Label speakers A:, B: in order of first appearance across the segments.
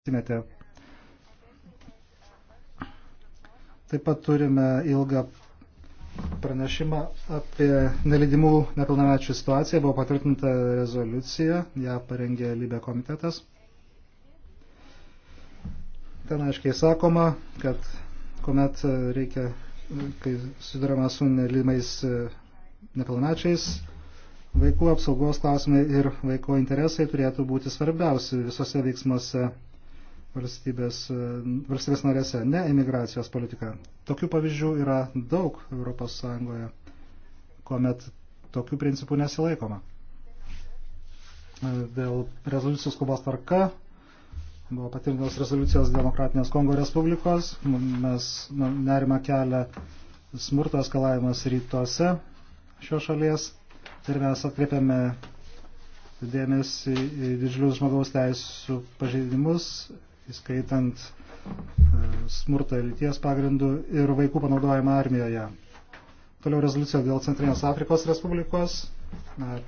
A: prisimėte. Taip pat turime ilgą pranešimą apie nelidimų nepilnamečių situaciją. Buvo patvirtinta rezoliucija, ją parengė Libė komitetas. Ten aiškiai sakoma, kad kuomet reikia, kai sudarama su nelimais e, nepilnamečiais, vaikų apsaugos klausimai ir vaiko interesai turėtų būti svarbiausi visose veiksmuose valstybės, e, valstybės narėse, ne imigracijos politika. Tokių pavyzdžių yra daug ES, kuomet tokių principų nesilaikoma. E, dėl rezoliucijos skubos tvarka buvo patvirtintos rezoliucijos Demokratinės Kongo Respublikos. Mes nerima kelia smurto eskalavimas rytuose šios šalies ir mes atkreipiame dėmesį į didžiulius žmogaus teisų pažeidimus įskaitant e, smurtą lyties pagrindų ir vaikų panaudojimą armijoje. Toliau rezoliucija dėl Centrinės Afrikos Respublikos,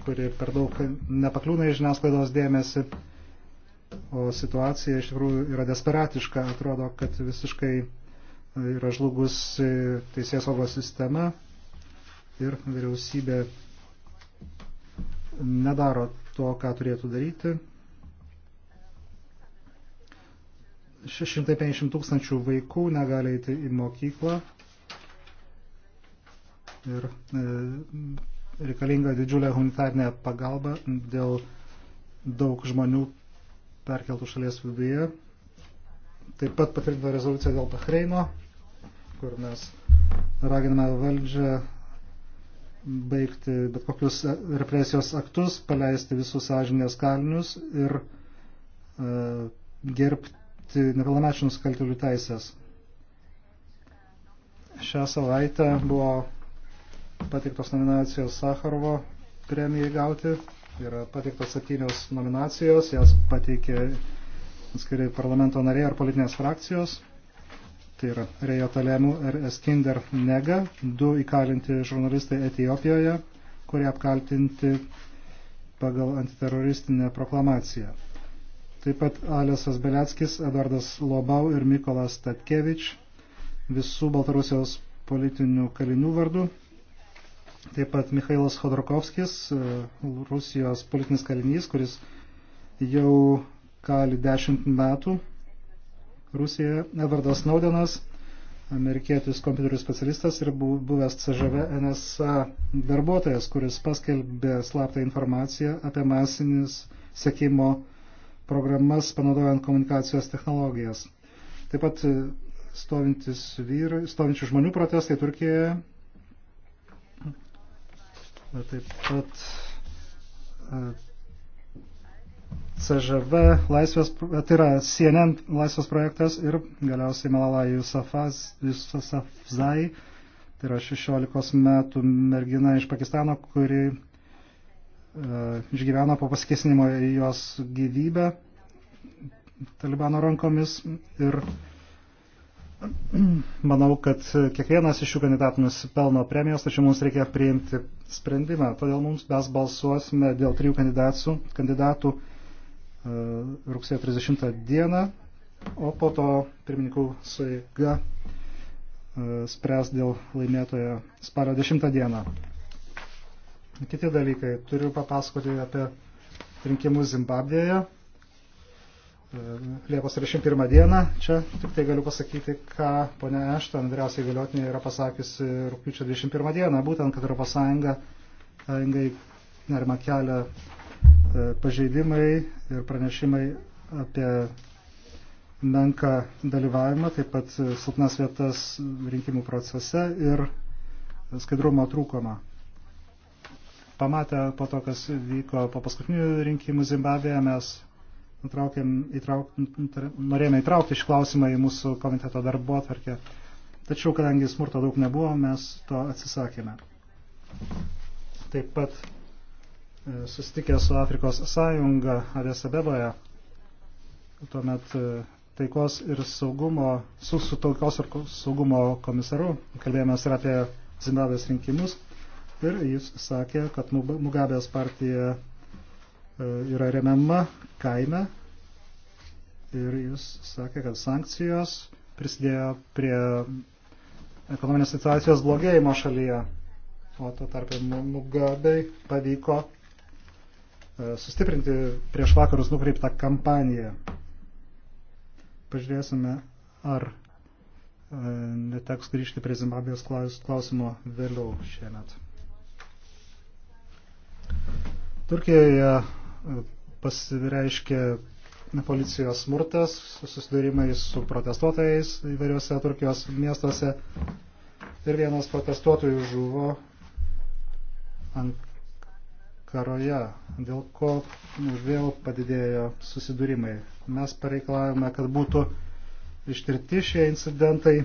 A: kuri per daug nepakliūna į žiniasklaidos dėmesį, o situacija iš tikrųjų yra desperatiška, atrodo, kad visiškai e, yra žlugus teisės saugos sistema ir vyriausybė nedaro to, ką turėtų daryti. 650 tūkstančių vaikų negali eiti į mokyklą ir e, reikalinga didžiulė humanitarnė pagalba dėl daug žmonių perkeltų šalies viduje. Taip pat patvirtino rezoliuciją dėl Bahreino, kur mes raginame valdžią baigti bet kokius represijos aktus, paleisti visus sąžinės kalinius ir e, gerbti gerbti nepilnamečių nusikaltėlių teisės. Šią savaitę buvo pateiktos nominacijos Sakarovo premijai gauti. Yra pateiktos septynios nominacijos, jas pateikė atskiri parlamento nariai ar politinės frakcijos. Tai yra Rejo Talemų ir Eskinder Nega, du įkalinti žurnalistai Etijopijoje, kurie apkaltinti pagal antiteroristinę proklamaciją. Taip pat Alesas Beleckis, Eduardas Lobau ir Mikolas Tatkevič, visų Baltarusijos politinių kalinių vardų. Taip pat Mikhailas Khodorkovskis, e, Rusijos politinis kalinys, kuris jau kali dešimt metų Rusijoje. Edvardas Snowdenas, amerikietis kompiuterių specialistas ir buvęs CŽV NSA darbuotojas, kuris paskelbė slaptą informaciją apie masinis sekimo programas panaudojant komunikacijos technologijas. Taip pat e, vyru, stovinčių žmonių protestai Turkijoje. Taip pat e, CŽV laisvės, e, tai yra CNN laisvės projektas ir galiausiai Malala Yousafzai, tai yra 16 metų mergina iš Pakistano, kuri E, išgyveno po pasikesinimo jos gyvybę talibano rankomis ir manau, kad kiekvienas iš šių kandidatų nusipelno premijos, tačiau mums reikia priimti sprendimą. Todėl mums mes balsuosime dėl trijų kandidatų, kandidatų e, rugsėjo 30 dieną, o po to pirmininkų suiga e, spręs dėl laimėtojo spalio 10 dieną. Kiti dalykai. Turiu papasakoti apie rinkimus Zimbabvėje. E, Liepos 31 dieną. Čia tik tai galiu pasakyti, ką ponia Ešton, vyriausiai galiotinė, yra pasakiusi rūpiučio 21 dieną, būtent, kad Europos Sąjunga sąjungai nerima kelia e, pažeidimai ir pranešimai apie menką dalyvavimą, taip pat silpnas vietas rinkimų procese ir skaidrumo trūkumą pamatę po to, kas vyko po paskutinių rinkimų Zimbabvėje, mes nutraukėm, įtrauk, norėjome įtraukti šį klausimą į mūsų komiteto darbo atvarkę. Tačiau, kadangi smurto daug nebuvo, mes to atsisakėme. Taip pat e, susitikę su Afrikos sąjunga Adės Abeboje, tuomet e, taikos ir saugumo, su, su taikos ir saugumo komisaru, kalbėjomės ir apie Zimbabvės rinkimus. Ir jis sakė, kad Mugabės partija e, yra remiama kaime. Ir jis sakė, kad sankcijos prisidėjo prie ekonominės situacijos blogėjimo šalyje. O to tarp Mugabei pavyko e, sustiprinti prieš vakarus nukreiptą kampaniją. Pažiūrėsime, ar e, neteks grįžti prie Zimbabvės klausimo vėliau šiemet. Turkijoje e, pasireiškė policijos smurtas, susidūrimai su protestuotojais įvairiuose Turkijos miestuose ir vienas protestuotojų žuvo Ankaroje, dėl ko vėl padidėjo susidūrimai. Mes pareikalavome, kad būtų ištirti šie incidentai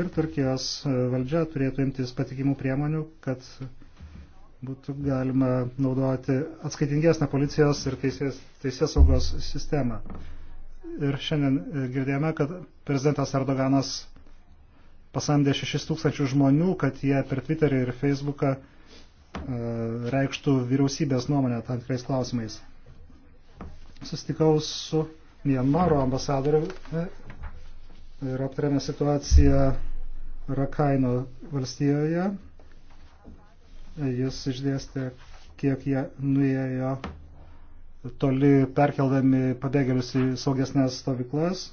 A: ir Turkijos e, valdžia turėtų imtis patikimų priemonių, kad būtų galima naudoti atskaitingesnę policijos ir teisės, teisės saugos sistemą. Ir šiandien e, girdėjome, kad prezidentas Erdoganas pasamdė 6000 žmonių, kad jie per Twitterį ir Facebooką e, reikštų vyriausybės nuomonę tam tikrais klausimais. Sustikau su Mianmaro ambasadoriu e, ir aptarėme situaciją Rakaino valstijoje jis išdėstė, kiek jie nuėjo toli perkeldami pabėgėlius į saugesnės stovyklas.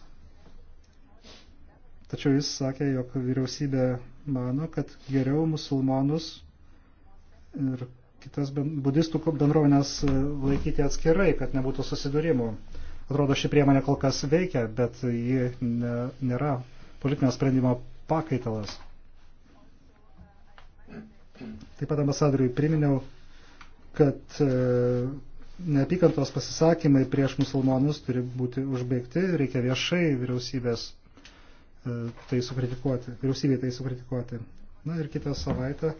A: Tačiau jis sakė, jog vyriausybė mano, kad geriau musulmonus ir kitas budistų bendruomenės e, laikyti atskirai, kad nebūtų susidūrimų. Atrodo, ši priemonė kol kas veikia, bet ji nėra politinio sprendimo pakaitalas. Taip pat ambasadoriui priminiau, kad e, neapykantos pasisakymai prieš musulmonus turi būti užbaigti, reikia viešai vyriausybės e, tai sukritikuoti, vyriausybei tai sukritikuoti. Na ir kitą savaitę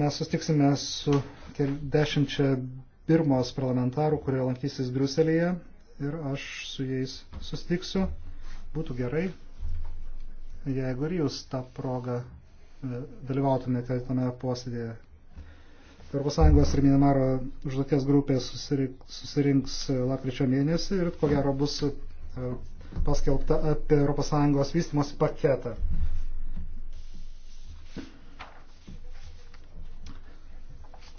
A: mes sustiksime su dešimčia Birmos parlamentarų, kurie lankysis Briuselėje ir aš su jais sustiksiu. Būtų gerai, jeigu ir jūs tą progą dalyvautumėte tame posėdėje. Europos Sąjungos ir Minamaro užduoties grupė susirinks, susirinks lapkričio mėnesį ir ko gero bus e, paskelbta apie Europos Sąjungos vystimosi paketą.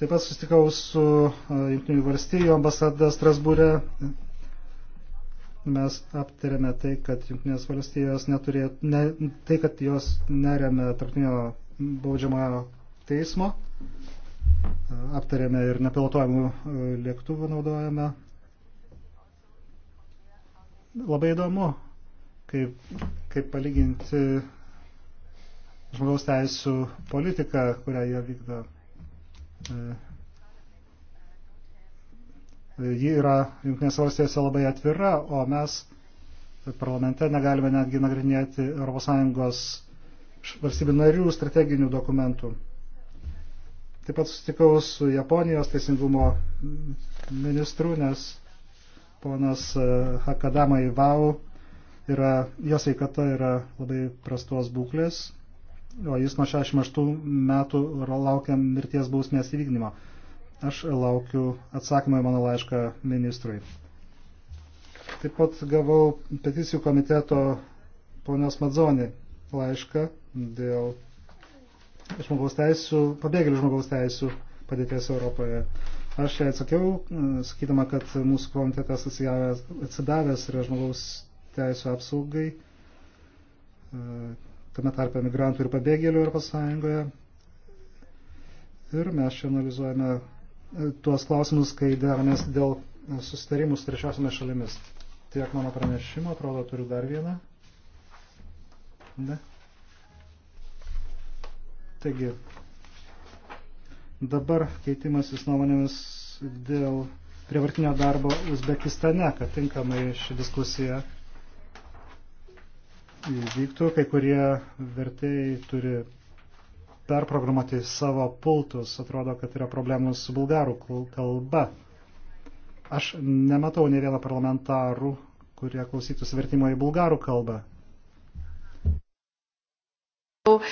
A: Taip pat susitikau su e, Junktinių valstybių ambasada Strasbūre mes aptarėme tai, kad Junktinės valstijos neturėjo, ne, tai, kad jos neremia tarptinio baudžiamojo teismo, aptarėme ir nepilotuojamų e, lėktuvų naudojame. Labai įdomu, kaip, kaip palyginti žmogaus teisų politiką, kurią jie vykdo e, ji yra Junktinės valstijose labai atvira, o mes parlamente negalime netgi nagrinėti ES valstybių narių strateginių dokumentų. Taip pat sustikau su Japonijos teisingumo ministru, nes ponas e, Hakadama Ivau yra, jo sveikata yra labai prastos būklės, o jis nuo 68 metų laukia mirties bausmės įvykdymo. Aš laukiu atsakymą į mano laišką ministrui. Taip pat gavau peticijų komiteto ponios Madzonį laišką dėl žmogaus teisų, pabėgėlių žmogaus teisų padėties Europoje. Aš jai atsakiau, sakydama, kad mūsų komitetas atsidavęs yra žmogaus teisų apsaugai, tame tarpe migrantų ir pabėgėlių Europos Sąjungoje. Ir mes čia analizuojame tuos klausimus, kai deramės dėl e, susitarimų su trečiosiomis šalimis. Tiek mano pranešimo, atrodo, turiu dar vieną. Ne? Taigi, dabar keitimasis nuomonėmis dėl prievartinio darbo Uzbekistane, kad tinkamai ši diskusija įvyktų. Kai kurie vertėjai turi perprogramuoti savo pultus. Atrodo, kad yra problemų su bulgarų kalba. Aš nematau ne vieno parlamentarų, kurie klausytųsi vertimo į bulgarų kalbą.
B: So, uh,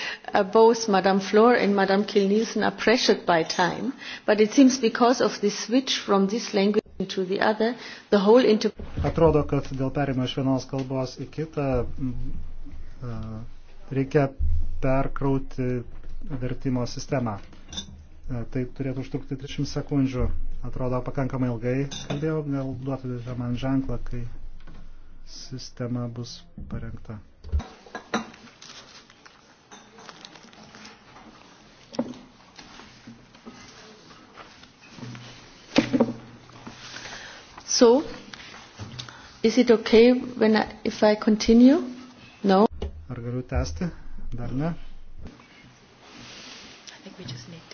C: both Madame Flor and Madame Kilnielsen are pressured by time, but it seems because of the switch from this language into the other, the whole inter...
A: Atrodo, kad dėl perimo iš vienos kalbos į kitą mm, uh, reikia perkrauti vertimo sistemą. E, tai turėtų užtrukti 30 sekundžių. Atrodo, pakankamai ilgai kalbėjau, gal duotumėte man ženklą, kai sistema bus parengta.
C: So, is it okay when I, if I continue? No.
A: Ar galiu tęsti? Dar ne we
C: just need.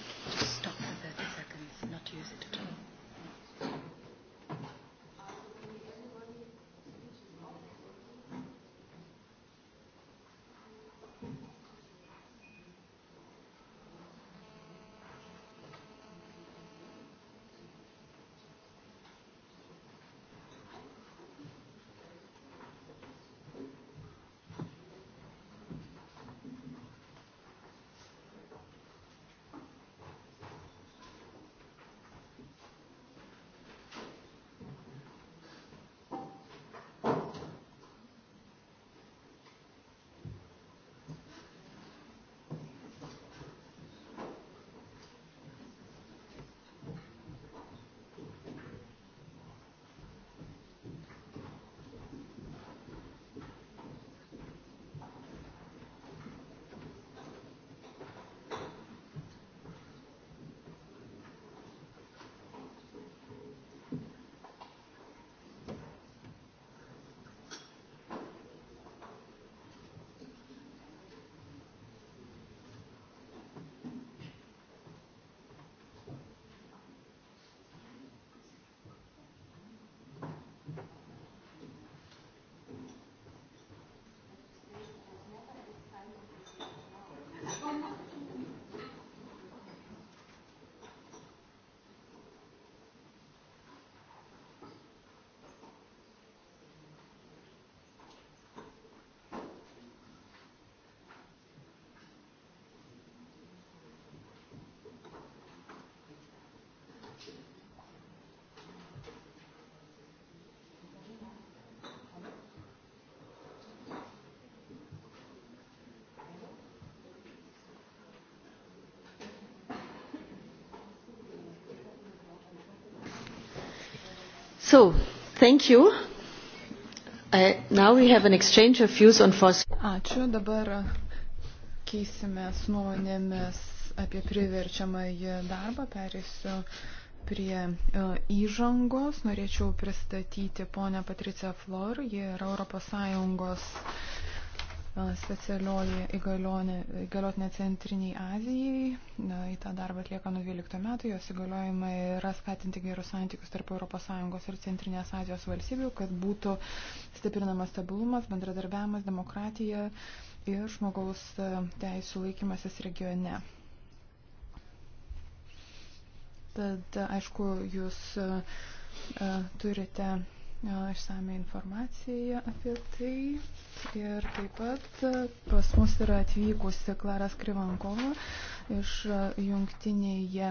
C: So, thank you. I, uh, now we have an exchange of views on fossil.
D: Ačiū. Dabar keisimės nuomonėmis apie priverčiamąjį darbą. Perėsiu prie e, įžangos norėčiau pristatyti ponę Patriciją Flor, ji yra ES specialioji įgaliotinė Centriniai Azijai. Na, į tą darbą atlieka nuo 12 metų. Jos įgaliojimai yra skatinti gerus santykius tarp ES ir Centrinės Azijos valstybių, kad būtų stiprinamas stabilumas, bendradarbiavimas, demokratija ir žmogaus teisų laikymasis regione. Tad, aišku, jūs turite išsame informaciją apie tai. Ir taip pat e, pas mus yra atvykusi Klara Skrivankova iš e, jungtinėje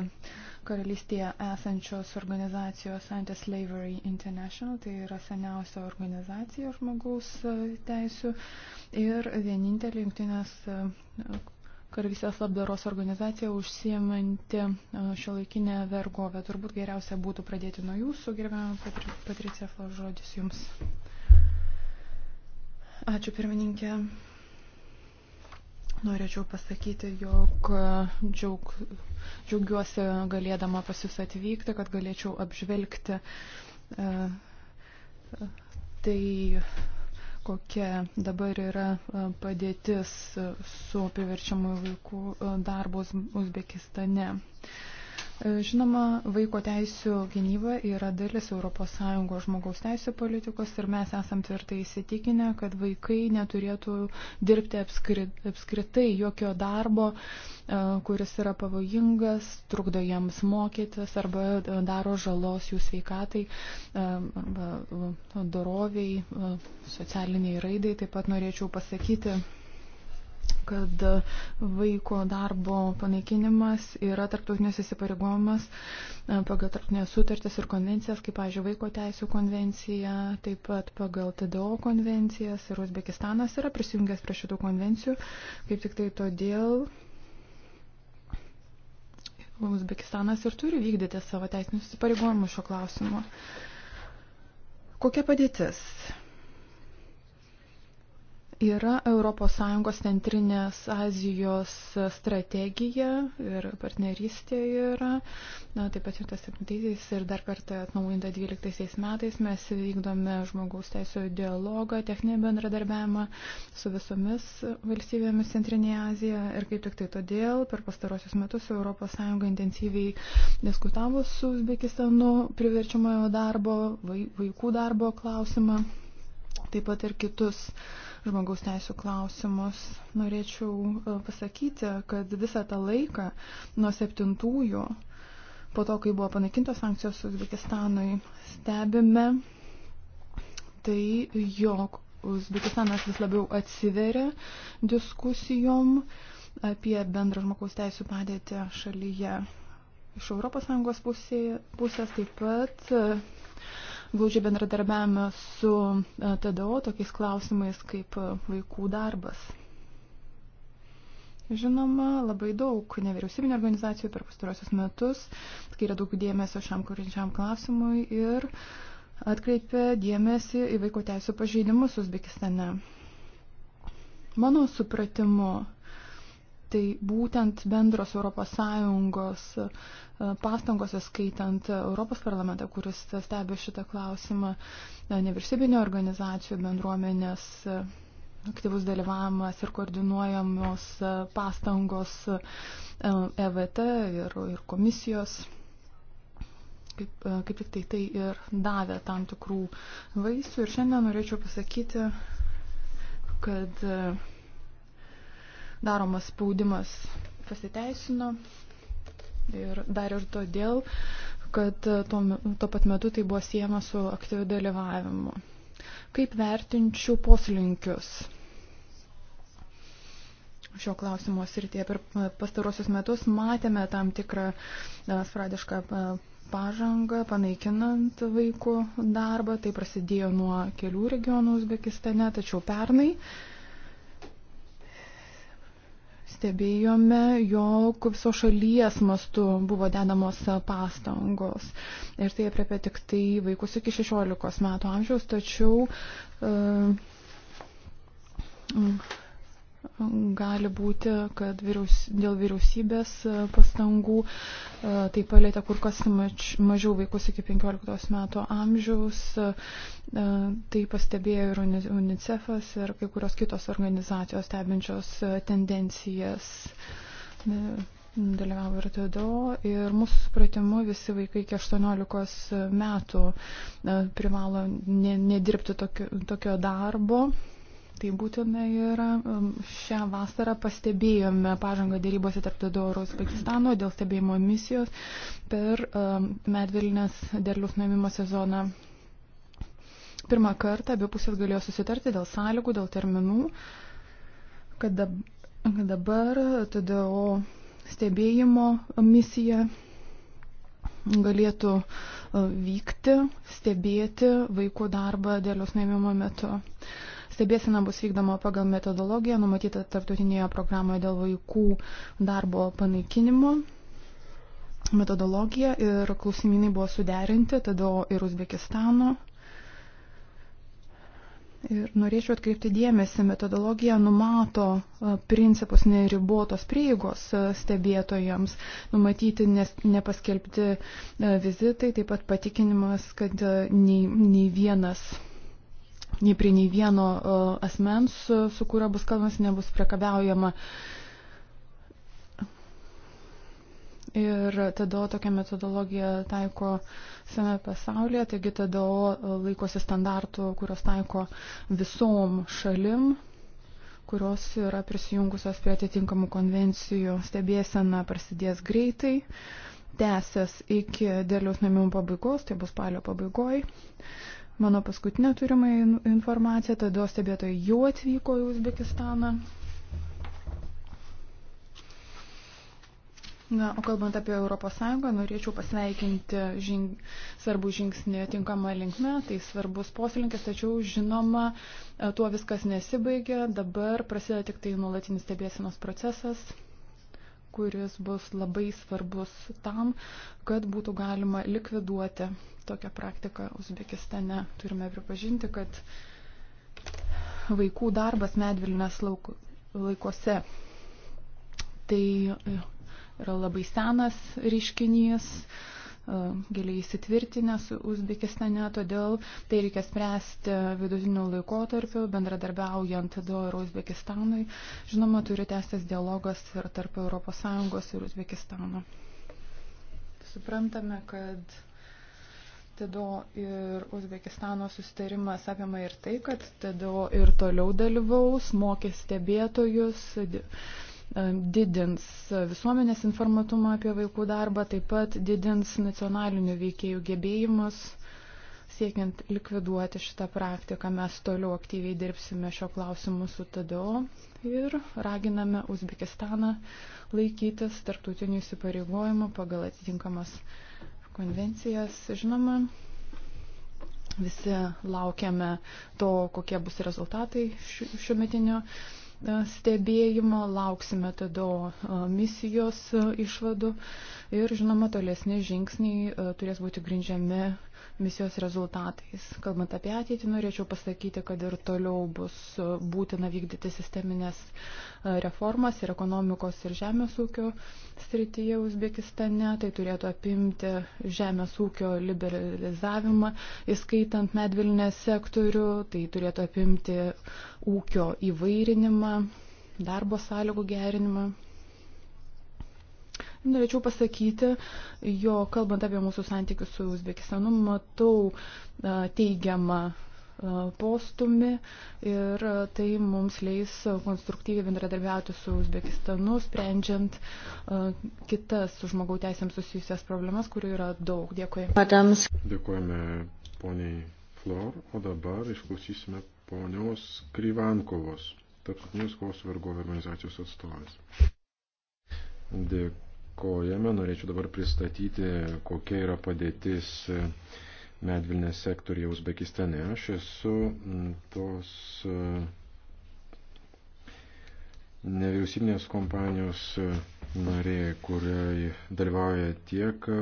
D: karalystėje esančios organizacijos Anti-Slavery International, tai yra seniausia organizacija žmogaus e, teisų ir vienintelė jungtinės karvysės labdaros organizacija užsiemanti e, šio laikinę vergovę. Turbūt geriausia būtų pradėti nuo jūsų, gerbiamą Patricija Flo, žodis jums. Ačiū pirmininkė. Norėčiau pasakyti, jog e, džiaug, džiaugiuosi galėdama pas jūs atvykti, kad galėčiau apžvelgti e, e tai kokia dabar yra padėtis su priverčiamų vaikų darbos Uzbekistane. Uh, E, žinoma, vaiko teisų gynyba yra dalis ES žmogaus teisų politikos ir mes esam tvirtai įsitikinę, kad vaikai neturėtų dirbti apskritai jokio darbo, e, kuris yra pavojingas, trukdo jiems mokytis arba e, daro žalos jų sveikatai, doroviai, socialiniai raidai. Taip pat norėčiau pasakyti, kad vaiko darbo panaikinimas yra tarptautinis įsipareigojimas e, pagal tarptautinės sutartis ir konvencijas, kaip, pavyzdžiui, vaiko teisų konvencija, taip pat pagal TDO konvencijas ir Uzbekistanas yra prisijungęs prie šitų konvencijų, kaip tik tai todėl Uzbekistanas ir turi vykdyti savo teisinius įsipareigojimus šio klausimo. Kokia padėtis? yra ES centrinės Azijos strategija ir partnerystė yra. Na, taip pat 2007 ir dar kartą atnaujinta 2012 metais mes vykdome žmogaus teisų dialogą, techninį bendradarbiavimą su visomis valstybėmis Centrinėje Azijoje. Ir kaip tik tai todėl per pastarosius metus ES intensyviai diskutavo su Uzbekistanu priverčiamojo darbo, vaikų darbo klausimą, taip pat ir kitus uh, žmogaus teisų klausimus, norėčiau e, pasakyti, kad visą tą laiką nuo septintųjų, po to, kai buvo panaikintos sankcijos Uzbekistanui, stebime tai, jog Uzbekistanas vis labiau atsiveria diskusijom apie bendrą žmogaus teisų padėtį šalyje. Iš ES pusės, pusės taip pat glaužiai bendradarbiavame su e, TDO tokiais klausimais kaip e, vaikų darbas. Žinoma, labai daug nevyriausybinio organizacijų per pastarosius metus skiria daug dėmesio šiam kūrinčiam klausimui ir atkreipia dėmesį į vaiko teisų pažeidimus Uzbekistane. Mano supratimu, Tai būtent bendros ES e, pastangos, skaitant Europos parlamentą, kuris stebi šitą klausimą, e, nevyriausybinio organizacijų bendruomenės e, aktyvus dalyvavimas ir koordinuojamos pastangos EVT ir, ir komisijos kaip, kaip tik tai tai ir davė tam tikrų vaisių. Ir šiandien norėčiau pasakyti, kad uh, daromas spaudimas pasiteisino ir dar ir todėl, kad tuo, tuo pat metu tai buvo siejama su aktyviu dalyvavimu. Kaip vertinčiau poslinkius šio klausimo srityje per pastarosius metus matėme tam tikrą e, sradišką e, pažangą, panaikinant vaikų darbą. Tai prasidėjo nuo kelių regionų Uzbekistane, tačiau pernai uh, stebėjome, jog viso šalies mastu buvo dedamos pastangos. Ir tai apriepia tik tai vaikus iki 16 metų amžiaus, tačiau. Uh, Gali būti, kad vyriaus, dėl vyriausybės e, pastangų e, tai palėtė kur kas mač, mažiau vaikus iki 15 metų amžiaus. E, tai pastebėjo ir UNICEF'as ir kai kurios kitos organizacijos stebinčios tendencijas. Dalyvavo ir TDO ir mūsų supratimu visi vaikai iki 18 metų privalo nedirbti tokio, tokio darbo Tai būtina yra. Um, šią vasarą pastebėjome pažangą dėrybose tarp Dodoros Pakistano dėl stebėjimo misijos per um, medvilnės derlius nuėmimo sezoną. Pirmą kartą abi pusės galėjo susitarti dėl sąlygų, dėl terminų, kad dabar TDO stebėjimo misija galėtų uh, vykti, stebėti vaikų darbą dėlios nuėmimo metu. Uh, Stebėsena bus vykdoma pagal metodologiją numatytą tarptautinėje programoje dėl vaikų darbo panaikinimo metodologija ir klausimynai buvo suderinti tada ir Uzbekistano. Ir norėčiau atkreipti dėmesį, metodologija numato e, principus neribotos prieigos e, stebėtojams, numatyti nes, nepaskelbti e, vizitai, taip pat patikinimas, kad nei, nei vienas nei prie nei vieno e, asmens, e, su kuriuo bus kalbamas, nebus priekabiaujama. Ir TDO tokią metodologiją taiko visame pasaulyje, taigi TDO e, laikosi standartų, kurios taiko visom šalim, kurios yra prisijungusios prie atitinkamų konvencijų. Stebėsena prasidės greitai, tęsės iki dėliaus namimų pabaigos, tai bus palio pabaigoj. Mano paskutinė turima informacija, tada stebėtojai jau atvyko į Uzbekistaną. Na, o kalbant apie ES, norėčiau pasveikinti žing, svarbų žingsnį tinkamą linkmę, tai svarbus poslinkis, tačiau žinoma, tuo viskas nesibaigia, dabar prasideda tik tai nuolatinis stebėsinos procesas kuris bus labai svarbus tam, kad būtų galima likviduoti tokią praktiką Uzbekistane. Turime pripažinti, kad vaikų darbas medvilnės laikuose tai yra labai senas reiškinys E, giliai įsitvirtinęs Uzbekistane, todėl tai reikia spręsti vidutiniu laikotarpiu, bendradarbiaujant Doiro Uzbekistanui. Žinoma, turi tęstis dialogas ir tarp ES ir Uzbekistano. Suprantame, kad TDO ir Uzbekistano susitarimas apima ir tai, kad TDO ir toliau dalyvaus, mokės stebėtojus, E, didins visuomenės informatumą apie vaikų darbą, taip pat didins nacionalinių veikėjų gebėjimus, siekiant likviduoti šitą praktiką. Mes toliau aktyviai dirbsime šio klausimu su TDO ir raginame Uzbekistaną laikytis tarptautinių įsipareigojimų pagal atitinkamas konvencijas. Žinoma, visi laukiame to, kokie bus rezultatai šiuo metinio stebėjimo, lauksime tada misijos išvadų ir, žinoma, tolesni žingsniai turės būti grindžiami misijos rezultatais. Kalbant apie ateitį, norėčiau pasakyti, kad ir toliau bus būtina vykdyti sisteminės e, reformas ir ekonomikos ir žemės ūkio srityje Uzbekistane. Tai turėtų apimti žemės ūkio liberalizavimą, įskaitant medvilnę sektorių, tai turėtų apimti ūkio įvairinimą, darbo sąlygų gerinimą Norėčiau pasakyti, jo kalbant apie mūsų santykius su Uzbekistanu, matau teigiamą postumi ir tai mums leis konstruktyviai bendradarbiauti su Uzbekistanu, sprendžiant kitas su žmogaus teisėms susijusias problemas, kurių yra daug. Dėkui.
E: Adams. Dėkujame poniai Flor, o dabar išklausysime ponios Kryvankovos, tarptautinės kovos vergovė organizacijos atstovės. Dėkui dėkojame. Norėčiau dabar pristatyti, kokia yra padėtis medvilnės sektorija Uzbekistane. Aš esu tos e, nevyriausybinės kompanijos narė, kuriai dalyvauja tiek e,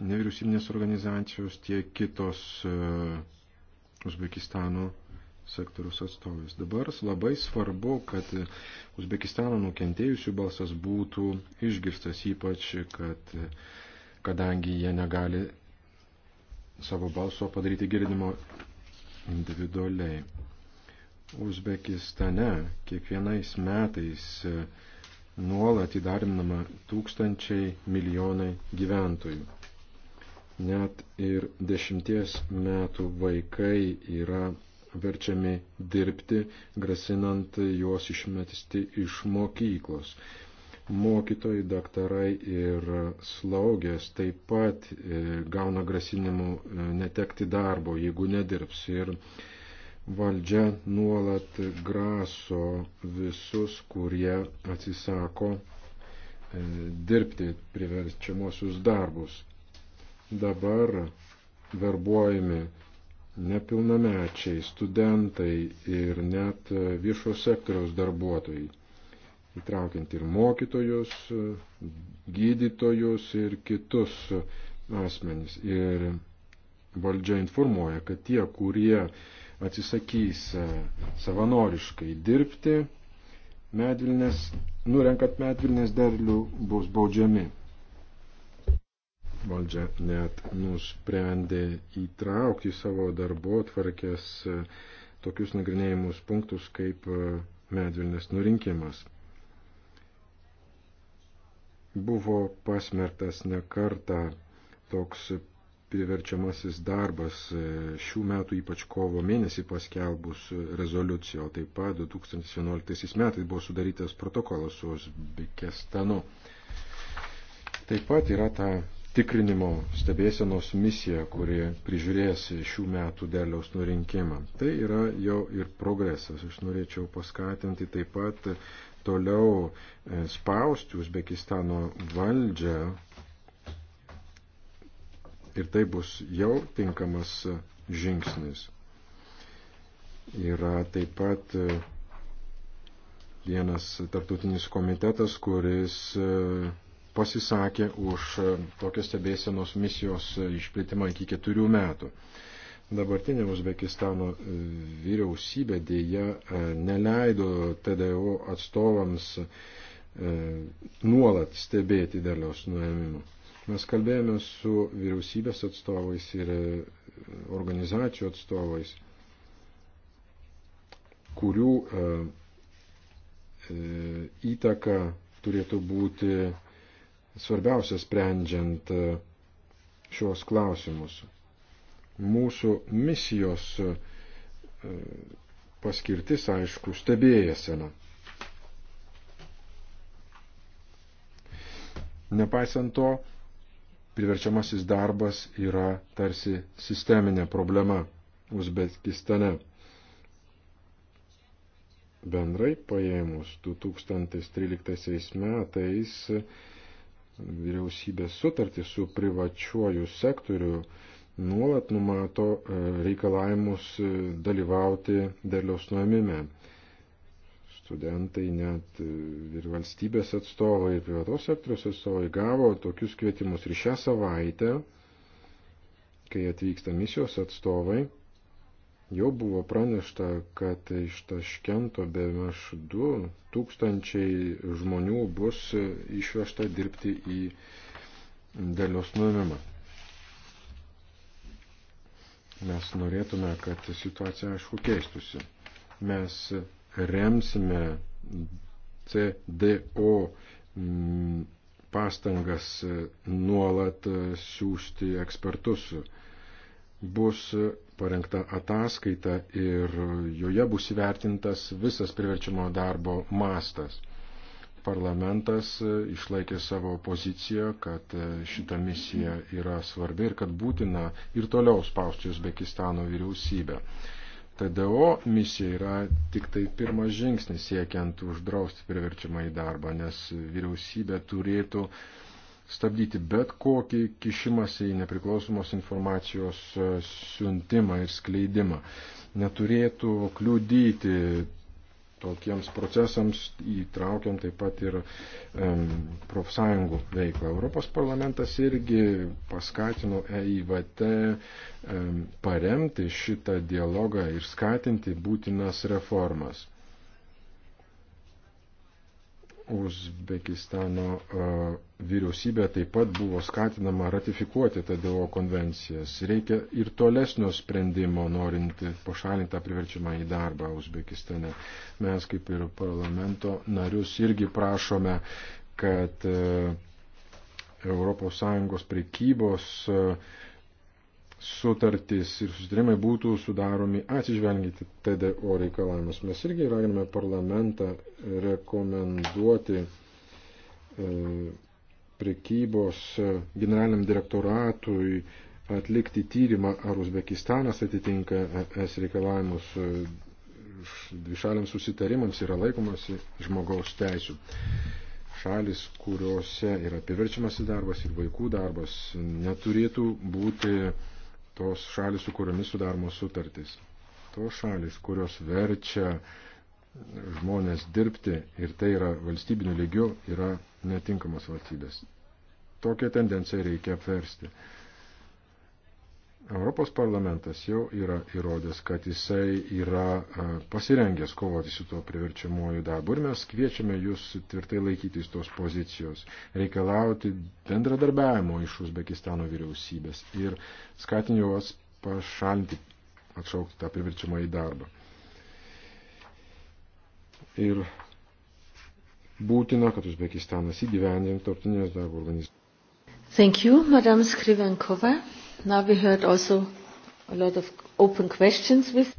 E: nevyriausybinės organizacijos, tiek kitos e, Uzbekistano sektoriaus atstovais. Dabar labai svarbu, kad Uzbekistano nukentėjusių balsas būtų išgirstas, ypač, kad, kadangi jie negali savo balso padaryti girdimo individualiai. Uzbekistane kiekvienais metais nuolat įdarbinama tūkstančiai milijonai gyventojų net ir dešimties metų vaikai yra verčiami dirbti, grasinant juos išmesti iš mokyklos. Mokytojai, daktarai ir slaugės taip pat e, gauna grasinimų e, netekti darbo, jeigu nedirbs. Ir valdžia nuolat graso visus, kurie atsisako e, dirbti priverčiamosius darbus. Dabar verbuojami nepilnamečiai, studentai ir net viešo sektoriaus darbuotojai, įtraukiant ir mokytojus, gydytojus ir kitus asmenys. Ir valdžia informuoja, kad tie, kurie atsisakys savanoriškai dirbti, medvilnės, nurenkat medvilnės derlių, bus baudžiami valdžia net nusprendė įtraukti savo darbo tvarkės e, tokius nagrinėjimus punktus kaip e, medvilnės nurinkimas. Buvo pasmertas nekarta toks priverčiamasis darbas e, šių metų, ypač kovo mėnesį paskelbus rezoliuciją, o taip pat 2011 metais buvo sudarytas protokolas su Uzbekistanu. Taip pat yra ta tikrinimo stebėsenos misija, kuri prižiūrės šių metų derliaus nurinkimą. Tai yra jau ir progresas. Aš norėčiau paskatinti taip pat toliau e, spausti Uzbekistano valdžią. Ir tai bus jau tinkamas žingsnis. Yra taip pat e, vienas tarptautinis komitetas, kuris e, pasisakė už e, tokios stebėsenos misijos e, išplėtimą iki keturių metų. Dabartinė Uzbekistano e, vyriausybė dėja neleido TDO atstovams nuolat stebėti dėlios nuėmimų. Mes kalbėjome su vyriausybės atstovais ir organizacijų atstovais, kurių įtaka turėtų būti svarbiausia sprendžiant e, šios klausimus. Mūsų misijos e, paskirtis, aišku, stebėjasena. Nepaisant to, priverčiamasis darbas yra tarsi sisteminė problema Uzbekistane. Bendrai paėmus 2013 metais vyriausybės sutartį su privačiuoju sektoriu nuolat numato e, reikalavimus e, dalyvauti derliaus nuėmime. Studentai, net e, ir valstybės atstovai, ir privatos sektoriaus atstovai gavo tokius kvietimus ir šią savaitę, kai atvyksta misijos atstovai, Jau buvo pranešta, kad iš Taškento bevež 2 tūkstančiai žmonių bus išvežta dirbti į dalios nuėmimą. Mes norėtume, kad situacija aišku keistusi. Mes remsime CDO mm, pastangas nuolat siūsti ekspertus. Bus parengta ataskaita ir joje bus įvertintas visas priverčiamo darbo mastas. Parlamentas e, išlaikė savo poziciją, kad e, šita misija yra svarbi ir kad būtina ir toliau spausti Uzbekistano vyriausybę. TDO misija yra tik tai pirmas žingsnis siekiant uždrausti priverčiamą į darbą, nes vyriausybė turėtų uh, stabdyti bet kokį kišimąsi į nepriklausomos informacijos e, siuntimą ir skleidimą. Neturėtų kliudyti tokiems procesams, įtraukiant taip pat ir um, profsąjungų veiklą. Europos parlamentas irgi paskatino EIVT um, paremti šitą dialogą ir skatinti būtinas reformas. Uzbekistano e, vyriausybė taip pat buvo skatinama ratifikuoti TDO konvencijas. Reikia ir tolesnio sprendimo, norint pašalinti tą priverčiamą į darbą Uzbekistane. Mes kaip ir parlamento narius irgi prašome, kad ES prekybos e, sutartys ir susitarimai būtų sudaromi atsižvelgiant į TDO reikalavimus. Mes irgi raginame parlamentą rekomenduoti e, prekybos generaliniam direktoratui atlikti tyrimą, ar Uzbekistanas atitinka ES reikalavimus dvišaliams susitarimams yra laikomasi žmogaus teisų. Šalis, kuriuose yra apiverčiamas darbas ir vaikų darbas, neturėtų būti tos šalis, su kuriomis sudaromos sutartys. Tos šalis, kurios verčia žmonės dirbti ir tai yra valstybinių lygių, yra netinkamos valstybės. Tokią tendenciją reikia apversti. Europos parlamentas jau yra įrodęs, kad jisai yra e, pasirengęs kovoti su tuo priverčiamuoju darbu ir mes kviečiame jūs tvirtai laikytis tos pozicijos, reikalauti bendradarbiavimo iš Uzbekistano vyriausybės ir skatinti juos pašalinti, atšaukti tą priverčiamąjį darbą. Ir būtina, kad Uzbekistanas įgyvendintų tarptautinės darbo organizacijos.
C: Thank you, Madam Skrivenkova. Now we heard also a lot of open questions with.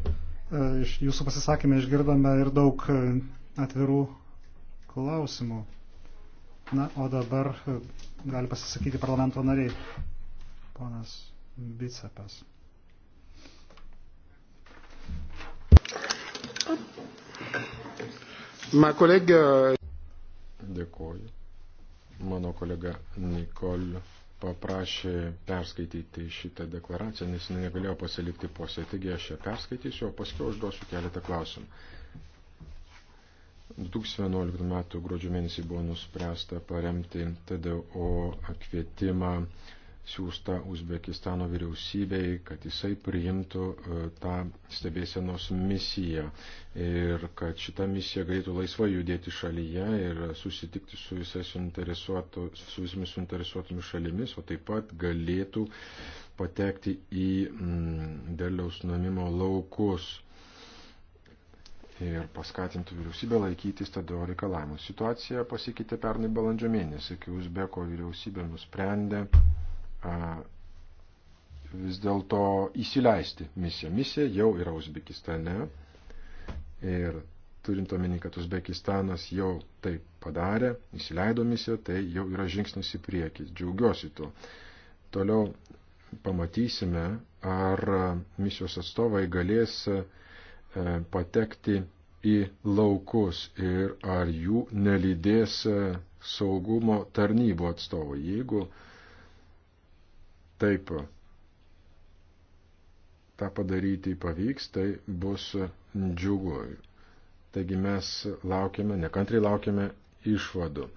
A: E, iš jūsų pasisakymę išgirdome ir daug e, atvirų klausimų. Na, o dabar e, gali pasisakyti parlamento nariai. Ponas Bicepas.
E: Ma kolega. Dėkuoju. Mano kolega Nikol paprašė perskaityti šitą deklaraciją, nes jis negalėjo pasilikti posėdį. Taigi aš ją perskaitysiu, o paskui užduosiu keletą klausimų. 2011 m. gruodžio mėnesį buvo nuspręsta paremti TDO kvietimą siūsta Uzbekistano vyriausybei, kad jisai priimtų e, tą stebėsenos misiją ir kad šita misija galėtų laisvai judėti šalyje ir susitikti su visais visomis suinteresuotomis šalimis, o taip pat galėtų patekti į mm, derliaus namimo laukus ir paskatintų vyriausybę laikytis tada reikalavimų. Situacija pasikeitė pernai balandžio mėnesį, kai Uzbeko vyriausybė nusprendė vis dėlto įsileisti misiją. Misija jau yra Uzbekistane ir turint omeny, kad Uzbekistanas jau tai padarė, įsileido misiją, tai jau yra žingsnis į priekį. Džiaugiuosi tuo. Toliau pamatysime, ar misijos atstovai galės e, patekti į laukus ir ar jų nelydės e, saugumo tarnybų atstovai. Jeigu uh, taip tą padaryti pavyks, tai bus džiugu. Taigi mes laukiame, nekantriai laukiame išvadų.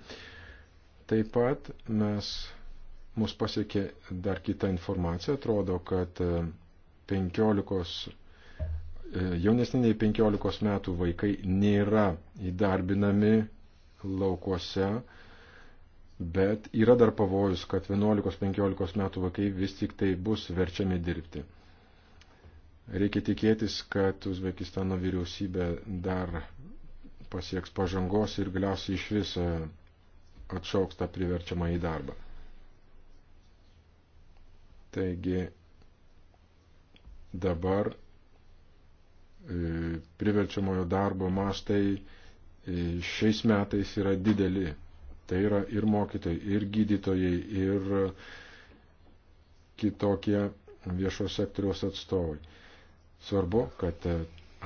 E: Taip pat mes, mus pasiekė dar kita informacija, atrodo, kad 15, jaunesniniai 15 metų vaikai nėra įdarbinami laukuose, bet yra dar pavojus, kad 11-15 metų vaikai vis tik tai bus verčiami dirbti. Reikia tikėtis, kad Uzbekistano vyriausybė dar pasieks pažangos ir galiausiai iš viso e, atšauks tą priverčiamą į darbą. Taigi dabar e, priverčiamojo darbo mastai e, šiais metais yra dideli Tai yra ir mokytojai, ir gydytojai, ir kitokie viešo sektoriaus atstovai. Svarbu, kad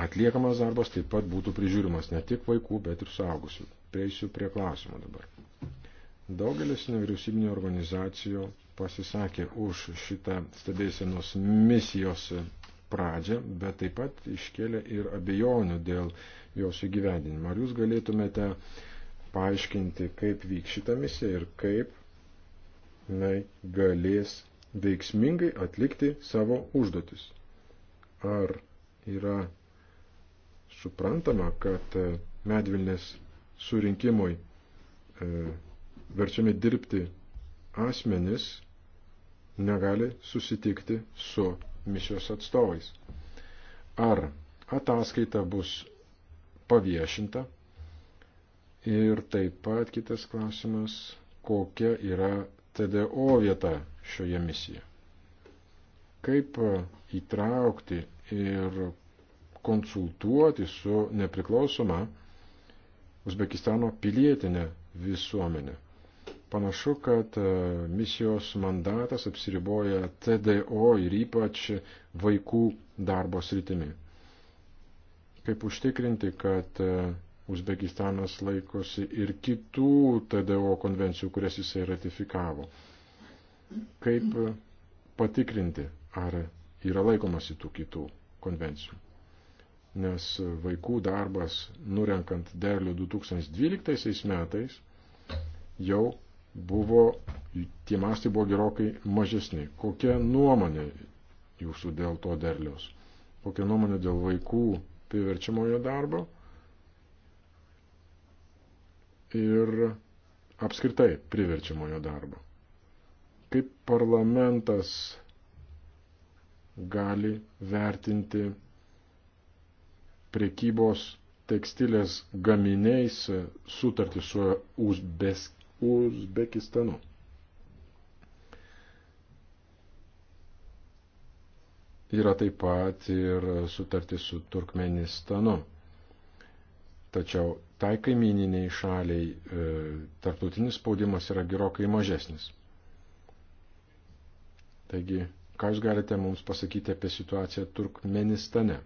E: atliekamas darbas taip pat būtų prižiūrimas ne tik vaikų, bet ir suaugusių. Prieisiu prie klausimo dabar. Daugelis nevyriausybinio organizacijų pasisakė už šitą stebėsenos misijos pradžią, bet taip pat iškėlė ir abejonių dėl jos įgyvendinimo. Ar jūs galėtumėte uh, paaiškinti, kaip vyks šita misija ir kaip jinai galės veiksmingai atlikti savo užduotis. Ar yra suprantama, kad e, medvilnės surinkimui e, verčiami dirbti asmenis negali susitikti su misijos atstovais. Ar ataskaita bus paviešinta Ir taip pat kitas klausimas, kokia yra TDO vieta šioje misijoje. Kaip įtraukti ir konsultuoti su nepriklausoma Uzbekistano pilietinė visuomenė. Panašu, kad e, misijos mandatas apsiriboja TDO ir ypač vaikų darbo sritimi. Kaip užtikrinti, kad e, Uzbekistanas laikosi ir kitų TDO konvencijų, kurias jisai ratifikavo. Kaip patikrinti, ar yra laikomasi tų kitų konvencijų? Nes vaikų darbas nurenkant derlių 2012 metais jau buvo, tie mastai buvo gerokai mažesni. Kokia nuomonė jūsų dėl to derliaus? Kokia nuomonė dėl vaikų priverčiamojo darbo? ir apskritai priverčiamojo darbo. Kaip parlamentas gali vertinti priekybos tekstilės gaminiais sutartį su Uzbes, Uzbekistanu. Yra taip pat ir sutartis su Turkmenistanu. Tačiau tai kaimininiai šaliai e, tarptautinis spaudimas yra gerokai mažesnis. Taigi, ką jūs galite mums pasakyti apie situaciją Turkmenistane?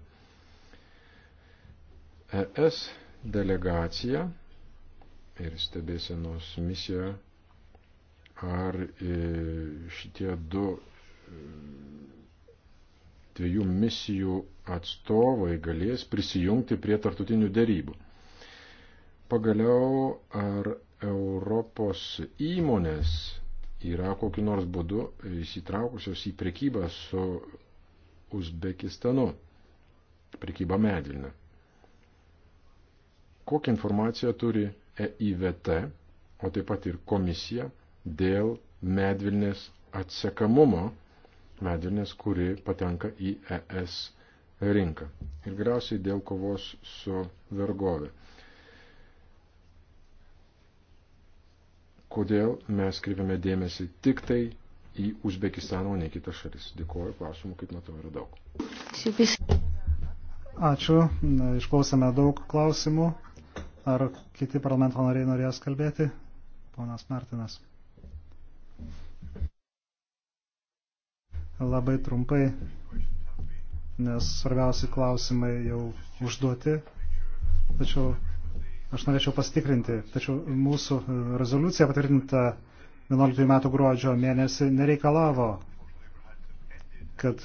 E: ES delegacija ir stebėsenos misija, ar e, šitie du e, dviejų misijų atstovai galės prisijungti prie tartutinių dėrybų. Pagaliau, ar Europos įmonės yra kokiu nors būdu įsitraukusios į prekybą su Uzbekistanu, prekybą medvilną. Kokią informaciją turi EIVT, o taip pat ir komisija dėl medvilnės atsekamumo, medvilnės, kuri patenka į ES rinką. Ir galiausiai dėl kovos su vergovė. kodėl mes kreipiame dėmesį tik tai į Uzbekistaną, o ne kitas šalis. Dėkuoju, klausimų, kaip matau, yra daug.
A: Ačiū, išklausėme daug klausimų. Ar kiti parlamento nariai norės kalbėti? Ponas Martinas. Labai trumpai, nes svarbiausi klausimai jau užduoti. Tačiau Aš norėčiau pasitikrinti, tačiau mūsų rezoliucija patvirtinta 11 metų gruodžio mėnesį nereikalavo, kad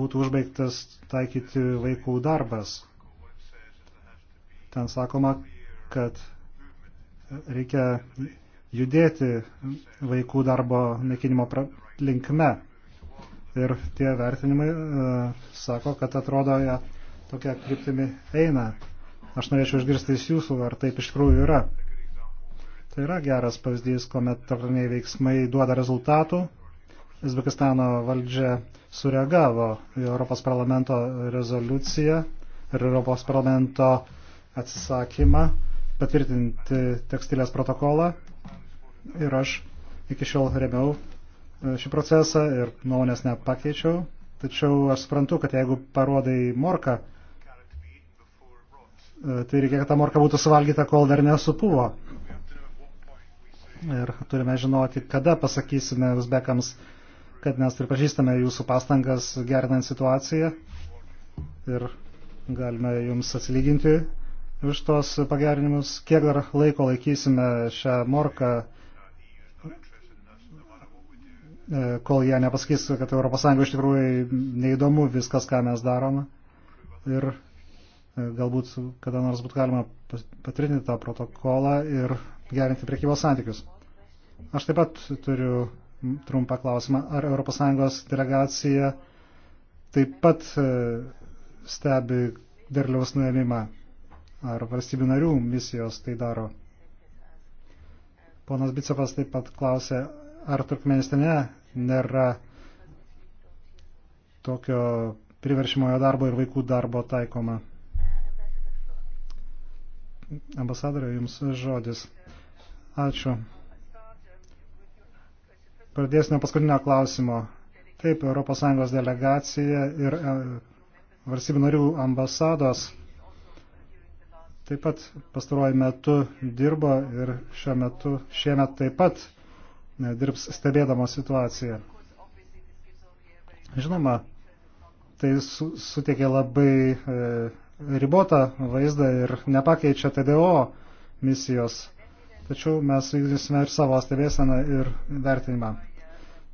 A: būtų užbaigtas taikyti vaikų darbas. Ten sakoma, kad reikia judėti vaikų darbo nekinimo linkme. Ir tie vertinimai uh, sako, kad atrodo, ja, tokia kryptimi eina. Aš norėčiau išgirsti iš jūsų, ar taip iš tikrųjų yra. Tai yra geras pavyzdys, kuomet tarptautiniai veiksmai duoda rezultatų. Uzbekistano valdžia sureagavo į Europos parlamento rezoliuciją ir Europos parlamento atsisakymą patvirtinti tekstilės protokolą. Ir aš iki šiol remiau e, šį procesą ir nuomonės nepakeičiau. Tačiau aš suprantu, kad jeigu parodai morką, E, tai reikia, kad ta morka būtų suvalgyta, kol dar nesupuvo. Ir turime žinoti, kada pasakysime uzbekams, kad mes pripažįstame jūsų pastangas gerinant situaciją ir galime jums atsilyginti už tos pagerinimus. Kiek dar laiko laikysime šią morką, e, kol jie nepasakys, kad ES iš tikrųjų neįdomu viskas, ką mes darome. Ir E, galbūt kada nors būtų galima patvirtinti tą protokolą ir gerinti priekybos santykius. Aš taip pat turiu trumpą klausimą. Ar ES delegacija taip pat e, stebi derliaus nuėmimą? Ar valstybių narių misijos tai daro? Ponas Bicepas taip pat klausė, ar Turkmenistane nėra tokio priveršimojo darbo ir vaikų darbo taikoma ambasadorio, jums žodis. Ačiū. Pradėsiu nuo paskutinio klausimo. Taip, ES delegacija ir e, varsybių narių ambasados taip pat pastaruoju metu dirbo ir šiuo metu šiemet taip pat e, dirbs stebėdama situaciją. Žinoma, tai su, suteikė labai e, ribotą vaizdą ir nepakeičia TDO misijos. Tačiau mes vykdysime ir savo stebėseną ir vertinimą.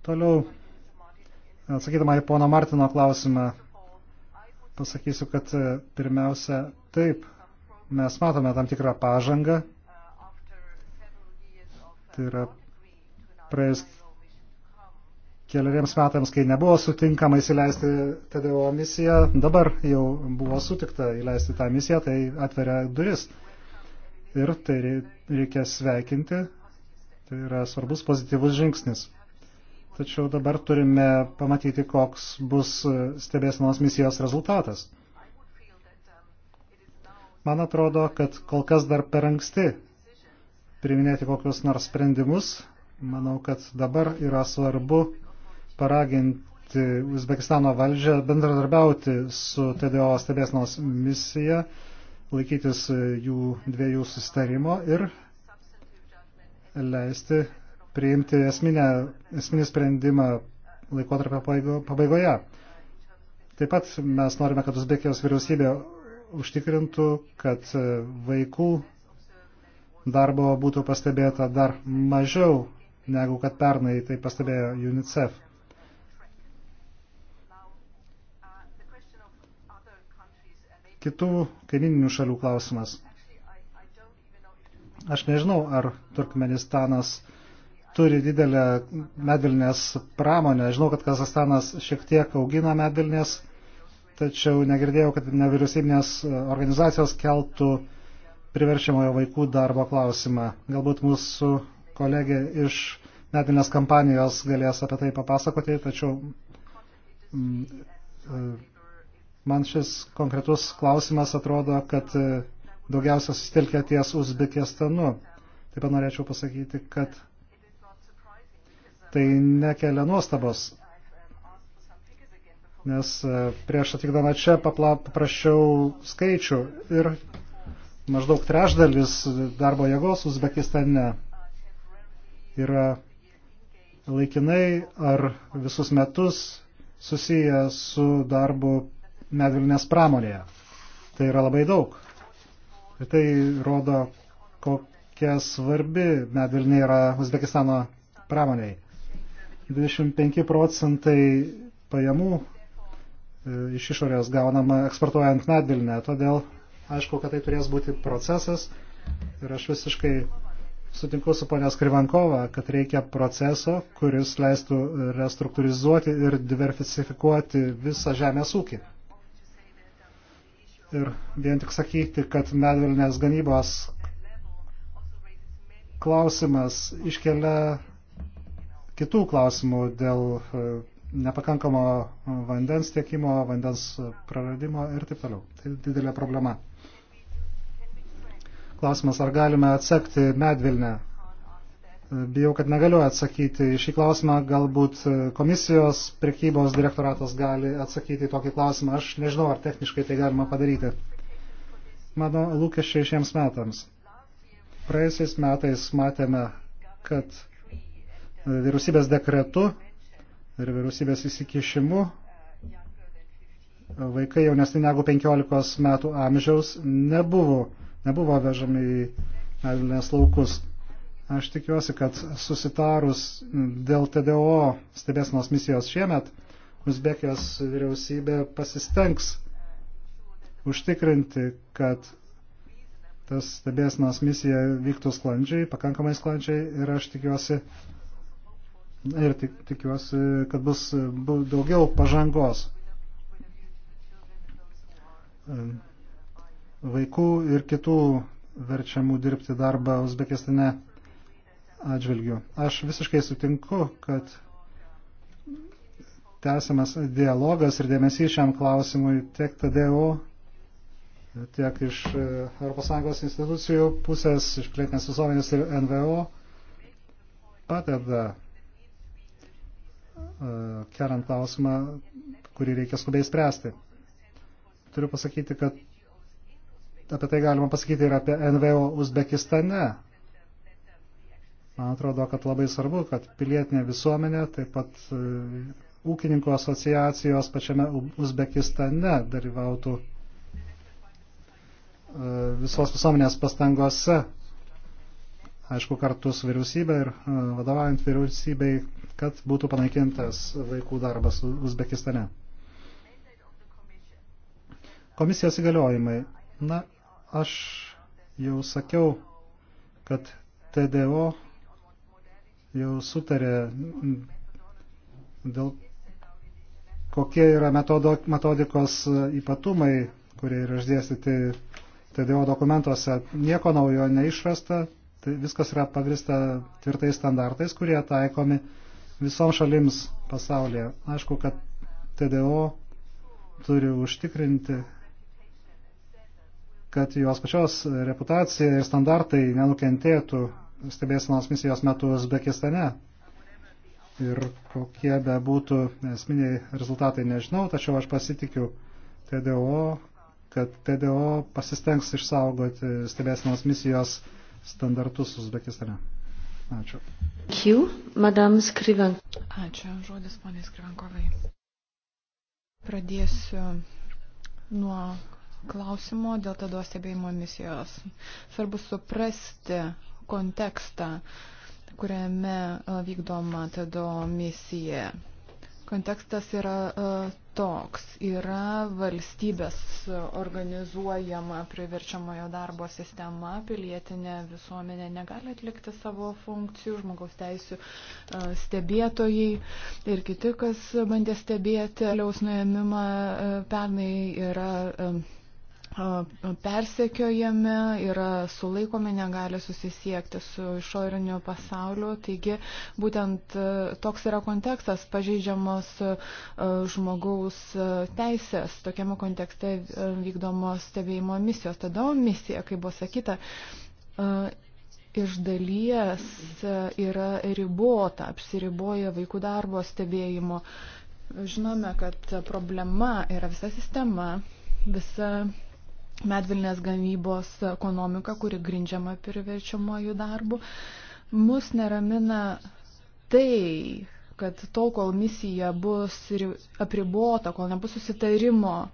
A: Toliau, atsakydama į pono Martino klausimą, pasakysiu, kad e, pirmiausia, taip, mes matome tam tikrą pažangą. Tai yra praėjus keliariems metams, kai nebuvo sutinkama įsileisti TDO misiją, dabar jau buvo sutikta įleisti tą misiją, tai atveria duris. Ir tai reikia sveikinti, tai yra svarbus pozityvus žingsnis. Tačiau dabar turime pamatyti, koks bus stebėsinos misijos rezultatas. Man atrodo, kad kol kas dar per anksti priminėti kokius nors sprendimus. Manau, kad dabar yra svarbu paraginti Uzbekistano valdžią bendradarbiauti su TDO stebėsnos misija, laikytis jų dviejų sustarimo ir leisti priimti esminę, esminį sprendimą laikotarpio pabaigoje. Taip pat mes norime, kad Uzbekijos vyriausybė užtikrintų, kad vaikų darbo būtų pastebėta dar mažiau negu kad pernai tai pastebėjo UNICEF. kitų kaimininių šalių klausimas. Aš nežinau, ar Turkmenistanas turi didelę medvilnės pramonę. Žinau, kad Kazastanas šiek tiek augina medvilnės, tačiau negirdėjau, kad nevyriausybinės organizacijos keltų priverčiamojo vaikų darbo klausimą. Galbūt mūsų kolegė iš medvilnės kampanijos galės apie tai papasakoti, tačiau mm, Man šis konkretus klausimas atrodo, kad e, daugiausia susitelkia ties Uzbekistanu. Taip pat norėčiau pasakyti, kad tai nekelia nuostabos, nes e, prieš atvykdama čia paprašiau skaičių ir maždaug trešdalis darbo jėgos Uzbekistane yra laikinai ar visus metus susiję su darbu medvilnės pramonėje. Tai yra labai daug. Ir tai rodo, kokia svarbi medvilnė yra Uzbekistano pramoniai. 25 procentai pajamų e, iš išorės gaunama eksportuojant medvilnę, todėl aišku, kad tai turės būti procesas ir aš visiškai sutinku su ponės Krivankova, kad reikia proceso, kuris leistų restruktūrizuoti ir diversifikuoti visą žemės ūkį. Ir vien tik sakyti, kad medvilnės gamybos klausimas iškelia kitų klausimų dėl e, nepakankamo vandens tiekimo, vandens praradimo ir taip toliau. Tai didelė problema. Klausimas, ar galime atsekti medvilnę Bijau, kad negaliu atsakyti į šį klausimą, galbūt komisijos prekybos direktoratas gali atsakyti į tokį klausimą, aš nežinau, ar techniškai tai galima padaryti. Mano lūkesčiai šiems metams. Praėjusiais metais matėme, kad vyriausybės dekretu ir vyriausybės įsikišimu vaikai jaunesni negu 15 metų amžiaus nebuvo, nebuvo vežami į melinės laukus. Aš tikiuosi, kad susitarus dėl TDO stebėsinos misijos šiemet, Uzbekijos vyriausybė pasistengs užtikrinti, kad tas stebėsinos misija vyktų sklandžiai, pakankamai sklandžiai ir aš tikiuosi, ir tik, tikiuosi, kad bus, bus daugiau pažangos vaikų ir kitų verčiamų dirbti darbą Uzbekistane atžvilgių. Aš visiškai sutinku, kad tęsiamas dialogas ir dėmesys šiam klausimui tiek TDO, tiek iš e, ES institucijų pusės, iš plėtinės visuomenės ir NVO padeda e, keliant klausimą, kurį reikia skubiai spręsti. Turiu pasakyti, kad apie tai galima pasakyti ir apie NVO Uzbekistane, Man atrodo, kad labai svarbu, kad pilietinė visuomenė, taip pat e, ūkininkų asociacijos pačiame Uzbekistane dalyvautų e, visos visuomenės pastangose, aišku, kartu su vyriausybė ir e, vadovaujant vyriausybei, kad būtų panaikintas vaikų darbas Uzbekistane. Komisijos įgaliojimai. Na, aš jau sakiau, kad TDO jau sutarė dėl kokie yra metodo, metodikos ypatumai, kurie yra išdėstyti TDO dokumentuose. Nieko naujo neišrasta, tai viskas yra pagrista tvirtais standartais, kurie taikomi visom šalims pasaulyje. Aišku, kad TDO turi užtikrinti, kad jos pačios reputacija ir standartai nenukentėtų stebėsinos misijos metu Uzbekistane. Ir kokie be būtų esminiai rezultatai, nežinau, tačiau aš pasitikiu TDO, kad TDO pasistengs išsaugoti stebėsinos misijos standartus Uzbekistane. Ačiū.
C: Ačiū, madam Skriven.
D: Ačiū, žodis poniai Skrivenkovai. Pradėsiu nuo klausimo dėl tada stebėjimo misijos. Svarbu suprasti, kontekstą, kuriame e, vykdoma TEDO misija. Kontekstas yra e, toks. Yra valstybės organizuojama priverčiamojo darbo sistema, pilietinė visuomenė negali atlikti savo funkcijų, žmogaus teisų e, stebėtojai ir kiti, kas bandė stebėti liaus nuėmimą pernai yra persekiojami, yra sulaikomi, negali susisiekti su išoriniu pasauliu. Taigi būtent toks yra kontekstas, pažeidžiamos žmogaus teisės, tokiame kontekste vykdomos stebėjimo misijos. Tada misija, kaip buvo sakyta, iš dalies yra ribota, apsiriboja vaikų darbo stebėjimo. Žinome, kad problema yra visa sistema, visa medvilnės gamybos ekonomika, kuri grindžiama priverčiamuoju darbu. Mus neramina tai, kad tol, kol misija bus apribota, kol nebus susitarimo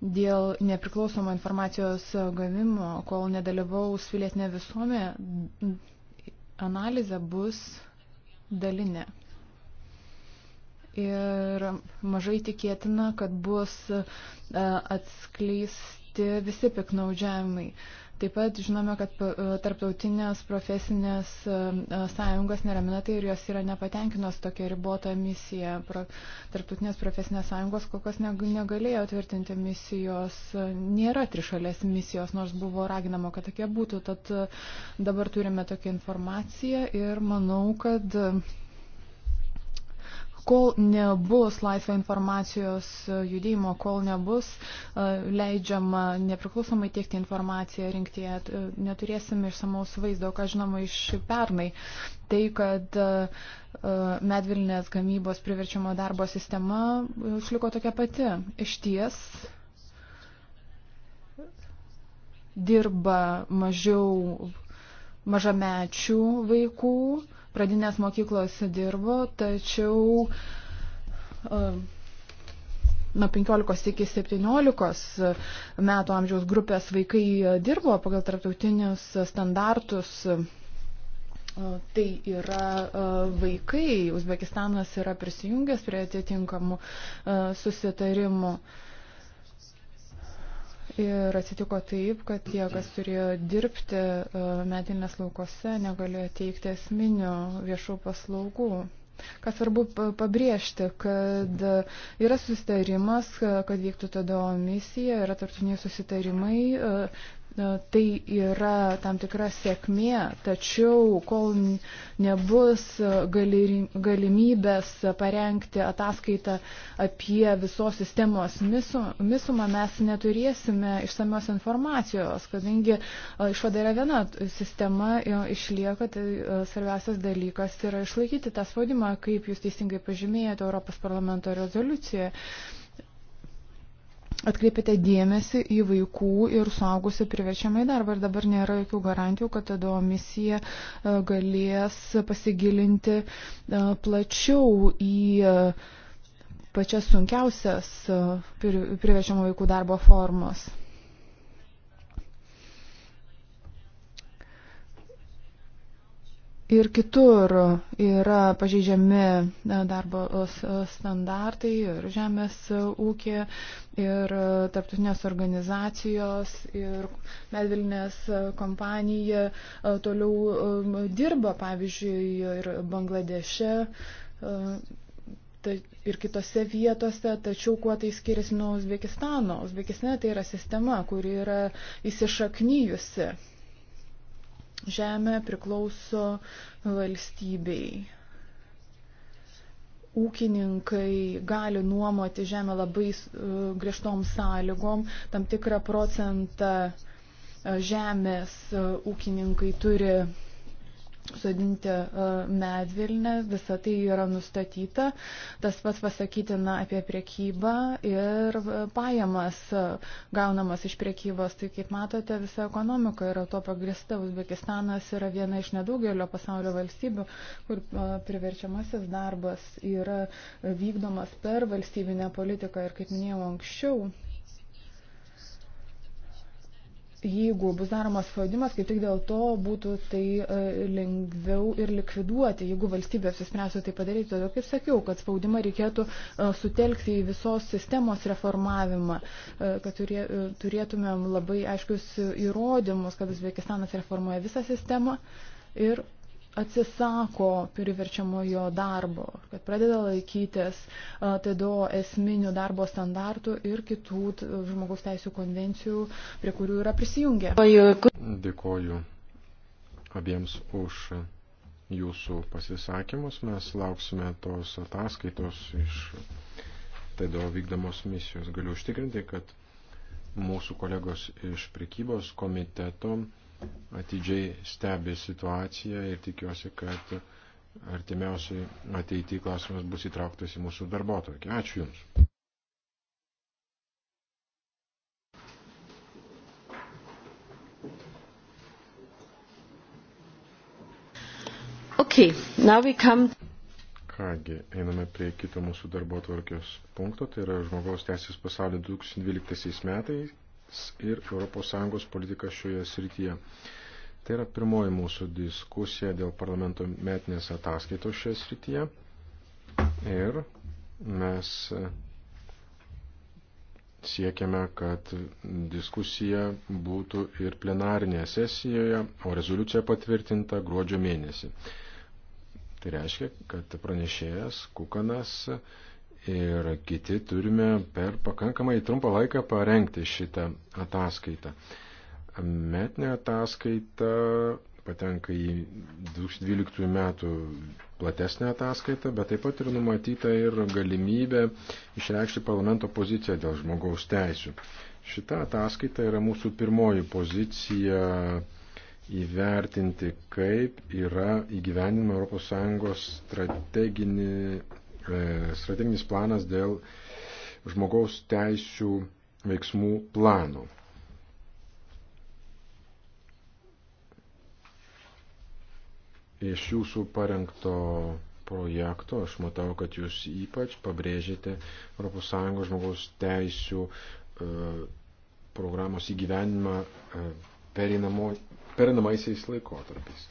D: dėl nepriklausomo informacijos gavimo, kol nedalyvaus pilietinė visuomenė, analizė bus dalinė. Ir mažai tikėtina, kad bus e, atskleis tirti visi piknaudžiavimai. Taip pat žinome, kad e, tarptautinės profesinės e, e, sąjungos neramina tai ir jos yra nepatenkinos tokia ribota misija. Tarptautinės profesinės sąjungos kol kas negalėjo tvirtinti misijos, nėra trišalės misijos, nors buvo raginama, kad tokie būtų. Tad dabar turime tokią informaciją ir manau, kad kol nebus laisvo informacijos judėjimo, kol nebus e, leidžiama nepriklausomai tiekti informaciją rinktyje, e, neturėsime išsamaus vaizdo, ką žinoma iš pernai. Tai, kad e, medvilnės gamybos priverčiamo darbo sistema išliko tokia pati. Iš ties dirba mažiau mažamečių vaikų pradinės mokyklos dirbo, tačiau e, nuo 15 iki 17 metų amžiaus grupės vaikai dirbo pagal tarptautinius standartus. E, tai yra e, vaikai. Uzbekistanas yra prisijungęs prie atitinkamų susitarimų. Uh, Ir atsitiko taip, kad tie, kas turėjo dirbti e, medinės laukose, negalėjo teikti esminių viešų paslaugų. Kas svarbu pabrėžti, kad yra susitarimas, kad vyktų tada misija, yra tartiniai susitarimai e, tai yra tam tikra sėkmė, tačiau kol nebus galimybės parengti ataskaitą apie visos sistemos misumą, mes neturėsime išsamios informacijos, kadangi išvada yra viena, sistema e, išlieka, tai e, svarbiausias dalykas yra išlaikyti tą spaudimą, kaip jūs teisingai pažymėjote Europos parlamento rezoliucijoje atkreipėte dėmesį į vaikų ir suaugusių priverčiamą į darbą ir dabar nėra jokių garantijų, kad tada misija e, galės pasigilinti e, plačiau į e, pačias sunkiausias priverčiamo vaikų darbo formas. Ir kitur yra pažeidžiami darbo standartai ir žemės ūkė, ir tarptautinės organizacijos, ir medvilnės kompanija e, toliau e, dirba, pavyzdžiui, ir Bangladeše e, ir kitose vietose, tačiau kuo tai skiriasi nuo Uzbekistano? Uzbekistane tai yra sistema, kuri yra įsišaknyjusi žemė priklauso valstybei. Ūkininkai gali nuomoti žemę labai e, griežtom sąlygom, tam tikrą procentą e, žemės e, ūkininkai turi sodinti e, medvilnę, visa tai yra nustatyta. Tas pats pasakytina apie priekybą ir e, pajamas e, gaunamas iš priekybos. Tai kaip matote, visa ekonomika yra to pagrista. Uzbekistanas yra viena iš nedaugelio pasaulio valstybių, kur priverčiamasis darbas yra vykdomas per valstybinę politiką ir, kaip minėjau anksčiau, jeigu bus daromas spaudimas, kaip tik dėl to būtų tai e, lengviau ir likviduoti, jeigu valstybė apsispręstų tai padaryti. Todėl, kaip sakiau, kad spaudimą reikėtų e, sutelkti į visos sistemos reformavimą, e, kad turėtumėm labai aiškius įrodymus, kad Uzbekistanas reformuoja visą sistemą ir atsisako priverčiamojo darbo, kad pradeda laikytis TDO esminių darbo standartų ir kitų žmogaus teisų konvencijų, prie kurių yra prisijungę.
E: Dėkoju abiems už jūsų pasisakymus. Mes lauksime tos ataskaitos iš TDO vykdamos misijos. Galiu užtikrinti, kad mūsų kolegos iš prekybos komiteto atidžiai stebi situaciją ir tikiuosi, kad artimiausiai ateityje klausimas bus įtrauktas į mūsų darbo tokį. Ačiū
B: Jums.
C: Okay, now we come...
E: Kągi, einame prie kito mūsų darbo tvarkės punkto, tai yra žmogaus teisės pasaulio 2012 metais ir ES politiką šioje srityje. Tai yra pirmoji mūsų diskusija dėl parlamento metinės ataskaitos šioje srityje. Ir mes siekiame, kad diskusija būtų ir plenarinėje sesijoje, o rezoliucija patvirtinta gruodžio mėnesį. Tai reiškia, kad pranešėjas Kukanas ir kiti turime per pakankamai trumpą laiką parengti šitą ataskaitą. Metinė ataskaita patenka į 2012 metų platesnę ataskaitą, bet taip pat ir numatyta ir galimybė išreikšti parlamento poziciją dėl žmogaus teisų. Šita ataskaita yra mūsų pirmoji pozicija įvertinti, kaip yra įgyvenima ES strateginė E, strateginis planas dėl žmogaus teisų veiksmų plano. Iš jūsų parengto projekto aš matau, kad jūs ypač pabrėžėte ES žmogaus teisų e, programos įgyvenimą e, perinamaisiais laikotarpiais.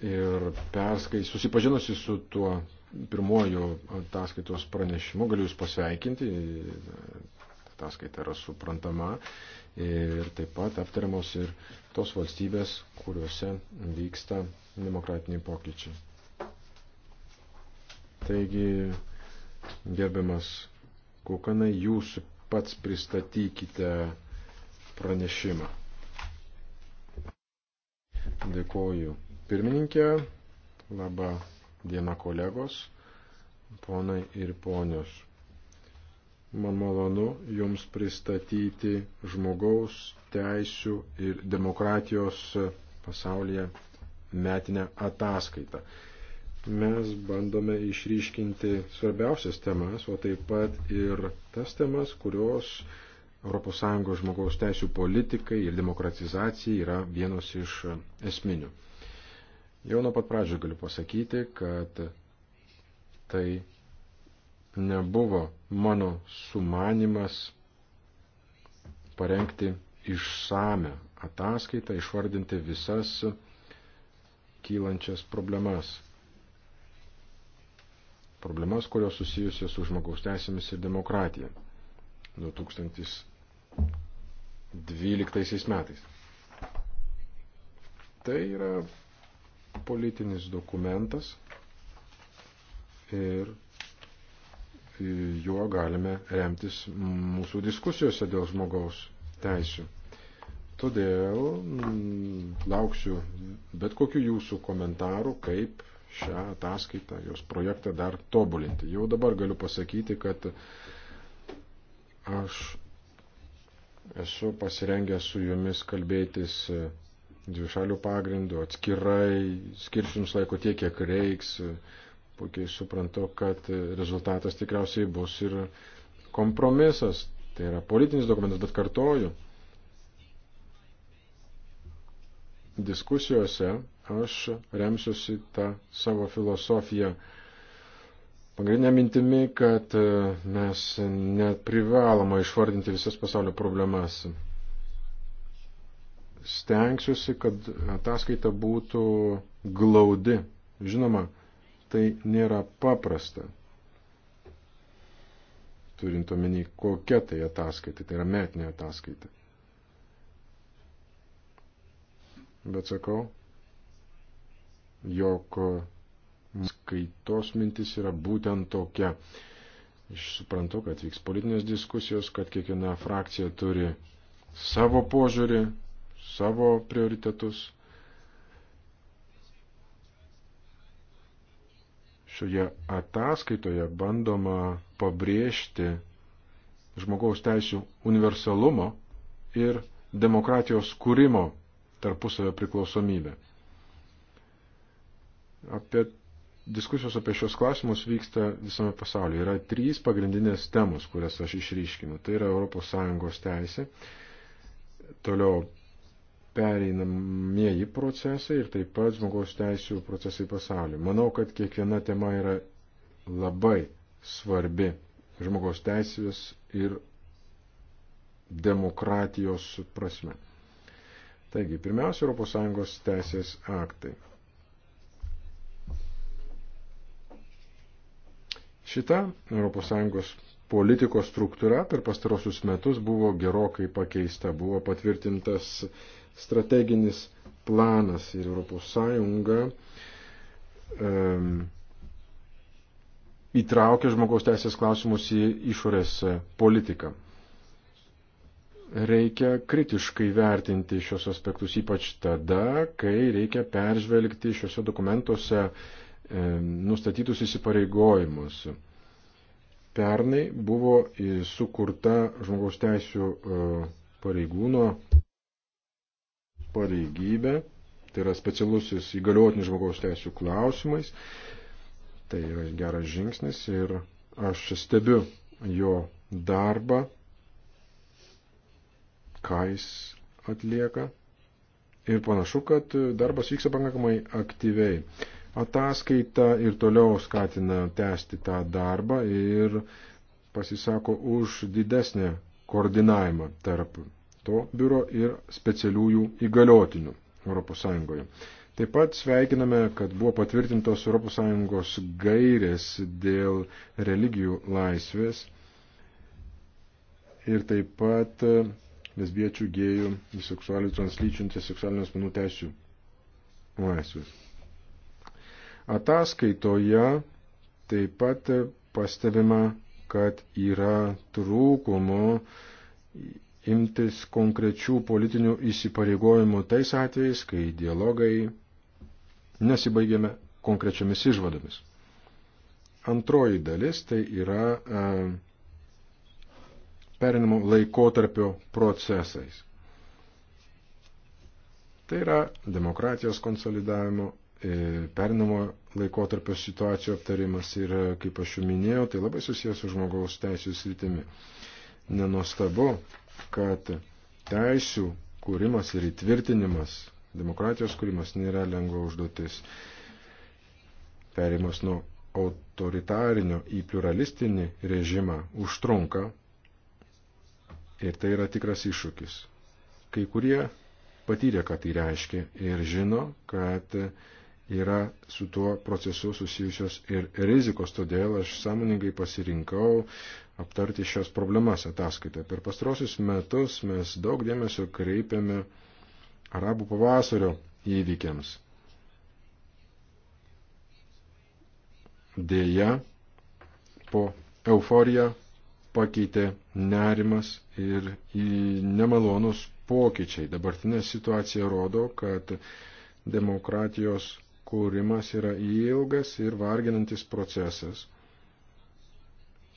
E: ir perskai, susipažinusi su tuo pirmoju ataskaitos pranešimu, galiu Jūs pasveikinti, ataskaita yra suprantama ir taip pat aptariamos ir tos valstybės, kuriuose vyksta demokratiniai pokyčiai. Taigi, gerbiamas Kukanai, jūs pats pristatykite pranešimą. Dėkoju pirmininkė, laba diena kolegos, ponai ir ponios. Man malonu Jums pristatyti žmogaus teisų ir demokratijos pasaulyje metinę ataskaitą. Mes bandome išryškinti svarbiausias temas, o taip pat ir tas temas, kurios ES žmogaus teisų politikai ir demokratizacija yra vienos iš esminių. Jau nuo pat pradžio galiu pasakyti, kad tai nebuvo mano sumanimas parengti išsame ataskaitą, išvardinti visas kylančias problemas. Problemas, kurios susijusios su žmogaus teisėmis ir demokratija 2012 metais. Tai yra politinis dokumentas ir juo galime remtis mūsų diskusijose dėl žmogaus teisių. Todėl mm, lauksiu bet kokių jūsų komentarų, kaip šią ataskaitą, jos projektą dar tobulinti. Jau dabar galiu pasakyti, kad aš esu pasirengęs su jumis kalbėtis dvišalių pagrindų, atskirai, skirsiu jums laiko tiek, kiek reiks. Puikiai suprantu, kad rezultatas tikriausiai bus ir kompromisas. Tai yra politinis dokumentas, bet kartoju. Diskusijose aš remsiuosi tą savo filosofiją. Pagrindinė mintimi, kad mes neprivaloma išvardinti visas pasaulio problemas stengsiuosi, kad ataskaita būtų glaudi. Žinoma, tai nėra paprasta. Turint omeny, kokia tai ataskaita, tai yra metinė ataskaita. Bet sakau, jog skaitos mintis yra būtent tokia. Aš suprantu, kad vyks politinės diskusijos, kad kiekviena frakcija turi savo požiūrį, savo prioritetus. Šioje ataskaitoje bandoma pabrėžti žmogaus teisų universalumo ir demokratijos kūrimo tarpusavio priklausomybę. Apie diskusijos apie šios klausimus vyksta visame pasaulyje. Yra trys pagrindinės temos, kurias aš išryškinu. Tai yra ES teisė, toliau pereinamieji procesai ir taip pat žmogaus teisų procesai pasaulyje. Manau, kad kiekviena tema yra labai svarbi žmogaus teisės ir demokratijos prasme. Taigi, pirmiausia, ES teisės aktai. Šita ES politikos struktūra per pastarosius metus buvo gerokai pakeista, buvo patvirtintas uh, strateginis planas ir ES um, įtraukia žmogaus teisės klausimus į išorės politiką. Reikia kritiškai vertinti šios aspektus, ypač tada, kai reikia peržvelgti šiuose dokumentuose e, nustatytus įsipareigojimus. Pernai buvo sukurta žmogaus teisų e, pareigūno pareigybę, tai yra specialusis įgaliotinis žmogaus teisų klausimais. Tai yra geras žingsnis ir aš stebiu jo darbą, ką jis atlieka. Ir panašu, kad darbas vyksta pakankamai aktyviai. Ataskaita ir toliau skatina tęsti tą darbą ir pasisako už didesnį koordinavimą tarp to biuro ir specialiųjų įgaliotinių ES. Taip pat sveikiname, kad buvo patvirtintos ES gairės dėl religijų laisvės ir taip pat e, lesbiečių, gėjų, seksualių, translyčių ir seksualinių asmenų teisių laisvės. Ataskaitoje taip pat e, pastebima, kad yra trūkumų imtis konkrečių politinių įsipareigojimų tais atvejais, kai dialogai nesibaigiame konkrečiamis išvadomis. Antroji dalis tai yra e, perinimo laikotarpio procesais. Tai yra demokratijos konsolidavimo, e, perinimo laikotarpio situacijų aptarimas ir, e, kaip aš jau minėjau, tai labai susijęs su žmogaus teisų sritimi. Nenostabu, kad teisų kūrimas ir įtvirtinimas, demokratijos kūrimas nėra lengva užduotis. Perimas nuo autoritarinio į pluralistinį režimą užtrunka ir tai yra tikras iššūkis. Kai kurie patyrė, kad tai reiškia ir žino, kad yra su tuo procesu susijusios ir rizikos, todėl aš sąmoningai pasirinkau aptarti šias problemas ataskaitą. Per pastrosius metus mes daug dėmesio kreipiame arabų pavasario įvykiams. Dėja, po euforiją pakeitė nerimas ir nemalonus pokyčiai. Dabartinė situacija rodo, kad demokratijos kūrimas yra ilgas ir varginantis procesas,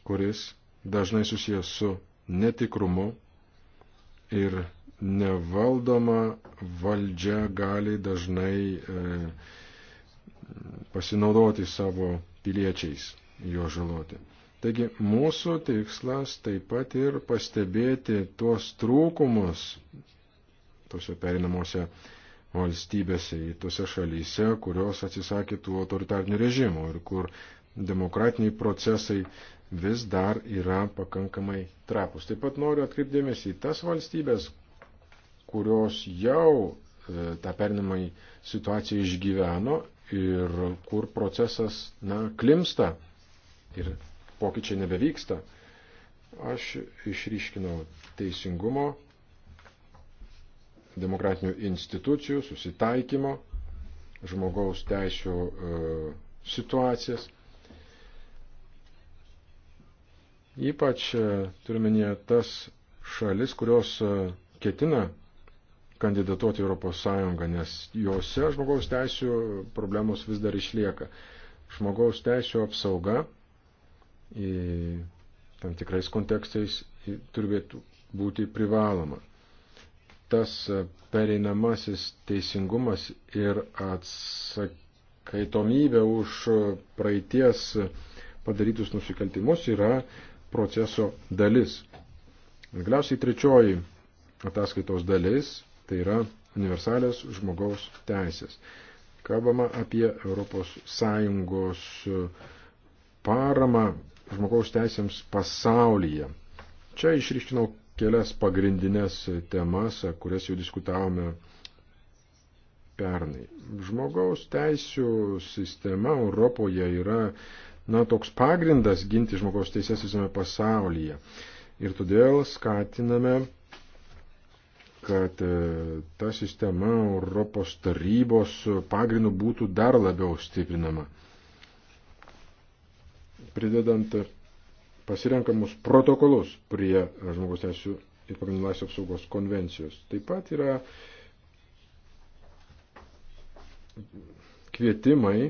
E: kuris dažnai susijęs su netikrumu ir nevaldoma valdžia gali dažnai e, pasinaudoti savo piliečiais jo žaloti. Taigi mūsų tikslas taip pat ir pastebėti tuos trūkumus tuose perinamuose valstybėse, į tuose šalyse, kurios atsisakė tų autoritarnių režimų ir kur demokratiniai procesai vis dar yra pakankamai trapus. Taip pat noriu atkreipdėmėsi į tas valstybės, kurios jau e, tą perinamai situaciją išgyveno ir kur procesas, na, klimsta ir pokyčiai nebevyksta. Aš išryškinau teisingumo, demokratinių institucijų, susitaikymo, žmogaus teisų e, situacijas Ypač e, turiminėje tas šalis, kurios e, ketina kandidatuoti Europos Sąjungą, nes juose žmogaus teisų problemos vis dar išlieka. Žmogaus teisų apsauga į tam tikrais kontekstais turėtų būti privaloma. Tas e, pereinamasis teisingumas ir atsakytomybė už praeities padarytus nusikaltimus yra proceso dalis. Galiausiai trečioji ataskaitos dalis tai yra universalios žmogaus teisės. Kalbama apie Europos Sąjungos paramą žmogaus teisėms pasaulyje. Čia išryškinau kelias pagrindinės temas, kurias jau diskutavome pernai. Žmogaus teisų sistema Europoje yra na, toks pagrindas ginti žmogaus teises visame pasaulyje. Ir todėl skatiname, kad e, ta sistema Europos tarybos pagrindų būtų dar labiau stiprinama. Pridedant pasirenkamus protokolus prie žmogaus teisų ir pagrindų laisvės apsaugos konvencijos. Taip pat yra kvietimai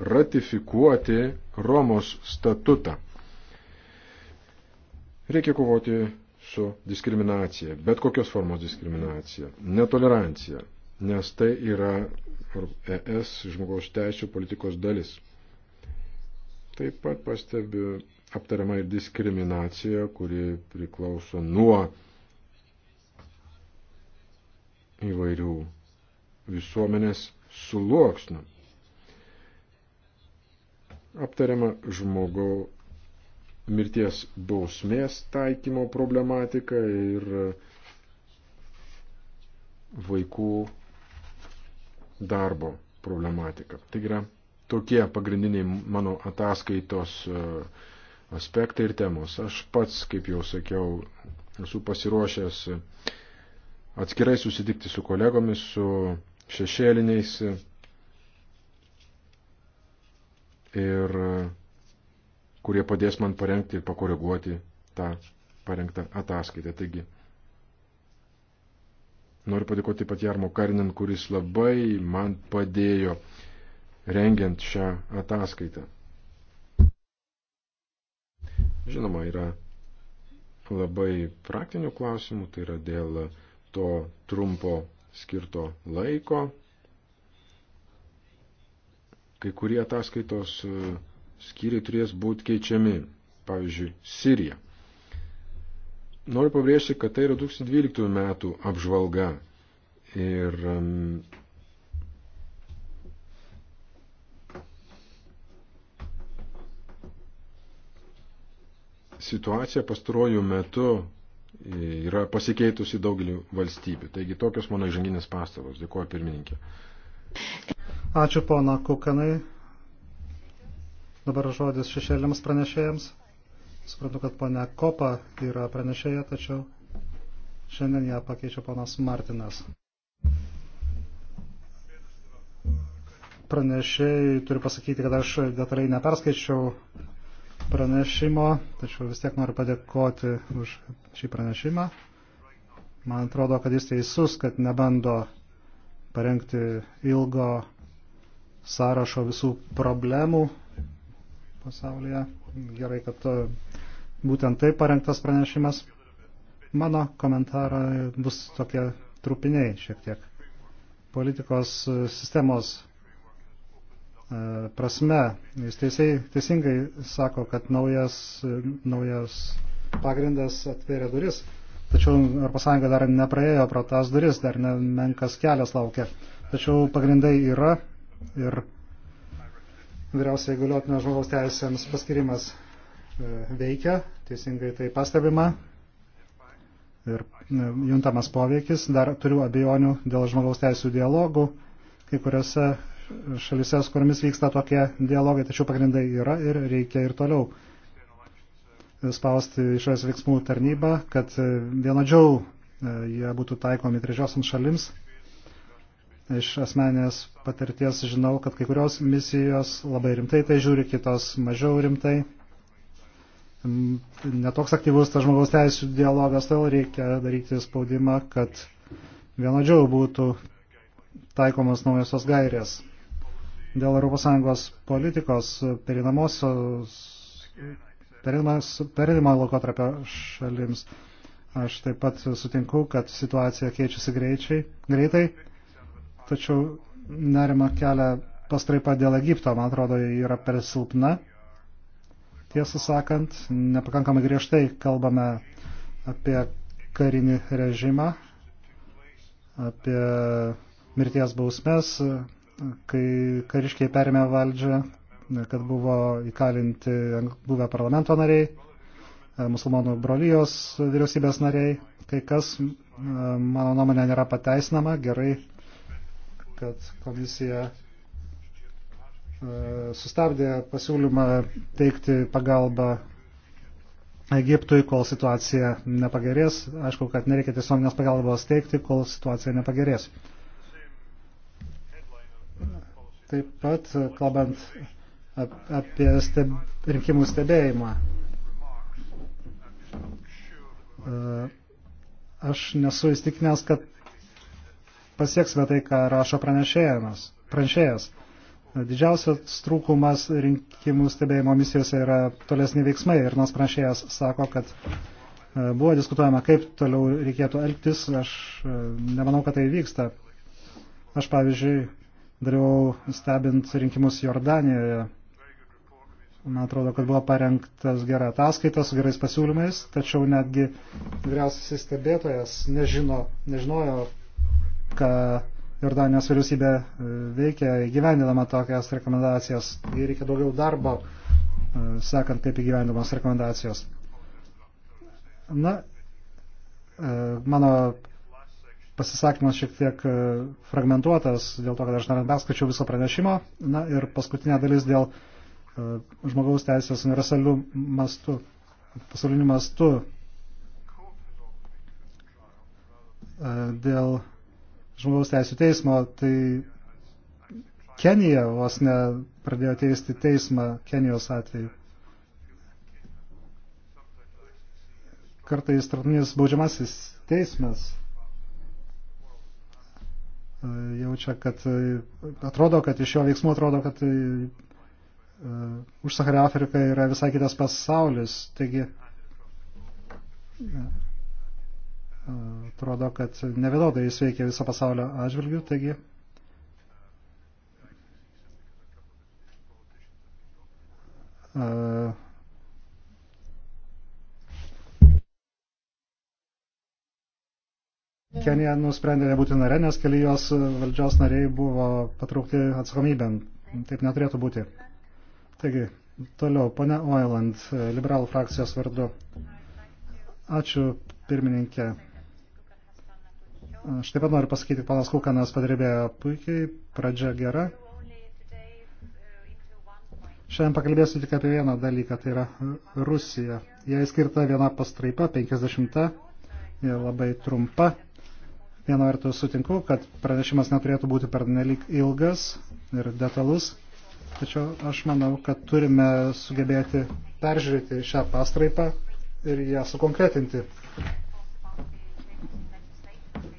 E: ratifikuoti Romos statutą. Reikia kovoti su diskriminacija, bet kokios formos diskriminacija, netolerancija, nes tai yra ES žmogaus teisų politikos dalis. Taip pat pastebiu aptariama ir diskriminacija, kuri priklauso nuo įvairių visuomenės sluoksnių aptariama žmogau mirties bausmės taikymo problematika ir vaikų darbo problematika. Tai yra tokie pagrindiniai mano ataskaitos e, aspektai ir temos. Aš pats, kaip jau sakiau, esu pasiruošęs atskirai susitikti su kolegomis, su šešėliniais ir kurie padės man parengti ir pakoreguoti tą parengtą ataskaitę. Taigi, noriu padėkoti taip pat Jarmo Karinin, kuris labai man padėjo rengiant šią ataskaitą. Žinoma, yra labai praktinių klausimų, tai yra dėl to trumpo skirto laiko, Kai kurie ataskaitos e, skyriai turės būti keičiami, pavyzdžiui, Sirija. Noriu pabrėžti, kad tai yra 2012 metų apžvalga ir situacija pastaruoju metu e, yra pasikeitusi daugeliu valstybių. Taigi tokios mano žanginės pastabos. Dėkuoju pirmininkė.
A: Ačiū pona Kukanai. Dabar žodis šešėliams pranešėjams. Suprantu, kad ponia Kopa yra pranešėja, tačiau šiandien ją pakeičia ponas Martinas. Pranešėjai turiu pasakyti, kad aš detaliai neperskaičiau pranešimo, tačiau vis tiek noriu padėkoti už šį pranešimą. Man atrodo, kad jis teisus, kad nebando parengti ilgo sąrašo visų problemų pasaulyje. Gerai, kad to, e, būtent tai parengtas pranešimas. Mano komentarai bus tokie trupiniai šiek tiek. Politikos e, sistemos e, prasme. Jis teisiai, teisingai sako, kad naujas, naujas pagrindas atvėrė duris, tačiau ES dar nepraėjo pro tas duris, dar menkas kelias laukia. Tačiau pagrindai yra, ir vyriausiai galiotinio žmogaus teisėms paskirimas e, veikia, teisingai tai pastebima ir e, juntamas poveikis. Dar turiu abejonių dėl žmogaus teisų dialogų, kai kuriuose šalise, su kuriamis vyksta tokie dialogai, tačiau pagrindai yra ir reikia ir toliau spausti išorės veiksmų tarnybą, kad vienodžiau e, jie būtų taikomi trečiosiams šalims iš asmenės patirties žinau, kad kai kurios misijos labai rimtai tai žiūri, kitos mažiau rimtai. Mm, netoks aktyvus tas žmogaus teisų dialogas, todėl reikia daryti spaudimą, kad vienodžiau būtų taikomos naujosios gairės. Dėl ES politikos perinamosios perinimo laikotarpio šalims aš taip pat sutinku, kad situacija keičiasi greičiai, greitai tačiau nerima kelia pastraipa dėl Egipto, man atrodo, yra per silpna. Tiesą sakant, nepakankamai griežtai kalbame apie karinį režimą, apie mirties bausmes, kai kariškiai perėmė valdžią, kad buvo įkalinti buvę parlamento nariai, musulmonų brolyjos vyriausybės nariai, kai kas, mano nuomonė, nėra pateisinama, gerai kad komisija e, sustabdė pasiūlymą teikti pagalbą Egiptui, kol situacija nepagerės. Aišku, kad nereikia tiesioginės pagalbos teikti, kol situacija nepagerės. Taip pat, kalbant apie steb... rinkimų stebėjimą, e, aš nesu įstikinęs, kad pasieksime tai, ką rašo pranešėjas. Didžiausias trūkumas rinkimų stebėjimo misijose yra tolesni veiksmai ir nors pranešėjas sako, kad e, buvo diskutuojama, kaip toliau reikėtų elgtis, aš e, nemanau, kad tai vyksta. Aš, pavyzdžiui, dariau stebint rinkimus Jordanijoje. Man atrodo, kad buvo parengtas gera ataskaita su gerais pasiūlymais, tačiau netgi vyriausiasis stebėtojas nežino, nežinojo, ką Jordanijos vyriausybė e, veikia įgyvendinama tokias rekomendacijas. Ir reikia daugiau darbo, e, sekant, kaip įgyvendinamos rekomendacijos. Na, e, mano pasisakymas šiek tiek fragmentuotas, dėl to, kad aš perskaičiau viso pranešimo. Na ir paskutinė dalis dėl žmogaus teisės universalių mastų, pasaulinių mastų dėl žmogaus teisų teismo, tai Kenija vos ne pradėjo teisti teismą Kenijos atveju. Kartais tarptautinis baudžiamasis teismas e, jaučia, kad e, atrodo, kad iš jo veiksmų atrodo, kad e, už Saharą Afriką yra visai kitas pasaulis. Taigi atrodo, kad nevienodai jis veikia viso pasaulio atžvilgių, taigi uh, Kenija nusprendė nebūti nare, nes keli jos valdžios nariai buvo patraukti atsakomybėn. Taip neturėtų būti. Taigi, toliau, pane Oiland, liberalų frakcijos vardu. Ačiū, pirmininkė. Aš taip pat noriu pasakyti, panas Kukanas padirbėjo puikiai, pradžia gera. Šiandien pakalbėsiu tik apie vieną dalyką, tai yra Rusija. Jai skirta viena pastraipa, 50, jie labai trumpa. Viena vertus sutinku, kad pranešimas neturėtų būti pernelik ilgas ir detalus, tačiau aš manau, kad turime sugebėti peržiūrėti šią pastraipą ir ją sukonkretinti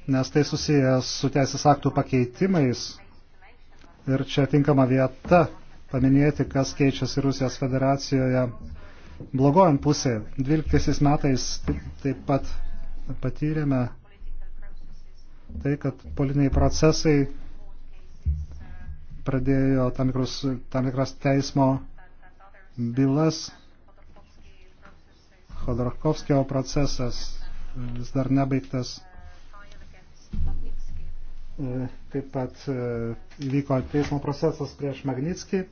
A: nes tai susijęs su teisės aktų pakeitimais ir čia tinkama vieta paminėti, kas keičiasi Rusijos federacijoje blogojant pusė. 12 metais taip pat patyrėme tai, kad politiniai procesai pradėjo tam, tikrus, tam tikras teismo bylas. Khodorkovskio procesas vis dar nebaigtas. E, taip pat e, įvyko teismo procesas prieš Magnitskį.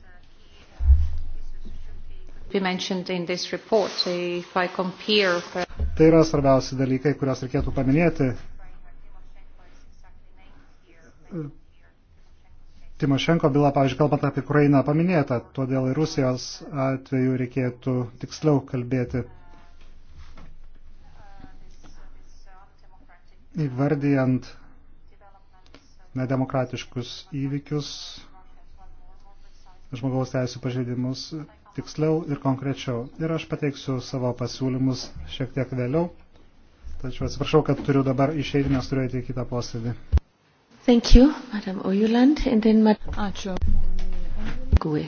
A: Tai yra svarbiausi dalykai, kuriuos reikėtų paminėti. E, Timošenko byla, pavyzdžiui, kalbant apie Ukrainą paminėta, todėl ir Rusijos atveju reikėtų tiksliau kalbėti įvardyjant nedemokratiškus įvykius, žmogaus teisų pažeidimus tiksliau ir konkrečiau. Ir aš pateiksiu savo pasiūlymus šiek tiek vėliau. Tačiau atsiprašau, kad turiu dabar išeiti, nes turiu eiti į kitą posėdį.
C: Thank you, Madam Ojuland.
D: And then ma Ačiū. Gui.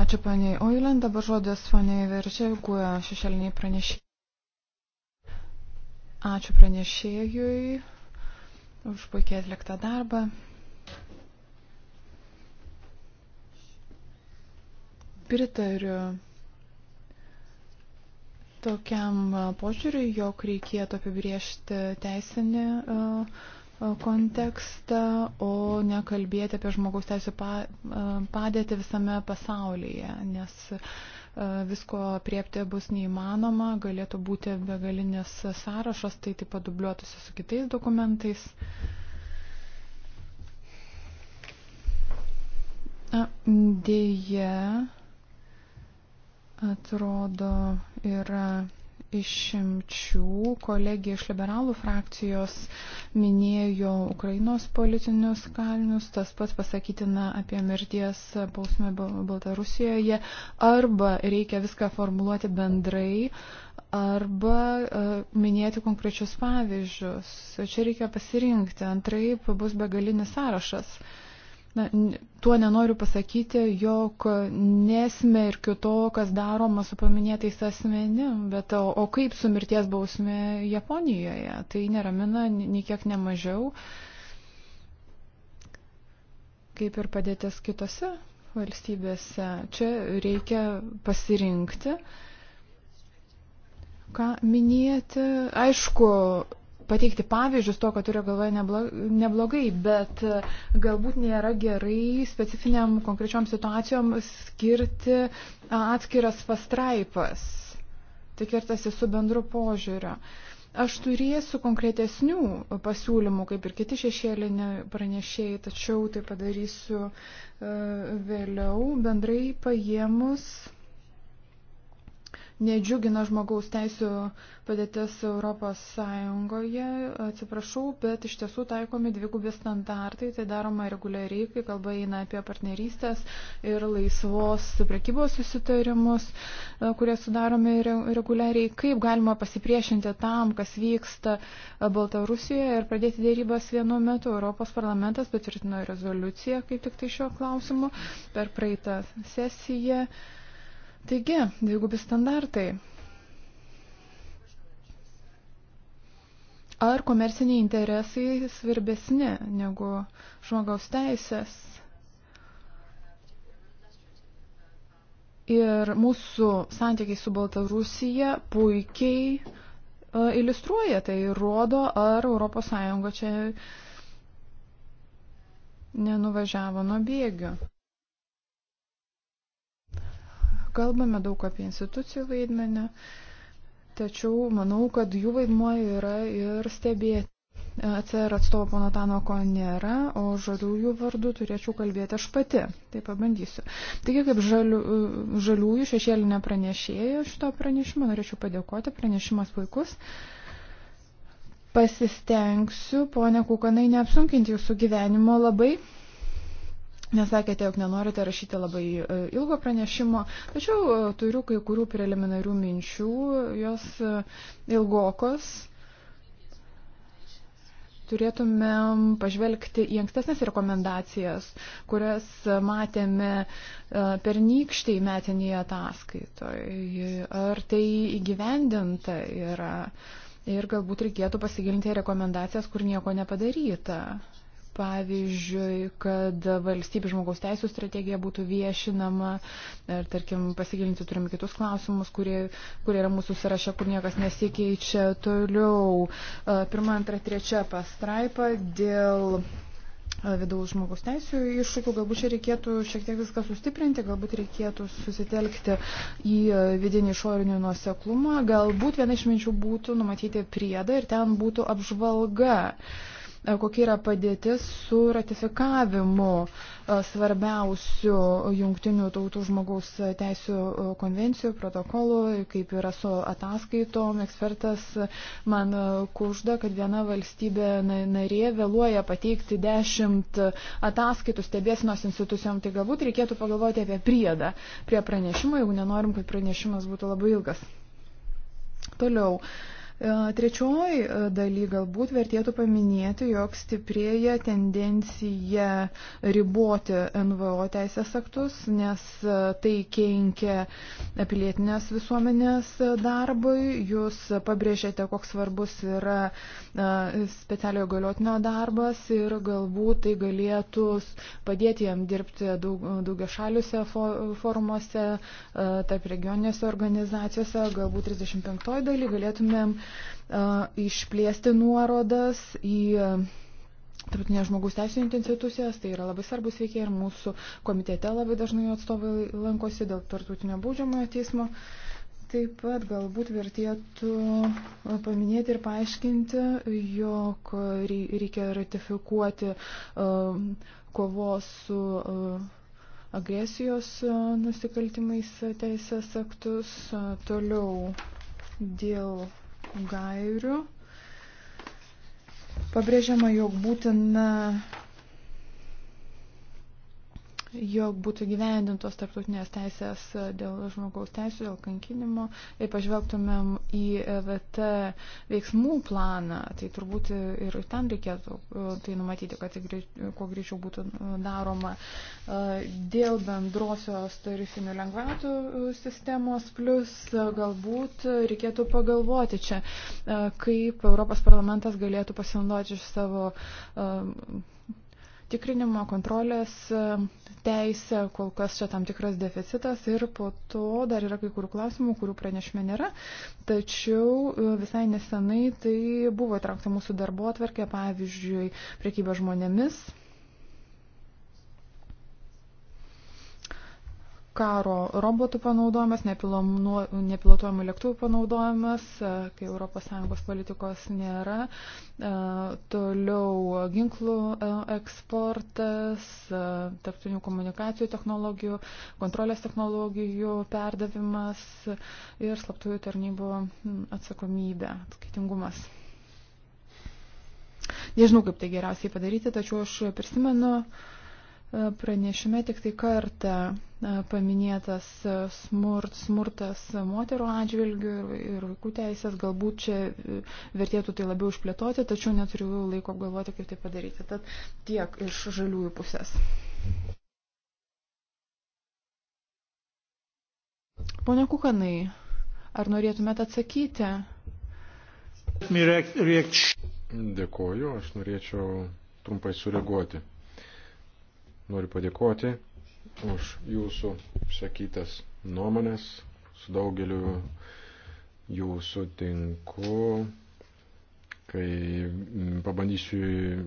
D: Ačiū, paniai Ojuland. Dabar žodis paniai Veržė, Gui, šešėliniai pranešė. Ačiū pranešėjui už puikiai atliktą darbą. Pritariu tokiam požiūriui, jog reikėtų apibriežti teisinį e, e, kontekstą, o nekalbėti apie žmogaus teisų e, padėtį visame pasaulyje, nes visko priepti bus neįmanoma, galėtų būti begalinės sąrašas, tai taip pat dubliuotųsi su kitais dokumentais. Dėje, atrodo, yra išimčių. Kolegija iš liberalų frakcijos minėjo Ukrainos politinius kalinius, tas pats pasakytina apie mirties bausmę Baltarusijoje, arba reikia viską formuluoti bendrai, arba uh, minėti konkrečius pavyzdžius. Čia reikia pasirinkti, antraip bus begalinis sąrašas. Uh, Na, tuo nenoriu pasakyti, jog nesmerkiu to, kas daroma su paminėtais asmenim, bet o, o kaip su mirties bausmė Japonijoje, tai neramina nei kiek nemažiau, kaip ir padėtis kitose valstybėse. Čia reikia pasirinkti, ką minėti. Aišku, pateikti pavyzdžius to, ką turiu galvoje neblogai, bet e, galbūt nėra gerai specifiniam konkrečiom situacijom skirti atskiras pastraipas. Tai kertasi su bendru požiūriu. Aš turėsiu konkretesnių pasiūlymų, kaip ir kiti šešėlinė pranešėjai, tačiau tai padarysiu e, vėliau bendrai paėmus nedžiugina žmogaus teisų padėtis Europos Sąjungoje. Atsiprašau, bet iš tiesų taikomi dvigubi standartai, tai daroma reguliariai, kai kalba eina apie partnerystės ir laisvos prekybos susitarimus, e, kurie sudaromi reguliariai. Kaip galima pasipriešinti tam, kas vyksta Baltarusijoje ir pradėti dėrybas vienu metu. Europos parlamentas patvirtino rezoliuciją kaip tik tai šio klausimu per praeitą sesiją. Yeah. Taigi, dvigubi standartai. Ar komerciniai interesai svarbesni negu žmogaus teisės? Ir mūsų santykiai su Baltarusija puikiai e, iliustruoja tai, rodo, ar ES čia nenuvažiavo nuo bėgių kalbame daug apie institucijų vaidmenį, tačiau manau, kad jų vaidmuo yra ir stebėti. ECR atstovo pono Tanoko nėra, o žaliųjų vardu turėčiau kalbėti aš pati. Tai pabandysiu. Taigi, kaip žalių, e, žaliųjų šešėlinė pranešėja šito pranešimo, norėčiau padėkoti, pranešimas puikus. Pasistengsiu, ponia Kukanai, neapsunkinti jūsų gyvenimo labai Nesakėte, jog nenorite rašyti labai e, ilgo pranešimo, tačiau e, turiu kai kurių preliminarių minčių, jos e, ilgokos. Turėtumėm pažvelgti į ankstesnės rekomendacijas, kurias matėme pernykštėj metinėje ataskaitoje. Ar tai įgyvendinta yra? Ir galbūt reikėtų pasigilinti rekomendacijas, kur nieko nepadaryta pavyzdžiui, kad valstybė žmogaus teisų strategija būtų viešinama ir, tarkim, pasigilinti turim kitus klausimus, kurie, kurie yra mūsų sąraše, kur niekas nesikeičia toliau. E, pirma, antra, trečia pastraipa dėl e, vidaus žmogaus teisų iššūkių, galbūt čia reikėtų šiek tiek viską sustiprinti, galbūt reikėtų susitelkti į e, vidinį išorinį nuoseklumą, galbūt viena iš minčių būtų numatyti priedą ir ten būtų apžvalga. Uh, E, kokia yra padėtis su ratifikavimu e, svarbiausių jungtinių tautų žmogaus teisų e, konvencijų protokolų, kaip yra su ataskaitom. Ekspertas man kužda, kad viena valstybė narė vėluoja pateikti dešimt ataskaitų stebėsinos institucijom, tai galbūt reikėtų pagalvoti apie priedą prie pranešimo, jeigu nenorim, kad pranešimas būtų labai ilgas. Toliau. Uh, E, trečioji e, daly galbūt vertėtų paminėti, jog stiprėja tendencija riboti NVO teisės aktus, nes e, tai kenkia pilietinės visuomenės darbui. Jūs pabrėžėte, koks svarbus yra specialiojo galiotinio darbas ir galbūt tai galėtų padėti jam dirbti daug, daugia šaliuose formuose, tarp regioninėse organizacijose. Galbūt 35 daly galėtumėm išplėsti nuorodas į tarptautinės žmogaus teisų institucijas, tai yra labai svarbus veikiai ir mūsų komitete labai dažnai atstovai lankosi dėl tarptautinio baudžiamojo teismo. Taip pat galbūt vertėtų paminėti ir paaiškinti, jog reikia ratifikuoti kovos su agresijos nusikaltimais teisės aktus. Toliau dėl gairių pabrėžiama, jog būtina jog būtų gyvendintos tarptautinės teisės dėl žmogaus teisų, dėl kankinimo ir pažvelgtumėm į e VT veiksmų planą, tai turbūt ir ten reikėtų e, tai numatyti, kad tai kuo greičiau būtų e, daroma dėl bendrosios tarifinių lengvatų sistemos, plus galbūt reikėtų pagalvoti čia, kaip Europos parlamentas galėtų pasinaudoti iš savo tikrinimo kontrolės e, teisę, kol kas čia tam tikras deficitas ir po to dar yra kai kurių klausimų, kurių pranešime nėra, tačiau e, visai nesenai tai buvo įtraukta mūsų darbo atverkė, pavyzdžiui, priekyba žmonėmis karo robotų panaudojimas, nepilotuojamų lėktuvų panaudojimas, e, kai ES politikos nėra, e, toliau ginklų e, eksportas, tarptautinių komunikacijų technologijų, kontrolės technologijų perdavimas ir slaptųjų tarnybų atsakomybė, atskaitingumas. Nežinau, kaip tai geriausiai padaryti, tačiau aš prisimenu, uh, pranešime tik tai kartą e, paminėtas e, smurt, smurtas moterų atžvilgių ir vaikų teisės. Galbūt čia e, vertėtų tai labiau išplėtoti, tačiau neturiu laiko galvoti, kaip tai padaryti. Tad tiek iš žaliųjų pusės. Pone Kukanai, ar norėtumėt atsakyti?
E: Dėkoju, aš norėčiau trumpai sureaguoti. Noriu padėkoti už jūsų išsakytas nuomonės. Su daugeliu jų sutinku, kai pabandysiu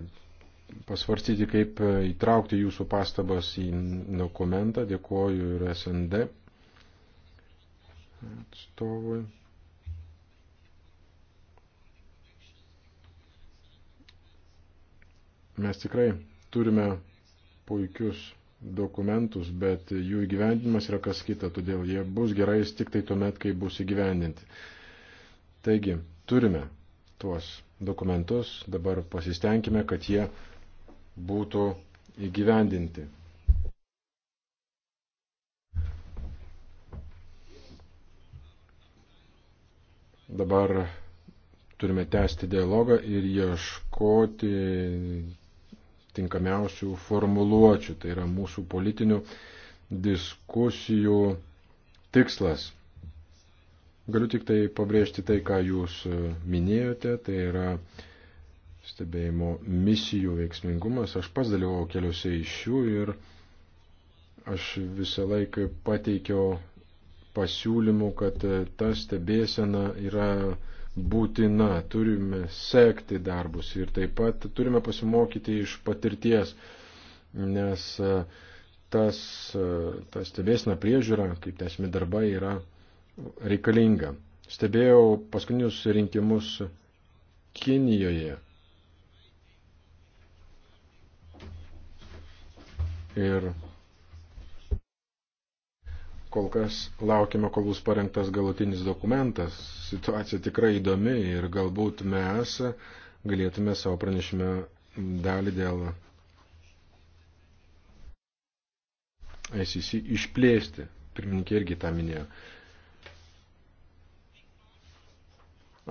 E: pasvarstyti, kaip įtraukti jūsų pastabas į dokumentą. Dėkuoju ir SND atstovui. Mes tikrai turime puikius dokumentus, bet jų įgyvendinimas yra kas kita, todėl jie bus gerais tik tai tuomet, kai bus įgyvendinti. Taigi, turime tuos dokumentus, dabar pasistengime, kad jie būtų įgyvendinti. Dabar turime tęsti dialogą ir ieškoti tinkamiausių formuluočių. Tai yra mūsų politinių diskusijų tikslas. Galiu tik tai pabrėžti tai, ką jūs minėjote, tai yra stebėjimo misijų veiksmingumas. Aš pats dalyvau keliuose iš jų ir aš visą laiką pateikiau pasiūlymų, kad ta stebėsena yra būtina, turime sekti darbus ir taip pat turime pasimokyti iš patirties, nes e, tas, e, tas stebėsina priežiūra, kaip tesmi darbai, yra reikalinga. Stebėjau paskutinius rinkimus Kinijoje. Ir Kol kas laukime, kol bus parengtas galutinis dokumentas. Situacija tikrai įdomi ir galbūt mes galėtume savo pranešime dalį dėl ICC išplėsti. Pirmininkė irgi tą minėjo.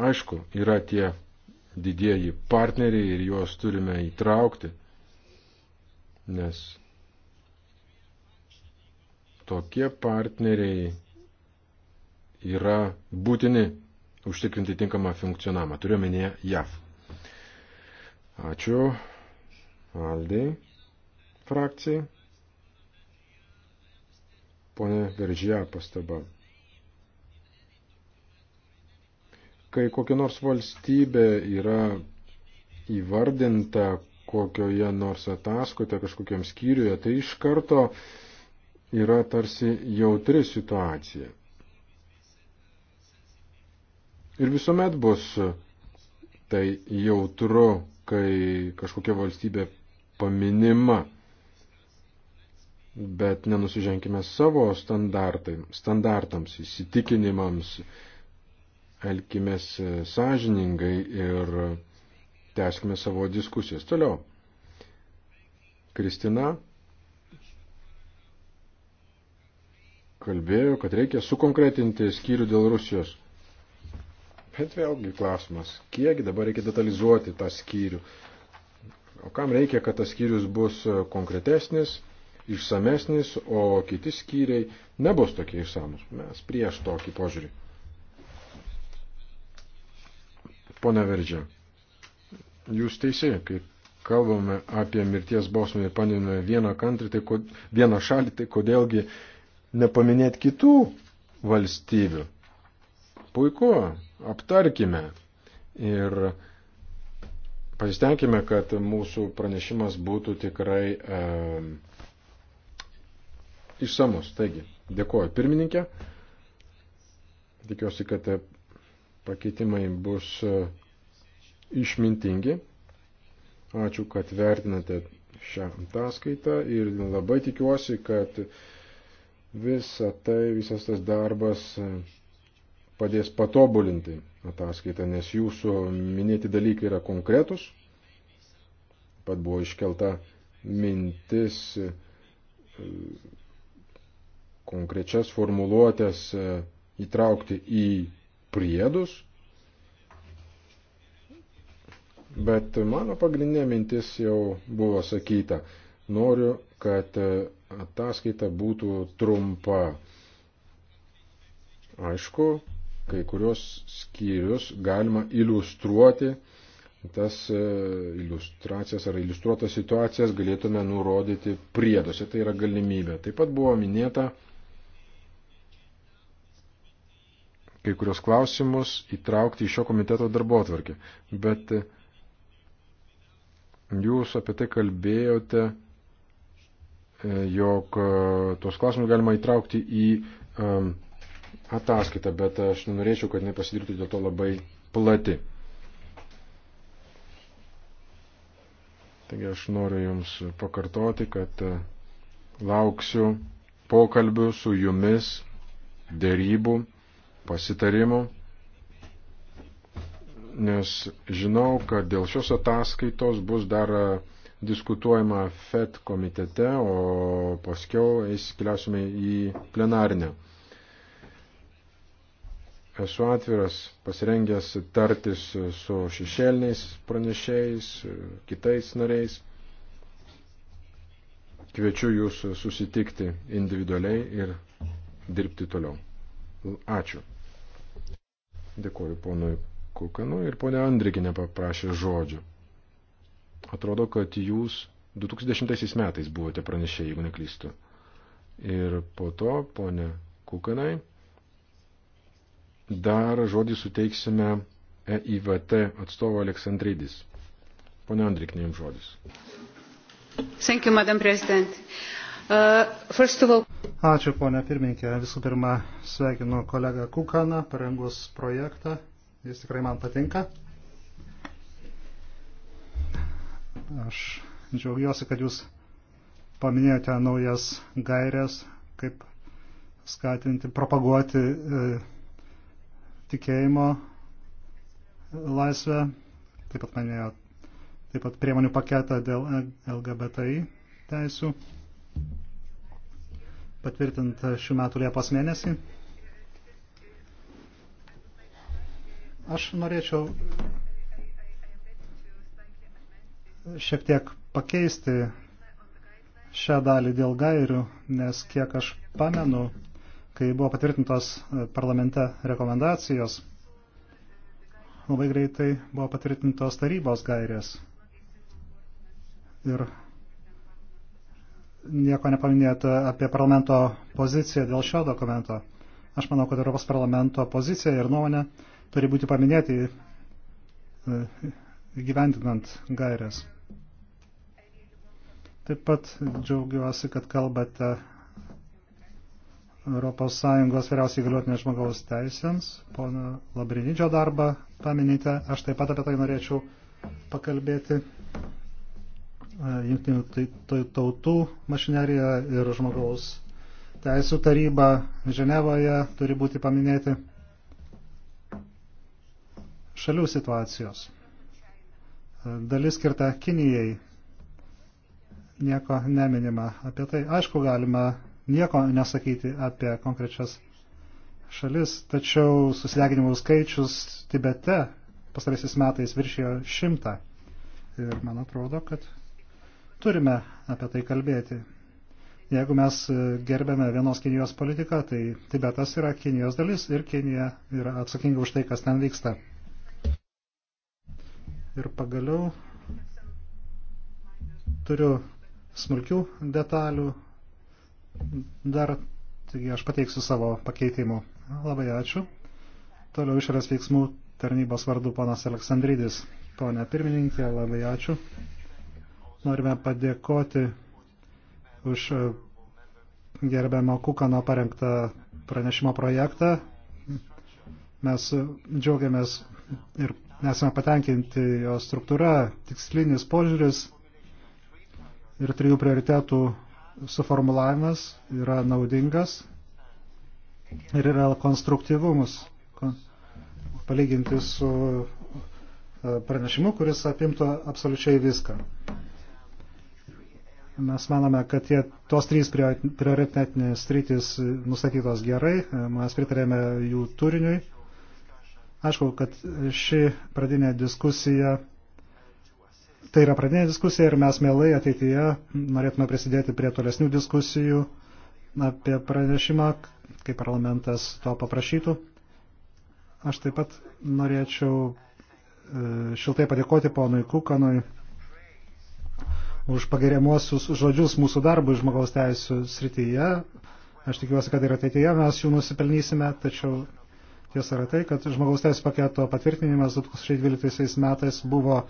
E: Aišku, yra tie didieji partneriai ir juos turime įtraukti, nes Tokie partneriai yra būtini užtikrinti tinkamą funkcionamą. Turiuomenėje JAV. Ačiū Aldai frakcijai. Pone Veržyje pastaba. Kai kokia nors valstybė yra įvardinta kokioje nors ataskoje, kažkokiam skyriuje, tai iš karto uh, yra tarsi jautri situacija. Ir visuomet bus tai jautru, kai kažkokia valstybė paminima, bet nenusiženkime savo standartams, įsitikinimams, elkimės sąžiningai ir tęskime savo diskusijas. Toliau. Kristina kalbėjo, kad reikia sukonkretinti skyrių dėl Rusijos. Bet vėlgi klausimas, kiek dabar reikia detalizuoti tą skyrių. O kam reikia, kad tas skyrius bus konkretesnis, išsamesnis, o kiti skyriai nebus tokie išsamus. Mes prieš tokį požiūrį. Pone Verdžia, jūs teisė, kai kalbame apie mirties bausmę ir paminime vieną, country, tai ko, vieną šalį, tai kodėlgi nepaminėti kitų valstybių. Puiku, aptarkime ir pasistengime, kad mūsų pranešimas būtų tikrai e, išsamus. Taigi, dėkoju pirmininkė. Tikiuosi, kad pakeitimai bus e, išmintingi. Ačiū, kad vertinate šią ataskaitą ir labai tikiuosi, kad Visa tai, visas tas darbas e, padės patobulinti ataskaitą, nes jūsų minėti dalykai yra konkretus. Pat buvo iškelta mintis e, konkrečias formuluotės e, įtraukti į priedus. Bet mano pagrindinė mintis jau buvo sakyta. Noriu kad ataskaita būtų trumpa. Aišku, kai kurios skyrius galima iliustruoti, tas e, iliustracijas ar iliustruotas situacijas galėtume nurodyti prieduose, tai yra galimybė. Taip pat buvo minėta kai kurios klausimus įtraukti į šio komiteto darbo atvarkį, bet jūs apie tai kalbėjote E, jog e, tos klausimus galima įtraukti į um, ataskaitą, bet aš norėčiau, kad nepasidirbtų dėl to labai plati. Taigi aš noriu Jums pakartoti, kad lauksiu pokalbių su Jumis, dėrybų, pasitarimų, nes žinau, kad dėl šios ataskaitos bus dar diskutuojama FED komitete, o paskiau įsikeliausime į plenarinę. Esu atviras, pasirengęs tartis su šešėliniais pranešėjais, kitais nariais. Kviečiu jūs susitikti individualiai ir dirbti toliau. Ačiū. Dėkuoju ponui Kukanui ir ponia Andrikinė paprašė žodžio. Atrodo, kad jūs 2010 metais buvote pranešėjai, jeigu neklystu. Ir po to, ponė Kukanai, dar žodį suteiksime EIVT atstovo Aleksandridis. Pone Andrik, neim žodis.
C: Thank you, Madam President. Uh, first of all...
A: Ačiū, ponė pirmininkė. Visų pirma, sveikinu kolegą Kukaną, parengus projektą. Jis tikrai man patinka. Aš džiaugiuosi, kad jūs paminėjote naujas gairias, kaip skatinti, propaguoti e, tikėjimo laisvę. Taip pat minėjo taip pat priemonių paketą dėl LGBTI teisų patvirtintą šių metų Liepos mėnesį. Aš norėčiau šiek tiek pakeisti šią dalį dėl gairių, nes kiek aš pamenu, kai buvo patvirtintos e, parlamente rekomendacijos, labai greitai buvo patvirtintos tarybos gairės. Ir nieko nepaminėta apie parlamento poziciją dėl šio dokumento. Aš manau, kad Europos parlamento pozicija ir nuomonė turi būti paminėti e, gyvendinant gairės. Taip pat džiaugiuosi, kad kalbate ES vyriausiai galiotinė žmogaus teisėms. Pono Labrinidžio darbą paminite. Aš taip pat apie tai norėčiau pakalbėti. E, Junktinių tai-, tai-, tautų mašinerija ir žmogaus teisų taryba Ženevoje turi būti paminėti šalių situacijos. E, dalis skirta Kinijai nieko neminima apie tai. Aišku, galima nieko nesakyti apie konkrečias šalis, tačiau susideginimų skaičius Tibete pastaraisiais metais viršijo šimtą. Ir man atrodo, kad turime apie tai kalbėti. Jeigu mes gerbėme vienos Kinijos politiką, tai Tibetas yra Kinijos dalis ir Kinija yra atsakinga už tai, kas ten vyksta. Ir pagaliau turiu smulkių detalių dar, taigi aš pateiksiu savo pakeitimu. Labai ačiū. Toliau išorės veiksmų tarnybos vardu ponas Aleksandrydis. Pone pirmininkė, labai ačiū. Norime padėkoti už e, gerbiamo Kukano parengtą pranešimo projektą. Mes džiaugiamės ir nesame patenkinti jo struktūra, tikslinis požiūris ir trijų prioritetų suformulavimas yra naudingas ir yra konstruktyvumus palyginti su e, pranešimu, kuris apimtų absoliučiai viską. Mes manome, kad tie, tos trys prioritetinės strytis nustatytos gerai, e, mes pritarėme jų turiniui. Aišku, kad ši pradinė diskusija tai yra pradinė diskusija ir mes mielai ateityje norėtume prisidėti prie tolesnių diskusijų apie pranešimą, kai parlamentas to paprašytų. Aš taip pat norėčiau e, šiltai padėkoti ponui Kukanui už pageriamuosius žodžius mūsų darbui žmogaus teisų srityje. Aš tikiuosi, kad ir ateityje mes jų nusipelnysime, tačiau tiesa yra tai, kad žmogaus teisų paketo patvirtinimas 2012 metais buvo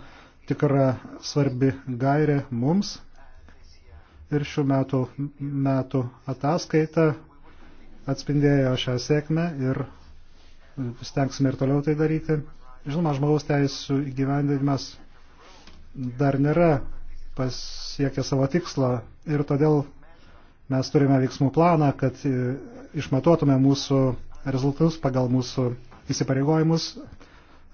A: tikra svarbi gairė mums. Ir šių metų, metų ataskaita atspindėjo šią sėkmę ir stengsime ir toliau tai daryti. Žinoma, žmogaus teisų įgyvendinimas dar nėra pasiekę savo tikslą ir todėl mes turime veiksmų planą, kad e, išmatuotume mūsų rezultatus pagal mūsų įsipareigojimus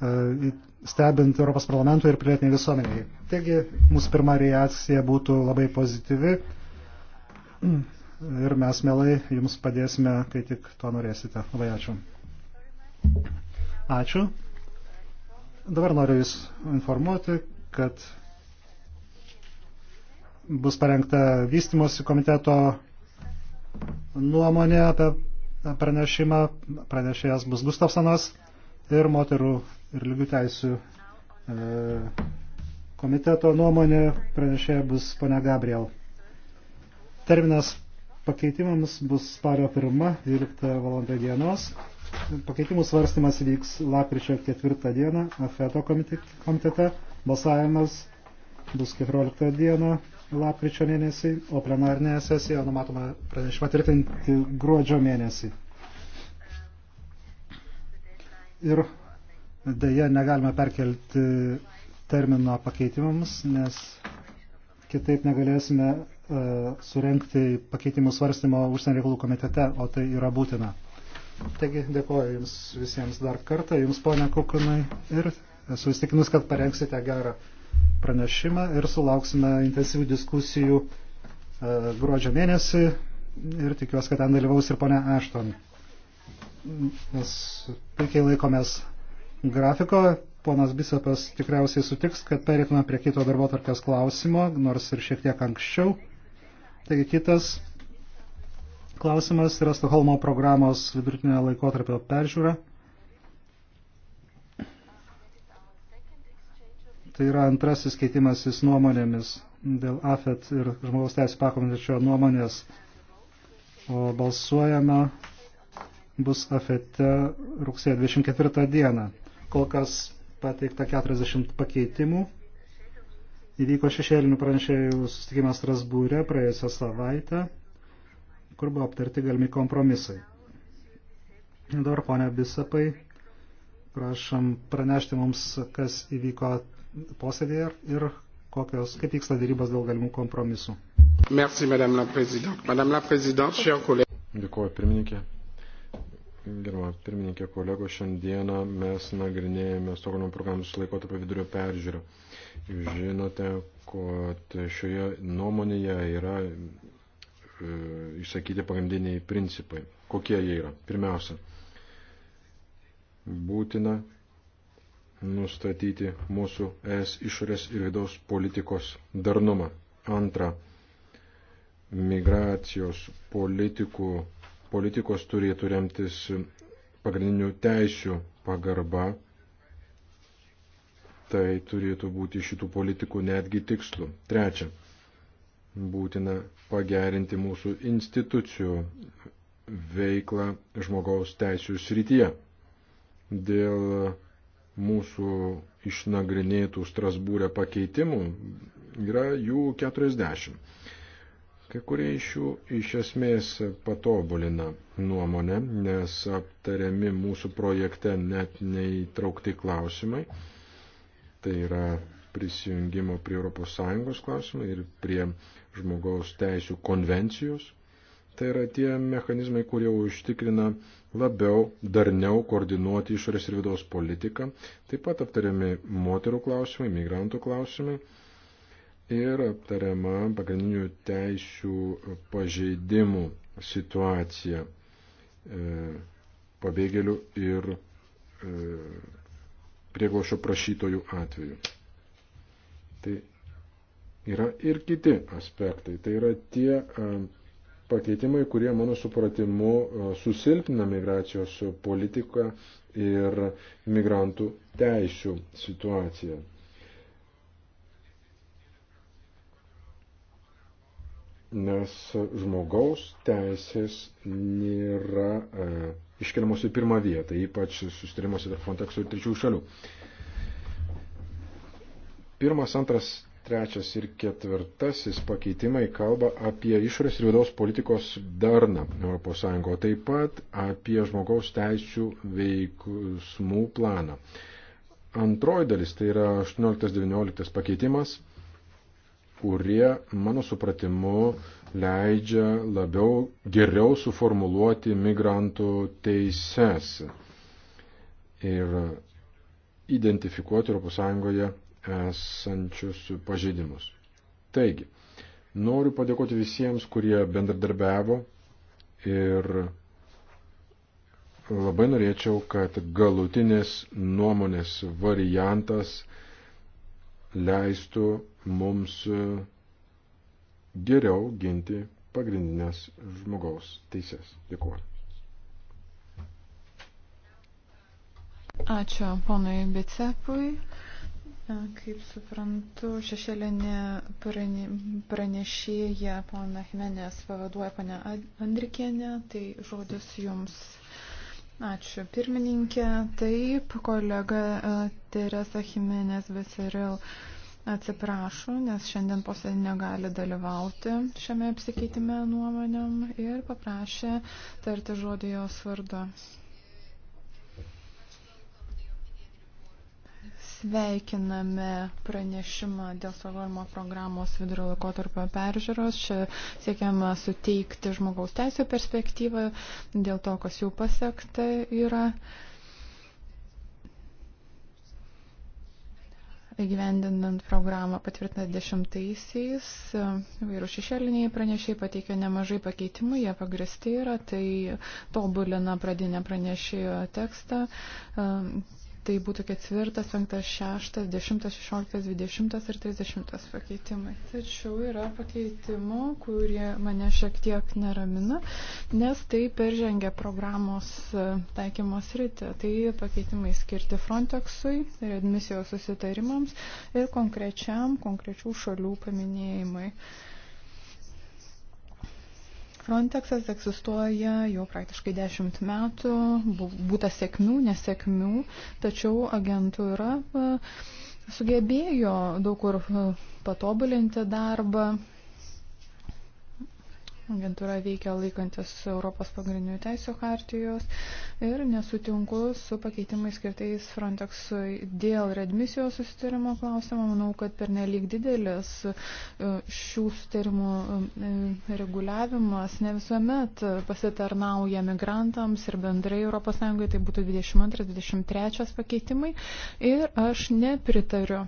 A: E, stebint Europos parlamentui ir pilietiniai visuomeniai. Taigi, mūsų pirma reakcija būtų labai pozityvi ir mes mielai jums padėsime, kai tik to norėsite. Labai ačiū. Ačiū. Dabar noriu Jūs informuoti, kad bus parengta vystimosi komiteto nuomonė apie pranešimą. Pranešėjas bus Gustafsonas ir moterų ir lygių teisų e, komiteto nuomonė pranešėja bus ponia Gabriel. Terminas pakeitimams bus spario 1-12 val. dienos. Pakeitimų svarstymas vyks lapkričio 4 dieną AFETO komitete. Balsavimas bus 14 dieną lapkričio mėnesį, o plenarinė sesija numatoma pranešimą tvirtinti gruodžio mėnesį. Ir Deja, negalime perkelti termino pakeitimams, nes kitaip negalėsime uh, surenkti pakeitimų svarstymo užsienio reikalų komitete, o tai yra būtina. Taigi dėkoju Jums visiems dar kartą, Jums ponia Kukunai, ir esu įstikinus, kad parengsite gerą pranešimą ir sulauksime intensyvių diskusijų uh, gruodžio mėnesį ir tikiuosi, kad ten dalyvaus ir ponia Ashton. Mes puikiai laikomės grafiko. Ponas Bisapas tikriausiai sutiks, kad perėtume prie kito darbo tarkės klausimo, nors ir šiek tiek anksčiau. Taigi kitas klausimas yra Stokholmo programos vidutinio laikotarpio peržiūra. Tai yra antrasis keitimasis nuomonėmis dėl AFET ir žmogaus teisų pakomitečio nuomonės, o balsuojama bus AFET rugsėjo 24 dieną kol kas pateikta 40 pakeitimų. Įvyko šešėlinių pranešėjų susitikimas Strasbūrė praėjusią savaitę, kur buvo aptarti galimi kompromisai. Dabar, ponia Bisapai, prašom pranešti mums, kas įvyko posėdėje ir kokios, kaip vyksta dėrybas dėl galimų kompromisų.
E: Merci, Madame la Présidente. Madame la Présidente, chers collègues. Dėkuoju, pirmininkė, Gerbama pirmininkė kolego, šiandieną mes nagrinėjame Stokholmo programos laikotarpio vidurio peržiūrą. Jūs žinote, kad šioje nuomonėje yra e, išsakyti pagrindiniai principai. Kokie jie yra? Pirmiausia, būtina nustatyti mūsų ES išorės ir vidaus politikos darnumą. Antra, migracijos politikų politikos turėtų remtis pagrindinių teisių pagarba. Tai turėtų būti šitų politikų netgi tikslu. Trečia, būtina pagerinti mūsų institucijų veiklą žmogaus teisų srityje. Dėl mūsų išnagrinėtų Strasbūrė pakeitimų yra jų 40 Kai kurie iš jų iš esmės patobulina nuomonę, nes aptariami mūsų projekte net neįtraukti klausimai. Tai yra prisijungimo prie ES klausimai ir prie žmogaus teisų konvencijos. Tai yra tie mechanizmai, kurie užtikrina labiau, darniau koordinuoti išorės ir vidaus politiką. Taip pat aptariami moterų klausimai, migrantų klausimai ir aptariama pagrindinių teisių pažeidimų situacija e, pabėgėlių ir e, prieglošio prašytojų atveju. Tai yra ir kiti aspektai. Tai yra tie e, pakeitimai, kurie, mano supratimu, susilpina migracijos politiką ir migrantų teisių situaciją. nes žmogaus teisės nėra e, iškeliamos į pirmą vietą, ypač sustarimuose tarp Frontexo ir trečiųjų šalių. Pirmas, antras, trečias ir ketvirtasis pakeitimai kalba apie išorės ir vidaus politikos darną ES, o taip pat apie žmogaus teisų veiksmų planą. Antroji dalis, tai yra 18-19 pakeitimas, kurie, mano supratimu, leidžia labiau geriau suformuluoti migrantų teises ir identifikuoti ES esančius pažeidimus. Taigi, noriu padėkoti visiems, kurie bendradarbiavo ir labai norėčiau, kad galutinės nuomonės variantas leistų mums e, geriau ginti pagrindinės žmogaus teises. Dėkuoju.
D: Ačiū ponui Bicepui. Kaip suprantu, šešėlinė pranešėja pana Jimenės pavaduoja pana Andrikienė, tai žodis jums Ačiū pirmininkė. Taip, kolega e, Teresa Jimenez Veseril atsiprašo, nes šiandien posėdė negali dalyvauti šiame apsikeitime nuomonėm ir paprašė tarti žodį jos vardu. Sveikiname pranešimą dėl savarmo programos vidurio laikotarpio peržiūros. Čia siekiama suteikti žmogaus teisų perspektyvą dėl to, kas jau pasiekta yra. Įgyvendinant programą patvirtinę dešimtaisiais, vairų šešėliniai pranešiai pateikė nemažai pakeitimų, jie pagristi yra, tai tobulina pradinę pranešėjo tekstą Tai būtų ketvirtas, penktas, šeštas, dešimtas, šešioliktas, dvidešimtas ir trisdešimtas pakeitimai. Tačiau yra pakeitimų, kurie mane šiek tiek neramina, nes tai peržengia programos e, taikymos rytį. Tai pakeitimai skirti Frontexui ir admisijos susitarimams ir konkrečiam, konkrečių šalių paminėjimai. Uh, Frontexas egzistuoja jau praktiškai dešimt metų, būta sėkmių, nesėkmių, tačiau agentūra sugebėjo daug kur patobulinti darbą Agentūra veikia laikantis Europos pagrindinių teisų hartijos ir nesutinku su pakeitimais skirtais Frontexui dėl redmisijos susitarimo klausimo. Manau, kad per nelik didelis e, šių susitarimų e, reguliavimas ne visuomet pasitarnauja migrantams ir bendrai ES, tai būtų 22-23 pakeitimai. Ir aš nepritariu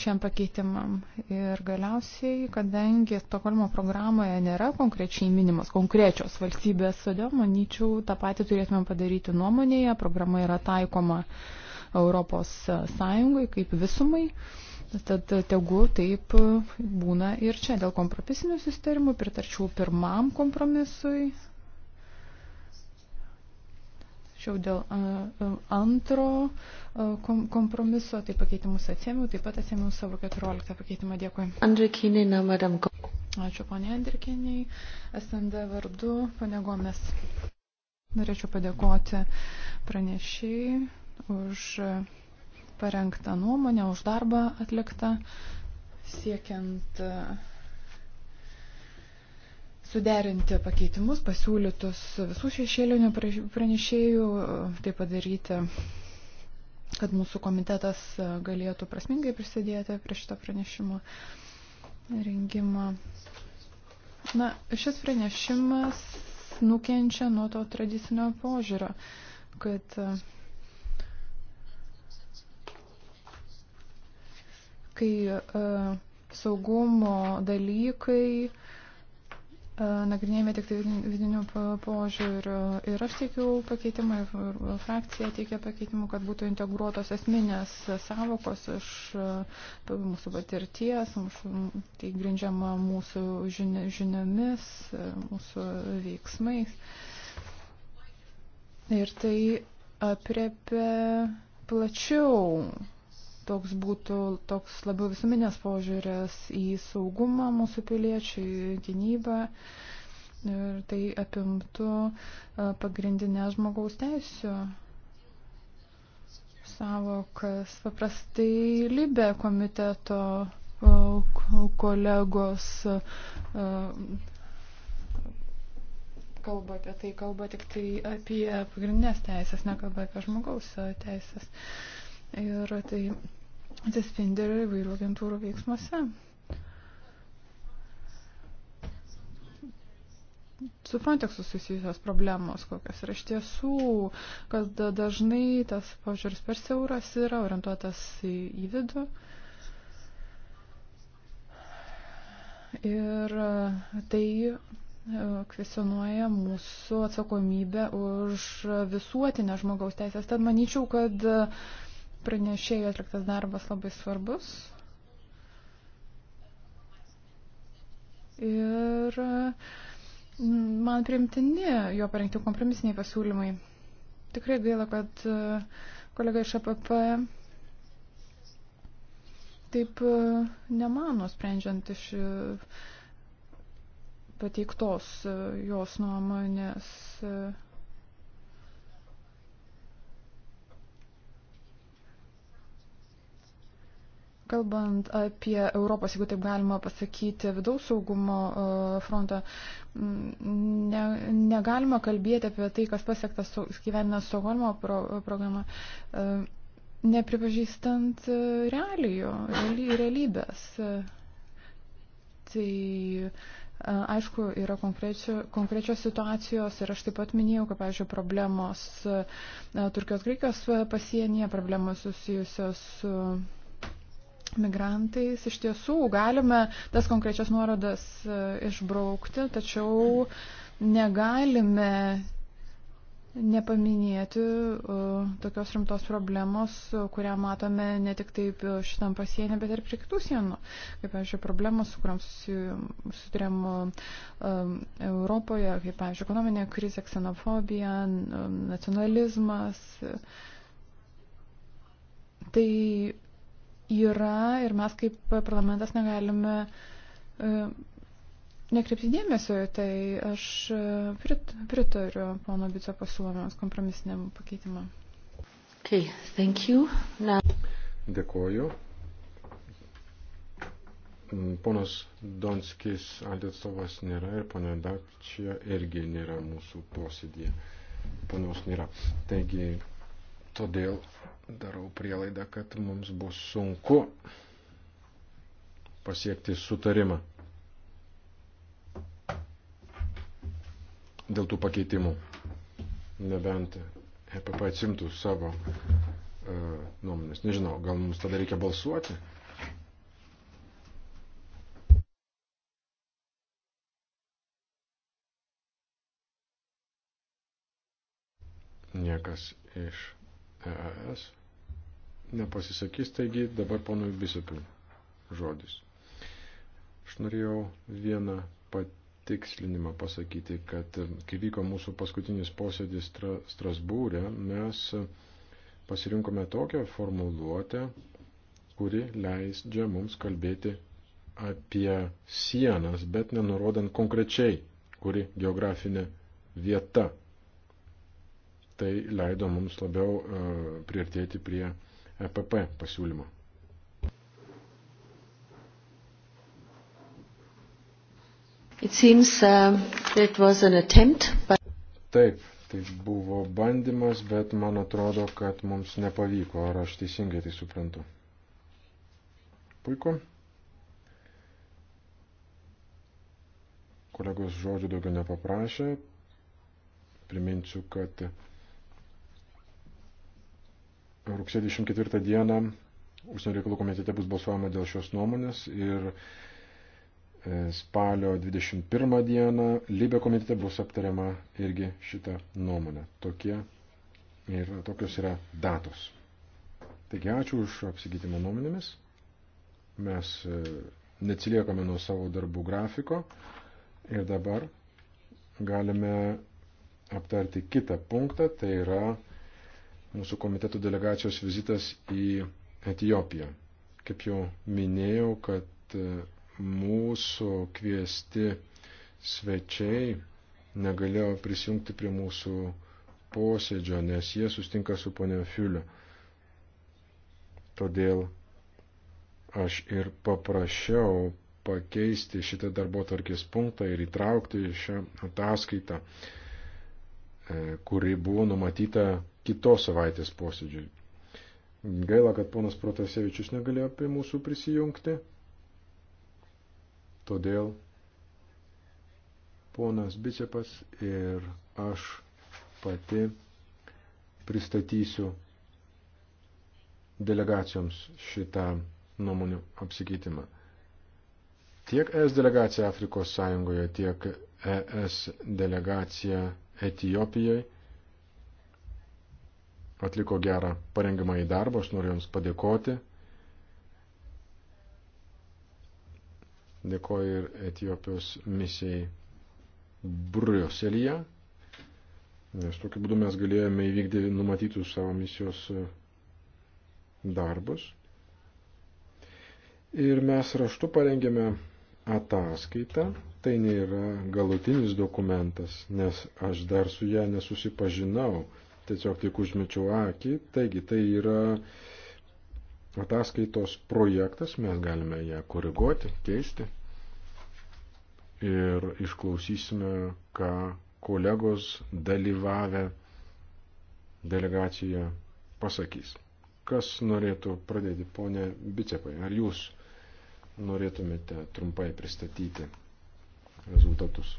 D: šiam pakeitimam. Ir galiausiai, kadangi Stokholmo programoje nėra konkrečiai minimas konkrečios valstybės, todėl manyčiau, tą patį turėtume padaryti nuomonėje. Programa yra taikoma Europos Sąjungai kaip visumai. Tad tegu taip būna ir čia. Dėl kompromisinių sustarimų pritarčiau pirmam kompromisui, Šiau dėl antro kompromiso, tai pakeitimus atsėmiau, taip pat atsėmiau savo 14 pakeitimą. Dėkui.
C: Andrikinė, namadam.
D: Ačiū, ponė Andrikiniai. SND vardu, ponė Gomes. Norėčiau padėkoti pranešiai už parengtą nuomonę, už darbą atliktą siekiant uh, suderinti pakeitimus pasiūlytus visų šešėlinių pranešėjų, tai padaryti, kad mūsų komitetas galėtų prasmingai prisidėti prie šito pranešimo rengimo. Na, šis pranešimas nukenčia nuo to tradicinio požiūrio, kad kai uh, saugumo dalykai uh, E, nagrinėjame tik tai vidinių požiūrių. Ir aš teikiau pakeitimą, ir frakcija teikia pakeitimų, kad būtų integruotos esminės savokos iš e, mūsų patirties, mūsų, tai grindžiama mūsų žini, žiniomis, e, mūsų veiksmais. Ir tai apriepia plačiau toks būtų toks labiau visuminės požiūrės į saugumą mūsų piliečių, į gynybą. Ir tai apimtų e, pagrindinę žmogaus teisų savokas. Paprastai Libė komiteto e, kolegos e, kalba apie tai, kalba tik tai apie pagrindinės teisės, nekalba apie žmogaus teisės. Uh, Ir tai atsispindi ir įvairių agentūrų veiksmuose. su Frontexu susijusios problemos, kokios yra iš tiesų, kad dažnai tas požiūris per siauras yra orientuotas į, į vidų. Ir tai e, kvesionuoja mūsų atsakomybę už visuotinę žmogaus teisės. Tad manyčiau, kad uh, pranešėjų atliktas darbas labai svarbus. Ir mm, man priimtini jo parengti kompromisiniai pasiūlymai. Tikrai gaila, kad e, kolega iš APP taip e, nemano, sprendžiant iš e, pateiktos jos nuomonės. Uh, Kalbant apie Europos, jeigu taip galima pasakyti, vidaus saugumo e, frontą, mm, ne, negalima kalbėti apie tai, kas pasiektas gyvenime Stokholmo pro, programą, e, nepripažįstant e, realijų, reali, realybės. Tai aišku, yra konkrečios situacijos ir aš taip pat minėjau, kad, pavyzdžiui, problemos Turkijos-Graikijos pasienyje, problemos susijusios su migrantais. Iš tiesų galime tas konkrečias nuorodas e, išbraukti, tačiau negalime nepaminėti e, tokios rimtos problemos, kurią matome ne tik taip šitam pasienį, bet ir prie kitų sienų. Kaip, pavyzdžiui, problemos, su kuriam susidurėm e, Europoje, kaip, pavyzdžiui, ekonominė krizė, ksenofobija, nacionalizmas. Tai yra ir mes kaip parlamentas negalime e, nekreipti dėmesio į tai. Aš e, prit, pritariu pono Bico pasiūlymams kompromisiniam pakeitimam. Okay, thank you. Now...
E: Dėkoju. Mm, ponas Donskis atstovas nėra ir ponė Dakčia irgi nėra mūsų posėdėje. Ponios nėra. Taigi, todėl darau prielaidą, kad mums bus sunku pasiekti sutarimą dėl tų pakeitimų. Nebent EPP atsimtų savo e, nuomonės. Nežinau, gal mums tada reikia balsuoti? Niekas iš EAS nepasisakys, taigi dabar ponui Bisupui žodis. Aš norėjau vieną patikslinimą pasakyti, kad kai vyko mūsų paskutinis posėdis Strasbūrė, mes pasirinkome tokią formuluotę, kuri leidžia mums kalbėti apie sienas, bet nenurodant konkrečiai, kuri geografinė vieta. Tai leido mums labiau e, priartėti prie EPP pasiūlymo.
C: Seems, uh, attempt, but...
E: Taip, tai buvo bandymas, bet man atrodo, kad mums nepavyko, ar aš teisingai tai suprantu. Puiku. Kolegos žodžių daugiau nepaprašė. Priminsiu, kad Rugsėjo 24 dieną užsienio reikalų komitete bus balsuojama dėl šios nuomonės ir e, spalio 21 dieną Libė komitete bus aptariama irgi šita nuomonė. Tokie ir tokios yra datos. Taigi ačiū už apsigytimą nuomonėmis. Mes e, neatsiliekame nuo savo darbų grafiko ir dabar galime aptarti kitą punktą, tai yra mūsų komiteto delegacijos vizitas į Etijopiją. Kaip jau minėjau, kad e, mūsų kviesti svečiai negalėjo prisijungti prie mūsų posėdžio, nes jie sustinka su ponia Fiuliu. Todėl aš ir paprašiau pakeisti šitą darbo tvarkės punktą ir įtraukti šią ataskaitą, e, kuri buvo numatyta kitos savaitės posėdžiui. Gaila, kad ponas Protasevičius negalėjo prie mūsų prisijungti. Todėl ponas Bicepas ir aš pati pristatysiu delegacijoms šitą nuomonių apsikeitimą. Tiek ES delegacija Afrikos Sąjungoje, tiek ES delegacija Etijopijoje atliko gerą parengimą į darbą, aš noriu Jums padėkoti. Dėkoju ir Etijopijos misijai Briuselyje, nes tokiu būdu mes galėjome įvykdyti numatytus savo misijos e, darbus. Ir mes raštu parengėme ataskaitą, tai nėra galutinis dokumentas, nes aš dar su ją nesusipažinau, tiesiog tik užmečiau akį. Taigi tai yra ataskaitos projektas, mes galime ją koreguoti, keisti. Ir išklausysime, ką kolegos dalyvavę delegaciją pasakys. Kas norėtų pradėti, ponė Bicepai, ar jūs norėtumėte trumpai pristatyti rezultatus?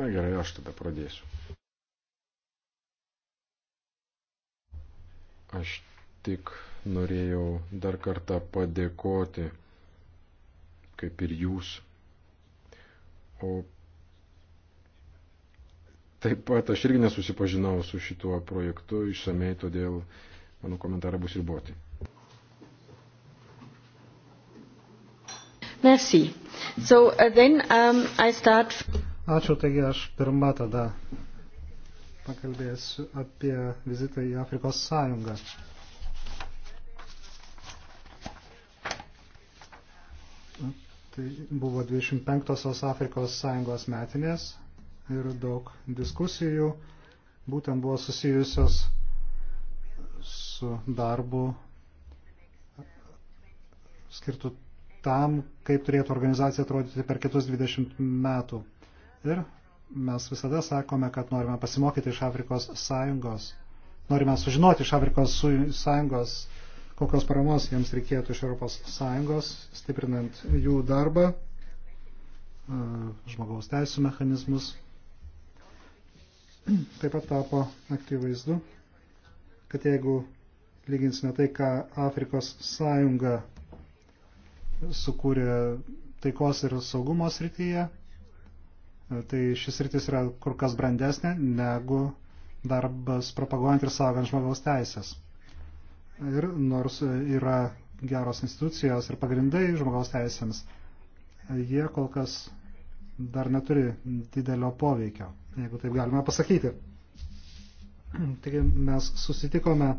E: Na gerai, aš tada pradėsiu. Aš tik norėjau dar kartą padėkoti, kaip ir jūs. O taip pat aš irgi nesusipažinau su šituo projektu išsamei, todėl mano komentarai bus riboti.
C: Merci. So, uh, then,
A: um, I start... Ačiū, taigi aš pirma tada pakalbėsiu apie vizitą į Afrikos sąjungą. Tai buvo 25-osios Afrikos sąjungos metinės ir daug diskusijų būtent buvo susijusios su darbu skirtų tam, kaip turėtų organizacija atrodyti per kitus 20 metų. Ir mes visada sakome, kad norime pasimokyti iš Afrikos sąjungos, norime sužinoti iš Afrikos sąjungos, kokios paramos jiems reikėtų iš Europos sąjungos, stiprinant jų darbą, žmogaus teisų mechanizmus. Taip pat tapo aktyvaizdu, kad jeigu lyginsime tai, ką Afrikos sąjunga sukūrė taikos ir saugumos rytyje, E, tai šis rytis yra kur kas brandesnė negu darbas propaguojant ir saugant žmogaus teisės. Ir nors yra geros institucijos ir pagrindai žmogaus teisėms, jie kol kas dar neturi didelio poveikio, jeigu taip galima pasakyti. Taigi mes susitikome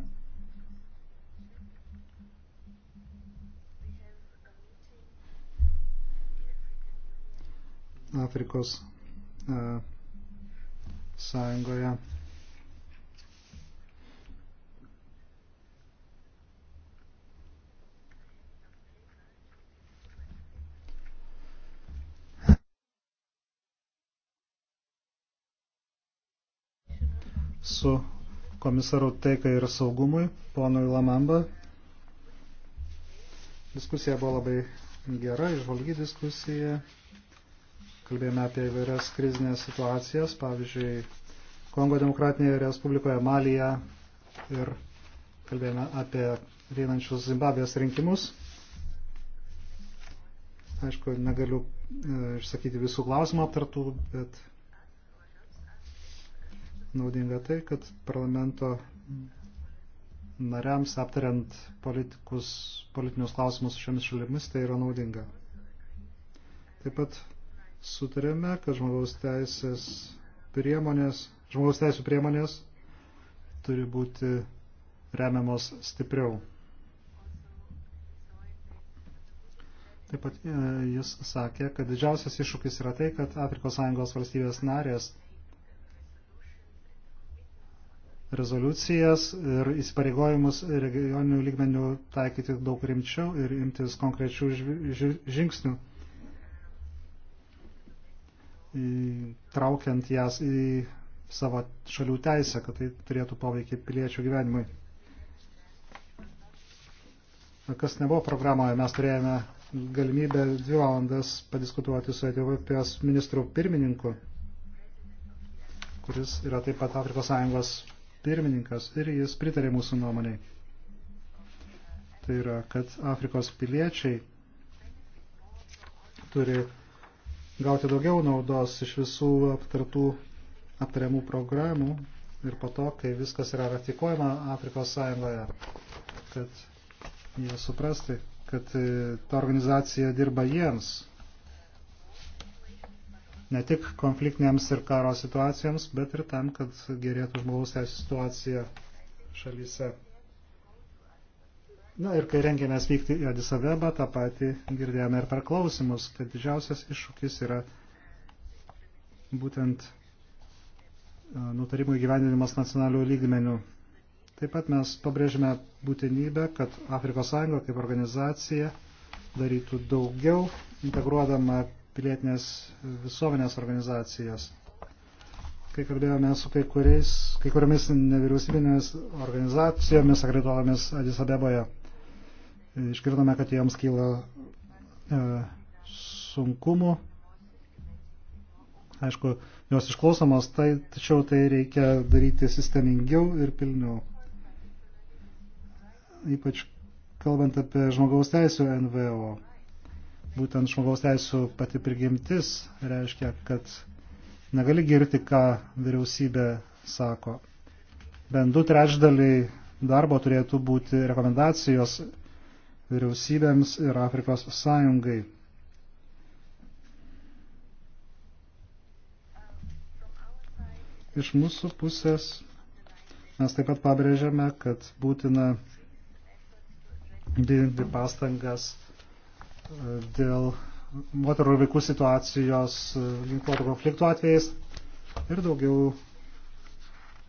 A: Afrikos E, sąjungoje. su komisaru taikai ir saugumui, ponui Lamamba. Diskusija buvo labai gera, išvalgi diskusija kalbėjome apie įvairias krizinės situacijas, pavyzdžiui, Kongo demokratinėje Respublikoje, Malija ir kalbėjome apie vienančius Zimbabvės rinkimus. Aišku, negaliu e, išsakyti visų klausimų aptartų, bet naudinga tai, kad parlamento nariams aptariant politikus, politinius klausimus šiomis šalimis, tai yra naudinga. Taip pat sutarėme, kad žmogaus teisės priemonės, žmogaus teisų priemonės turi būti remiamos stipriau. Taip pat e, jis sakė, kad didžiausias iššūkis yra tai, kad Afrikos Sąjungos valstybės narės rezoliucijas ir įsipareigojimus regioninių lygmenių taikyti daug rimčiau ir imtis konkrečių žingsnių traukiant jas į savo šalių teisę, kad tai turėtų poveikį piliečių gyvenimui. Kas nebuvo programoje, mes turėjome galimybę dvi valandas padiskutuoti su Etiopijos ministru pirmininku, kuris yra taip pat Afrikos Sąjungos pirmininkas ir jis pritarė mūsų nuomonėj. Tai yra, kad Afrikos piliečiai turi gauti daugiau naudos iš visų aptartų, aptariamų programų ir po to, kai viskas yra ratifikuojama Afrikos Sąjungoje, kad jie suprasti, kad e, ta organizacija dirba jiems, ne tik konfliktinėms ir karo situacijoms, bet ir tam, kad gerėtų žmogaus teisų situacija šalyse. Na ir kai rengėmės vykti į Adisabebą, tą patį girdėjome ir per klausimus, kad didžiausias iššūkis yra būtent nutarimų įgyvendinimas nacionalių lygmenių. Taip pat mes pabrėžime būtinybę, kad Afrikos Sąjunga kaip organizacija darytų daugiau, integruodama pilietinės visuomenės organizacijas. Kai kalbėjome su kai, kuriais, kai kuriomis nevyriausybinėmis organizacijomis, akredituotomis Adisabeboje Išgirdome, kad joms kyla e, sunkumų. Aišku, jos išklausomos, tai, tačiau tai reikia daryti sistemingiau ir pilniau. Ypač kalbant apie žmogaus teisų NVO. Būtent žmogaus teisų pati prigimtis reiškia, kad negali girti, ką vyriausybė sako. Bent du trečdaliai darbo turėtų būti rekomendacijos vyriausybėms ir Afrikos sąjungai. Iš mūsų pusės mes taip pat pabrėžiame, kad būtina didinti pastangas e, dėl moterų ir vaikų situacijos e, ginkluotų konfliktų atvejais ir daugiau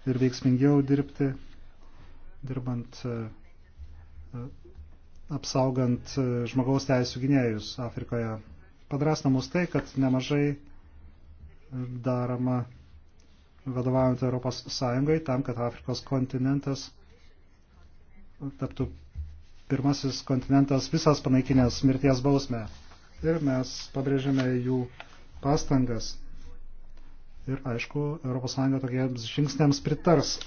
A: ir veiksmingiau dirbti, dirbant e, apsaugant e, žmogaus teisų gynėjus Afrikoje. Padrasna mus tai, kad nemažai daroma vadovaujant Europos Sąjungai tam, kad Afrikos kontinentas taptų pirmasis kontinentas visas panaikinęs mirties bausmę. Ir mes pabrėžiame jų pastangas. Ir aišku, ES tokiems žingsniams pritars.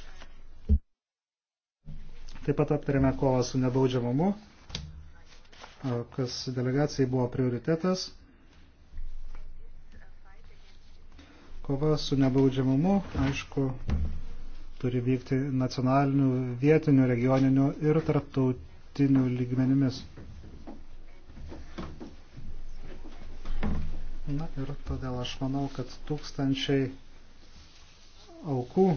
A: Taip pat aptarėme kovą su nebaudžiamumu kas delegacijai buvo prioritetas. Kova su nebaudžiamumu, aišku, turi vykti nacionalinių, vietinių, regioninių ir tarptautinių lygmenimis. Na ir todėl aš manau, kad tūkstančiai aukų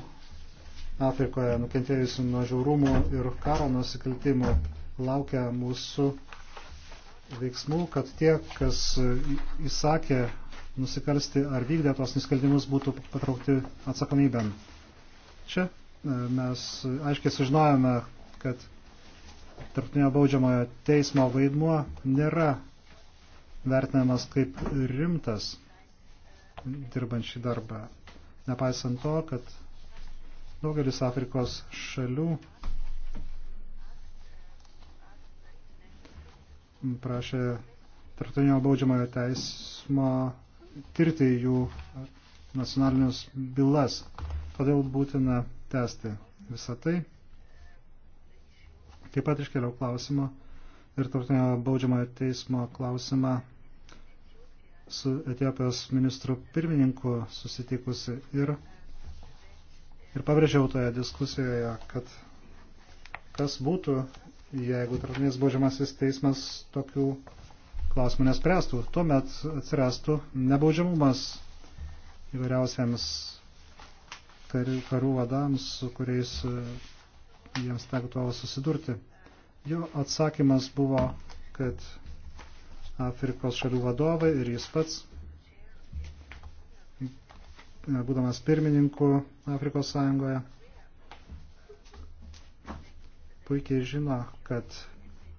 A: Afrikoje nukentėjusių nuo žiaurumų ir karo nusikaltimų laukia mūsų veiksmų, kad tie, kas įsakė nusikalsti ar vykdė tos nusikaltimus, būtų patraukti atsakomybėm. Čia e, mes aiškiai sužinojame, kad tarptinio baudžiamojo teismo vaidmuo nėra vertinamas kaip rimtas dirbant šį darbą. Nepaisant to, kad daugelis Afrikos šalių prašė tarptautinio baudžiamojo teismo tirti jų nacionalinius bylas. Todėl būtina tęsti visą tai. Taip pat iškeliau klausimą ir tarptautinio baudžiamojo teismo klausimą su Etiopijos ministru pirmininku susitikusi ir, ir pabrėžiau toje diskusijoje, kad kas būtų, jeigu tarptautinis baudžiamasis teismas tokių klausimų nespręstų. Tuomet atsirastų nebaudžiamumas įvairiausiams karų vadams, su kuriais e, jiems tektų susidurti. Jo atsakymas buvo, kad Afrikos šalių vadovai ir jis pats, būdamas pirmininku Afrikos sąjungoje, puikiai žino, kad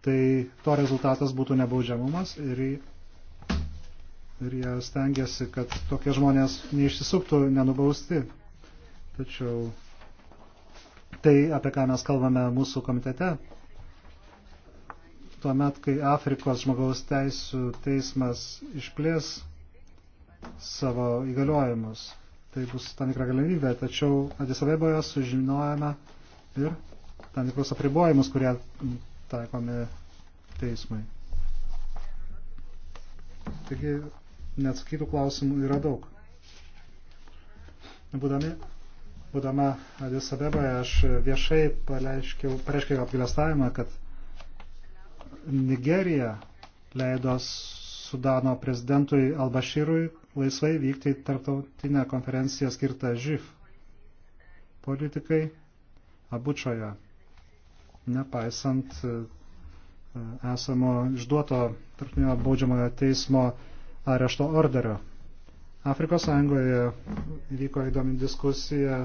A: tai to rezultatas būtų nebaudžiamumas ir, ir jie stengiasi, kad tokie žmonės neišsisuktų nenubausti. Tačiau tai, apie ką mes kalbame mūsų komitete, tuomet, kai Afrikos žmogaus teisų teismas išplės savo įgaliojimus, tai bus tam tikra galimybė. Tačiau Adisabeboje sužinojame ir tam tikrus apribojimus, kurie taikomi teismai. Taigi, neatsakytų klausimų yra daug. Būdami, būdama Adis Abeboje, aš viešai pareiškiau apgilestavimą, kad Nigerija leido Sudano prezidentui Albaširui laisvai vykti į tarptautinę konferenciją skirtą ŽIF politikai Abučoje nepaisant e, esamo išduoto tarptautinio baudžiamojo teismo arešto orderio. Afrikos Sąjungoje vyko įdomi diskusija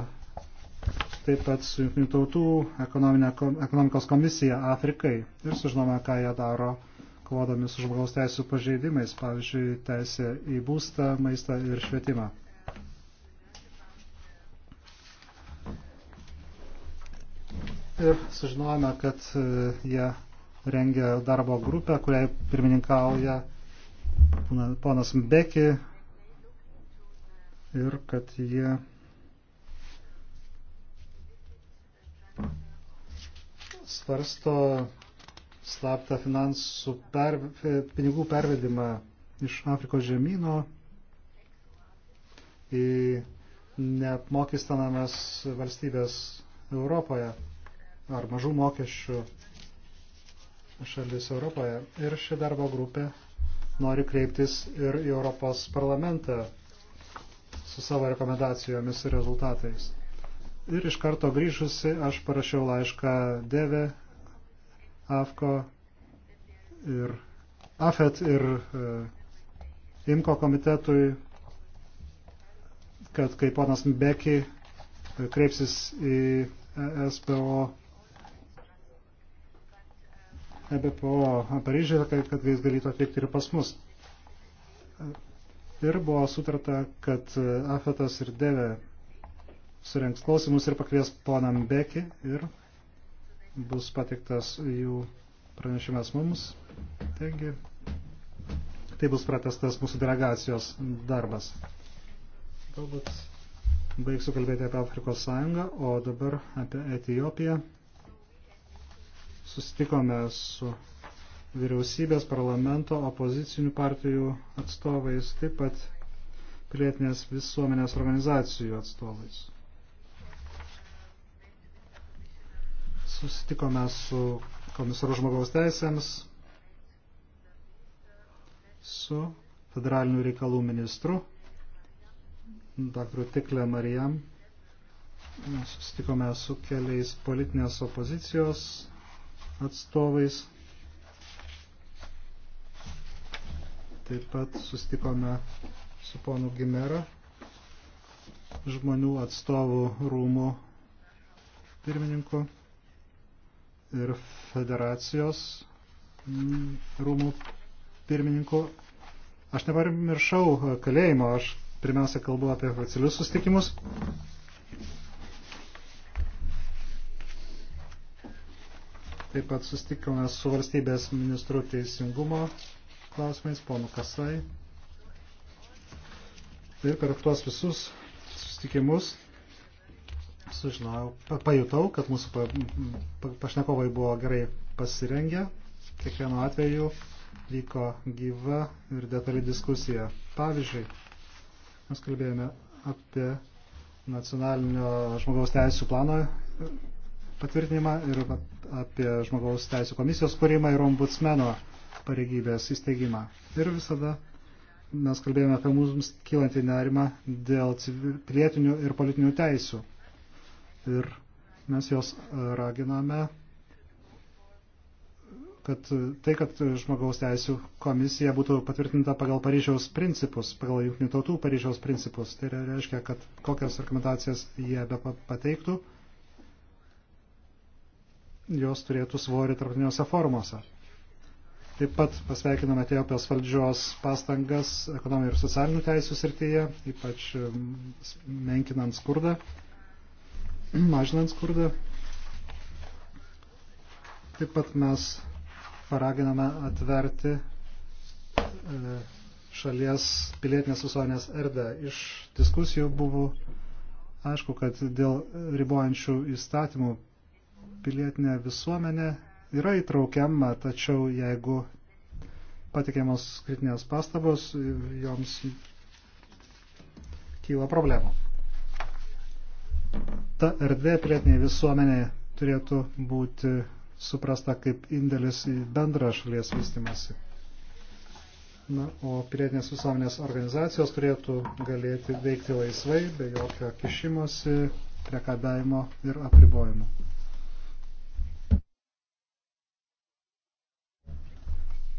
A: taip pat su Junktinių tautų ekonomikos komisija Afrikai ir sužinome, ką jie daro kovodami su žmogaus teisų pažeidimais, pavyzdžiui, teisė į būstą, maistą ir švietimą. ir sužinojome, kad e, jie rengia darbo grupę, kuriai pirmininkauja ponas Mbeki ir kad jie svarsto slaptą finansų per, pinigų pervedimą iš Afrikos žemynų į neapmokestinamas valstybės Europoje ar mažų mokesčių šalis Europoje. Ir ši darbo grupė nori kreiptis ir į Europos parlamentą su savo rekomendacijomis ir rezultatais. Ir iš karto grįžusi aš parašiau laišką Deve, Afko ir AFET ir e, IMKO komitetui, kad kai ponas Beki e, kreipsis į e SBO EBPO Paryžiuje, kad, kad jis galėtų atvykti ir pas mus. Ir buvo sutarta, kad Afetas ir Deve surinks klausimus ir pakvies ponam Beki ir bus patiktas jų pranešimas mums. Taigi, tai bus pratestas mūsų delegacijos darbas. Galbūt baigsiu kalbėti apie Afrikos sąjungą, o dabar apie Etijopiją sustikome su vyriausybės, parlamento, opozicinių partijų atstovais, taip pat pilietinės visuomenės organizacijų atstovais. Susitikome su komisaru žmogaus teisėms, su federalinių reikalų ministru, dr. Tikle Marijam. Susitikome su keliais politinės opozicijos atstovais. Taip pat sustikome su ponu Gimera, žmonių atstovų rūmų pirmininku ir federacijos mm, rūmų pirmininku. Aš nepamiršau kalėjimo, aš pirmiausia kalbu apie oficialius sustikimus. Taip pat sustikome su valstybės ministru teisingumo klausimais, ponu Kasai. Ir per tuos visus sustikimus sužinojau, pajutau, kad mūsų pa, pa, pašnekovai buvo gerai pasirengę. Kiekvienu atveju vyko gyva ir detali diskusija. Pavyzdžiui, mes kalbėjome apie nacionalinio žmogaus teisų plano patvirtinimą ir apie žmogaus teisų komisijos kūrimą ir ombudsmeno pareigybės įsteigimą. Ir visada mes kalbėjome apie mums kylantį nerimą dėl pilietinių ir politinių teisų. Ir mes jos raginame, kad tai, kad žmogaus teisų komisija būtų patvirtinta pagal Paryžiaus principus, pagal jungtinių tautų Paryžiaus principus. Tai reiškia, kad kokias rekomendacijas jie be pateiktų jos turėtų svorį tarptautiniuose forumuose. Taip pat pasveikiname Etiopijos valdžios pastangas ekonominių ir socialinių teisų srityje, ypač mm, menkinant skurdą, mažinant skurdą. Taip pat mes paraginame atverti e, šalies pilietinės visuomenės erdvę. Iš diskusijų buvo aišku, kad dėl ribojančių įstatymų pilietinė visuomenė yra įtraukiama, tačiau jeigu patikiamos kritinės pastabos, joms kyla problemų. Ta erdvė pilietiniai visuomenė turėtų būti suprasta kaip indėlis į bendrą šalies vystimasi. Na, o pilietinės visuomenės organizacijos turėtų galėti veikti laisvai, be jokio kišimosi, priekabėjimo ir apribojimo.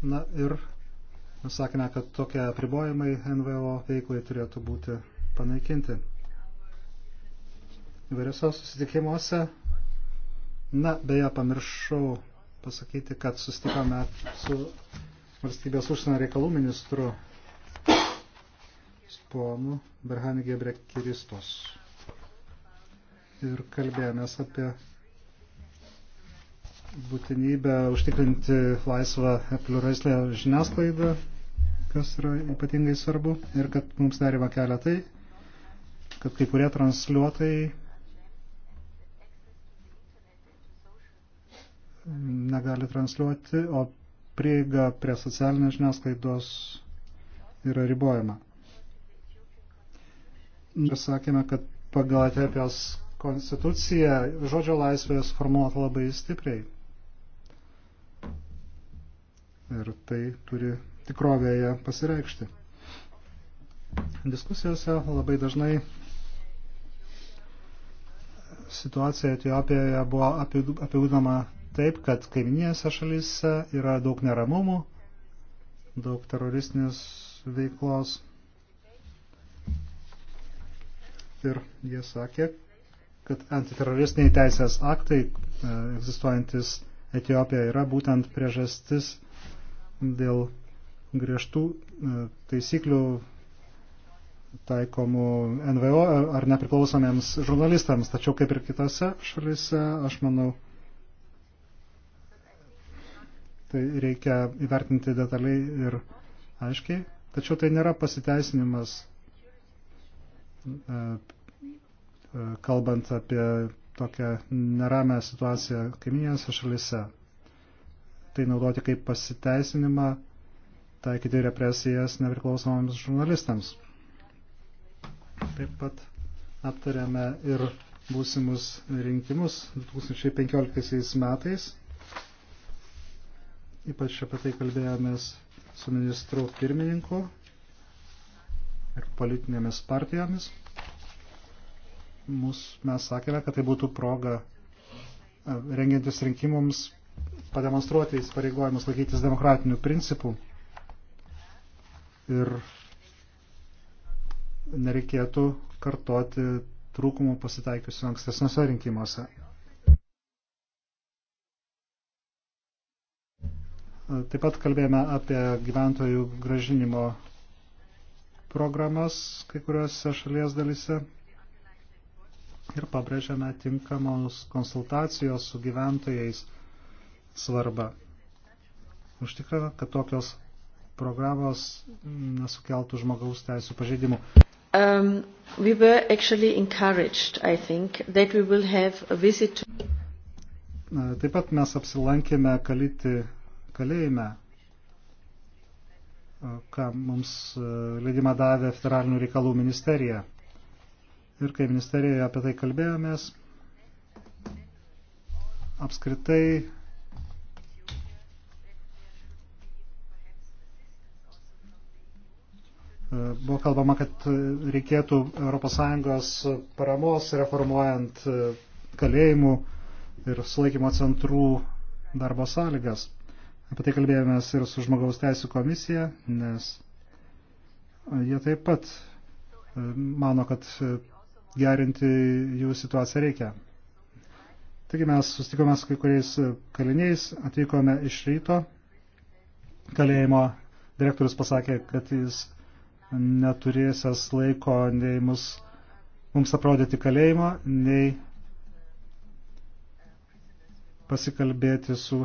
A: Na ir sakėme, kad tokie apribojimai NVO veiklai turėtų būti panaikinti. Įvairiose susitikimuose, na, beje, pamiršau pasakyti, kad susitikome su valstybės užsienio reikalų ministru ponu Berhanigė Brekkiristos. Ir kalbėjomės apie būtinybę užtikrinti laisvą pluralistinę žiniasklaidą, kas yra ypatingai svarbu, ir kad mums nerima kelia tai, kad kai kurie transliuotojai negali transliuoti, o prieiga prie socialinės žiniasklaidos yra ribojama. Ir sakėme, kad pagal Etiopijos konstituciją žodžio laisvės formuota labai stipriai ir tai turi tikrovėje pasireikšti. Diskusijose labai dažnai situacija Etiopijoje buvo apibūdama taip, kad kaiminėse šalyse yra daug neramumų, daug teroristinės veiklos. Ir jie sakė, kad antiteroristiniai teisės aktai e, egzistuojantis Etiopijoje yra būtent priežastis dėl griežtų e, taisyklių taikomų NVO ar nepriklausomiems žurnalistams. Tačiau kaip ir kitose šalise, aš manau, tai reikia įvertinti detaliai ir aiškiai. Tačiau tai nėra pasiteisinimas, e, e, kalbant apie tokią neramę situaciją kaiminėse šalise tai naudoti kaip pasiteisinimą, taikyti represijas nepriklausomams žurnalistams. Taip pat aptarėme ir būsimus rinkimus 2015 metais. Ypač apie tai kalbėjomės su ministru pirmininku ir politinėmis partijomis. Mūs, mes sakėme, kad tai būtų proga rengiantis rinkimams pademonstruoti įsipareigojimus laikytis demokratinių principų ir nereikėtų kartoti trūkumų pasitaikiusių ankstesniuose rinkimuose. Taip pat kalbėjome apie gyventojų gražinimo programas kai kuriuose šalies dalise ir pabrėžiame tinkamos konsultacijos su gyventojais svarbą. Užtikrina, kad tokios programos nesukeltų žmogaus teisų pažeidimų.
C: Um, we were actually encouraged, I think, that we will have a visit to...
A: Taip pat mes apsilankėme kalyti kalėjime, ką mums leidimą davė federalinių reikalų ministerija. Ir kai ministerijoje apie tai kalbėjomės, apskritai Buvo kalbama, kad reikėtų ES paramos reformuojant e, kalėjimų ir sulaikymo centrų darbo sąlygas. Apie tai kalbėjomės ir su žmogaus teisų komisija, nes jie taip pat e, mano, kad e, gerinti jų situaciją reikia. Taigi mes sustikome su kai kuriais kaliniais, atvykome iš ryto. Kalėjimo direktorius pasakė, kad jis neturėsias laiko nei mus, mums aprodyti kalėjimo, nei pasikalbėti su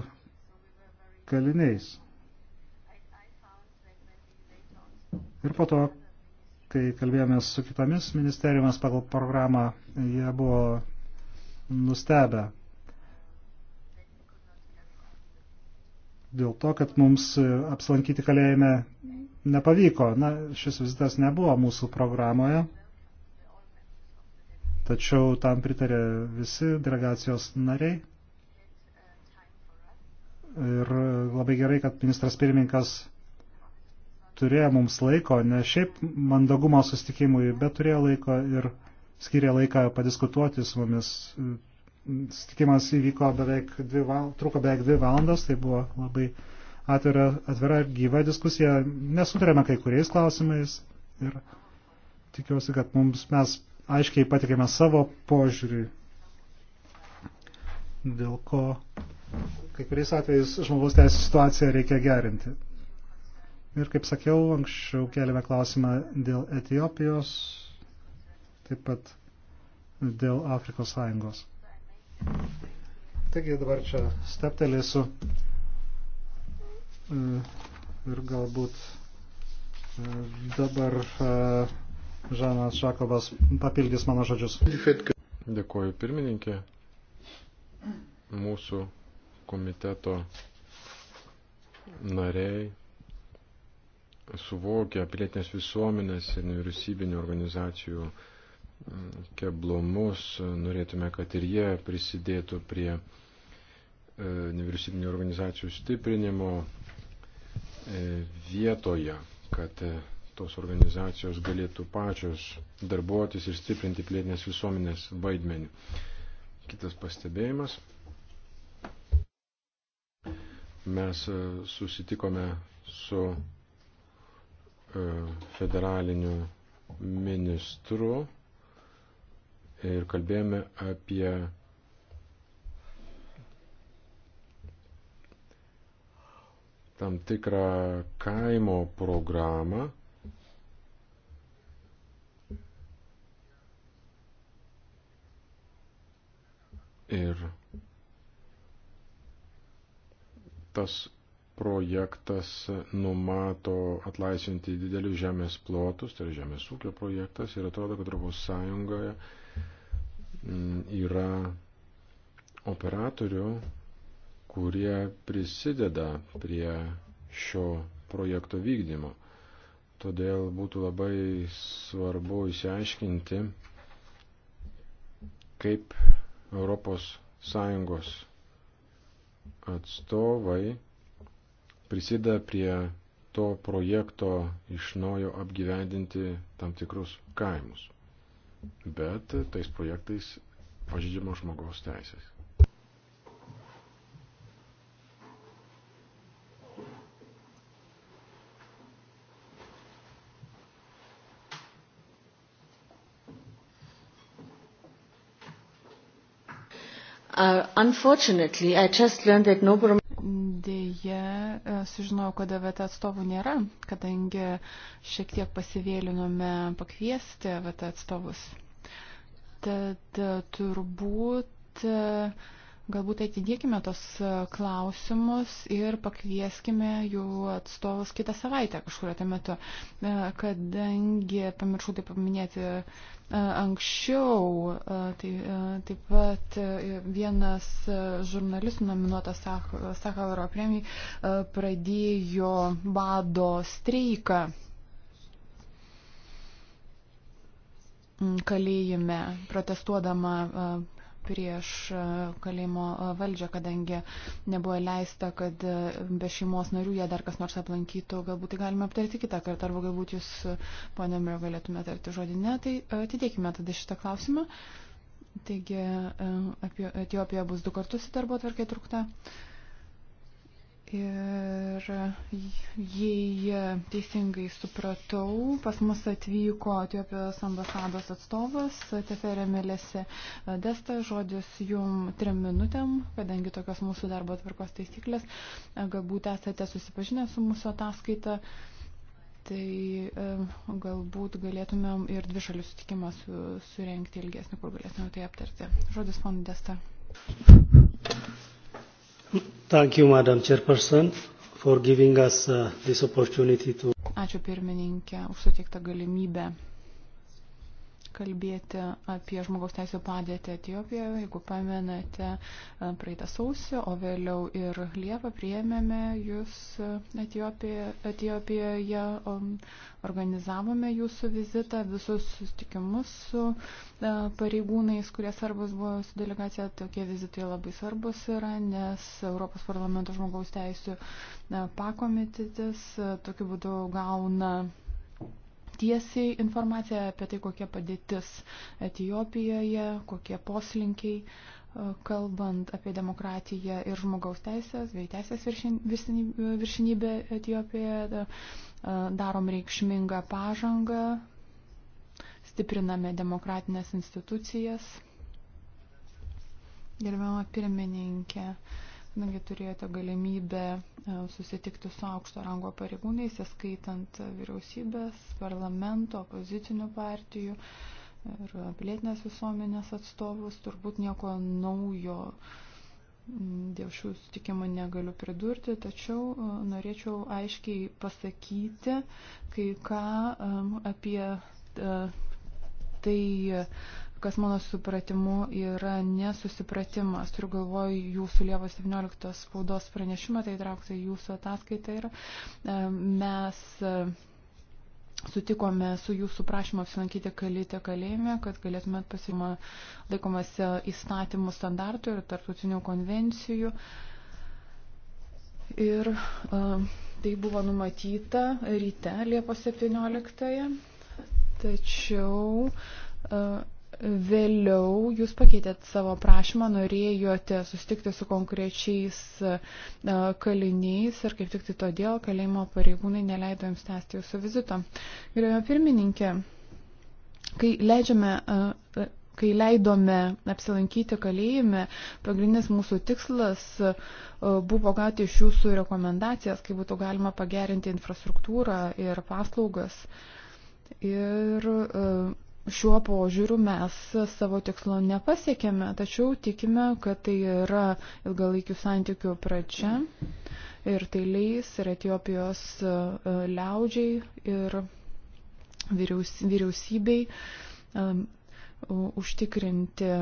A: kaliniais. Ir po to, kai kalbėjomės su kitomis ministerijomis pagal programą, jie buvo nustebę dėl to, kad mums apsilankyti kalėjime nepavyko. Na, šis vizitas nebuvo mūsų programoje, tačiau tam pritarė visi delegacijos nariai. Ir labai gerai, kad ministras pirmininkas turėjo mums laiko, ne šiaip mandagumo sustikimui, bet turėjo laiko ir skiria laiką padiskutuoti su mumis. Sustikimas įvyko beveik dvi, val... truko beveik dvi valandas, tai buvo labai atvira, atvira ir gyva diskusija. Nesutarėme kai kuriais klausimais ir tikiuosi, kad mums mes aiškiai patikėme savo požiūrį, dėl ko kai kuriais atvejais žmogaus teisų situaciją reikia gerinti. Ir kaip sakiau, anksčiau keliame klausimą dėl Etijopijos, taip pat dėl Afrikos Sąjungos. Taigi dabar čia steptelėsiu ir galbūt e, dabar e, Žanas Šakovas papildys mano žodžius. Dėkuoju pirmininkė.
E: Mūsų komiteto nariai suvokia pilietinės visuomenės ir nevyriausybinių organizacijų mm, keblumus. Norėtume, kad ir jie prisidėtų prie e, nevyriausybinių organizacijų stiprinimo, E, vietoje, kad e, tos organizacijos galėtų pačios darbuotis ir stiprinti plėtinės visuomenės vaidmenį. Kitas pastebėjimas. Mes e, susitikome su federaliniu ministru ir kalbėjome apie tam tikrą kaimo programą. Ir tas projektas numato atlaisvinti didelius žemės plotus, tai yra žemės ūkio projektas ir atrodo, kad Europos Sąjungoje mm, yra operatorių kurie prisideda prie šio projekto vykdymo. Todėl būtų labai svarbu įsiaiškinti, kaip ES atstovai prisideda prie to projekto iš naujo apgyvendinti tam tikrus kaimus. Bet tais projektais pažydžiamos žmogaus teisės.
D: Uh, unfortunately, I just learned that Nobrom. Deja, uh, sužinojau, kad AVT atstovų nėra, kadangi šiek tiek pasivėlinome pakviesti AVT atstovus. Tad uh, turbūt. Uh, Galbūt atidėkime tos e, klausimus ir pakvieskime jų atstovus kitą savaitę kažkurio tai metu, e, kadangi pamiršau tai paminėti e, anksčiau, tai taip pat vienas žurnalistų nominuotas Sakalo premijai pradėjo bado streiką kalėjime protestuodama prieš e, kalėjimo e, valdžią, kadangi nebuvo leista, kad e, be šeimos narių jie dar kas nors aplankytų. Galbūt tai galime aptarti kitą kartą, arba galbūt jūs, ponė Miro, galėtumėte tarti žodį. Ne, tai atidėkime tada šitą klausimą. Taigi apie Etiopiją bus du kartus į darbo tvarkę trukta. Ir jei teisingai supratau, pas mus atvyko Etiopijos ambasados atstovas Teferė Melėse Desta, žodis jum trim minutėm, kadangi tokios mūsų darbo tvarkos taisyklės, galbūt esate susipažinę su mūsų ataskaita, tai e, galbūt galėtumėm ir dvišalių sutikimą su, surenkti ilgesnį, kur galėtumėm tai aptarti. Žodis ponui Desta.
A: Thank you, Madam Chairperson, for giving us uh, this opportunity to.
D: Ačiū pirmininkė už suteiktą galimybę kalbėti apie žmogaus teisų padėtį Etijopijoje. Jeigu pamenate, praeitą sausį, o vėliau ir Liepą priėmėme jūs Etijopijoje, Etijopijoje organizavome jūsų vizitą, visus sustikimus su pareigūnais, kurie svarbus buvo su delegacija. Tokie vizitai labai svarbus yra, nes Europos parlamento žmogaus teisų pakomitetis tokiu būdu gauna tiesiai informaciją apie tai, kokia padėtis Etijopijoje, kokie poslinkiai, e, kalbant apie demokratiją ir žmogaus teisės, bei teisės viršinybę Etijopijoje, e, darom reikšmingą pažangą, stipriname demokratinės institucijas. Gerbiama pirmininkė, uh, kadangi turėjote galimybę e, susitikti su aukšto rango pareigūnais, įskaitant e, vyriausybės, parlamento, opozicinių partijų ir e, pilietinės visuomenės atstovus, turbūt nieko naujo dėl šių sutikimų negaliu pridurti, tačiau norėčiau aiškiai pasakyti kai ką apie tai kas mano supratimu yra nesusipratimas. Turiu galvoju jūsų Lievo 17 spaudos pranešimą, tai įtraukta į jūsų ataskaitą ir e, mes e, sutikome su jūsų prašymu apsilankyti kalite kalėjime, kad galėtumėt pasima laikomas įstatymų standartų ir tartutinių konvencijų. Ir uh, tai buvo numatyta ryte Liepos 17. Tačiau uh, Vėliau jūs pakeitėt savo prašymą, norėjote sustikti su konkrečiais e, kaliniais ir kaip tik tai todėl kalėjimo pareigūnai neleido jums tęsti jūsų vizito. Gerbiamą pirmininkė, kai leidžiame e, e, kai leidome apsilankyti kalėjime, pagrindinis mūsų tikslas buvo gauti iš jūsų rekomendacijas, kaip būtų galima pagerinti infrastruktūrą ir paslaugas. Ir šiuo požiūriu mes savo tikslo nepasiekėme, tačiau tikime, kad tai yra ilgalaikių santykių pradžia ir tai leis ir Etijopijos e, liaudžiai ir vyriaus, vyriausybei um, užtikrinti e,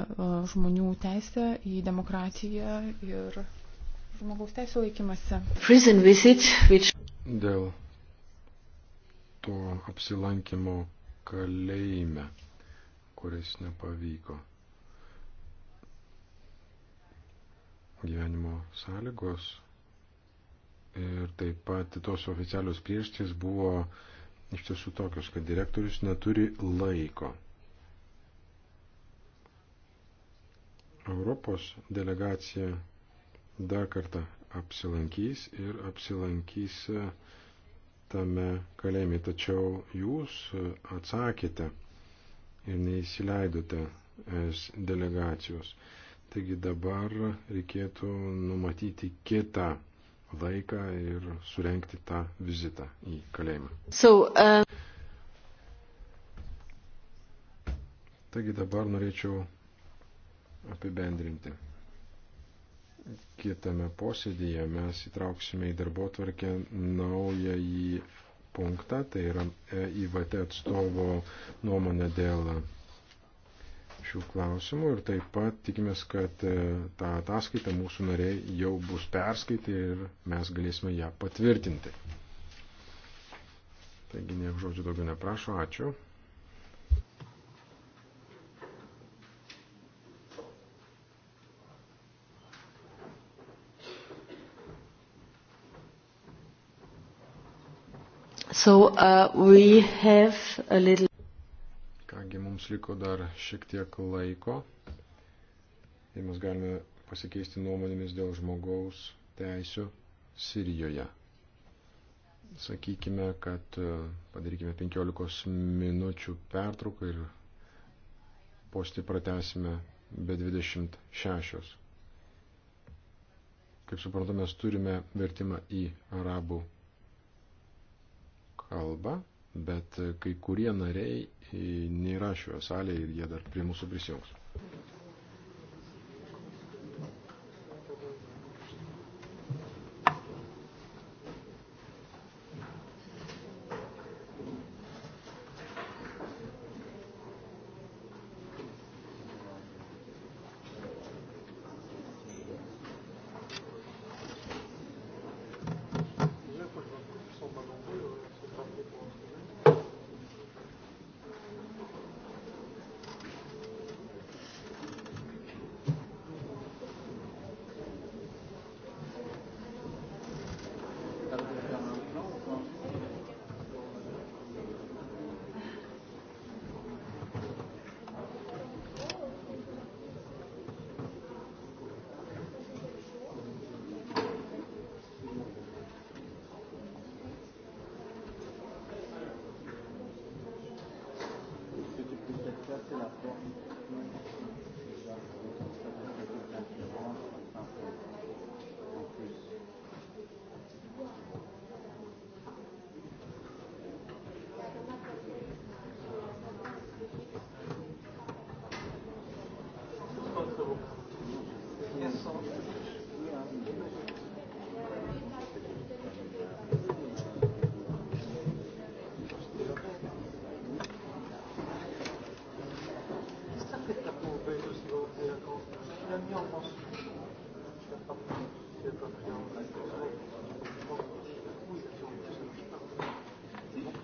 D: žmonių teisę į demokratiją ir žmogaus teisų laikymasi. Visit, which...
E: Dėl to apsilankimo kalėjime, kuris nepavyko. Gyvenimo sąlygos ir taip pat tos oficialios priežastys buvo iš tiesų tokios, kad direktorius neturi laiko. Europos delegacija dar kartą apsilankys ir apsilankys uh, tame kalėjime, tačiau jūs atsakėte ir neįsileidote es delegacijos. Taigi dabar reikėtų numatyti kitą laiką ir surenkti tą vizitą į kalėjimą.
C: So, uh...
E: Taigi dabar norėčiau apibendrinti kitame posėdėje mes įtrauksime į darbo tvarkę naują į punktą, tai yra e IVT atstovo nuomonę dėl šių klausimų ir taip pat tikimės, kad e, tą ataskaitą mūsų nariai jau bus perskaitę ir mes galėsime ją patvirtinti. Taigi, niek žodžių daugiau neprašo, ačiū.
C: So uh, we have a little.
E: Kągi mums liko dar šiek tiek laiko ir mes galime pasikeisti nuomonėmis dėl žmogaus teisių Sirijoje. Sakykime, kad e, padarykime 15 minučių pertrauką ir postį pratesime be 26. Kaip suprantu, mes turime vertimą į arabų kalbą, bet kai kurie nariai e, nėra šioje salėje ir jie dar prie mūsų prisijungs.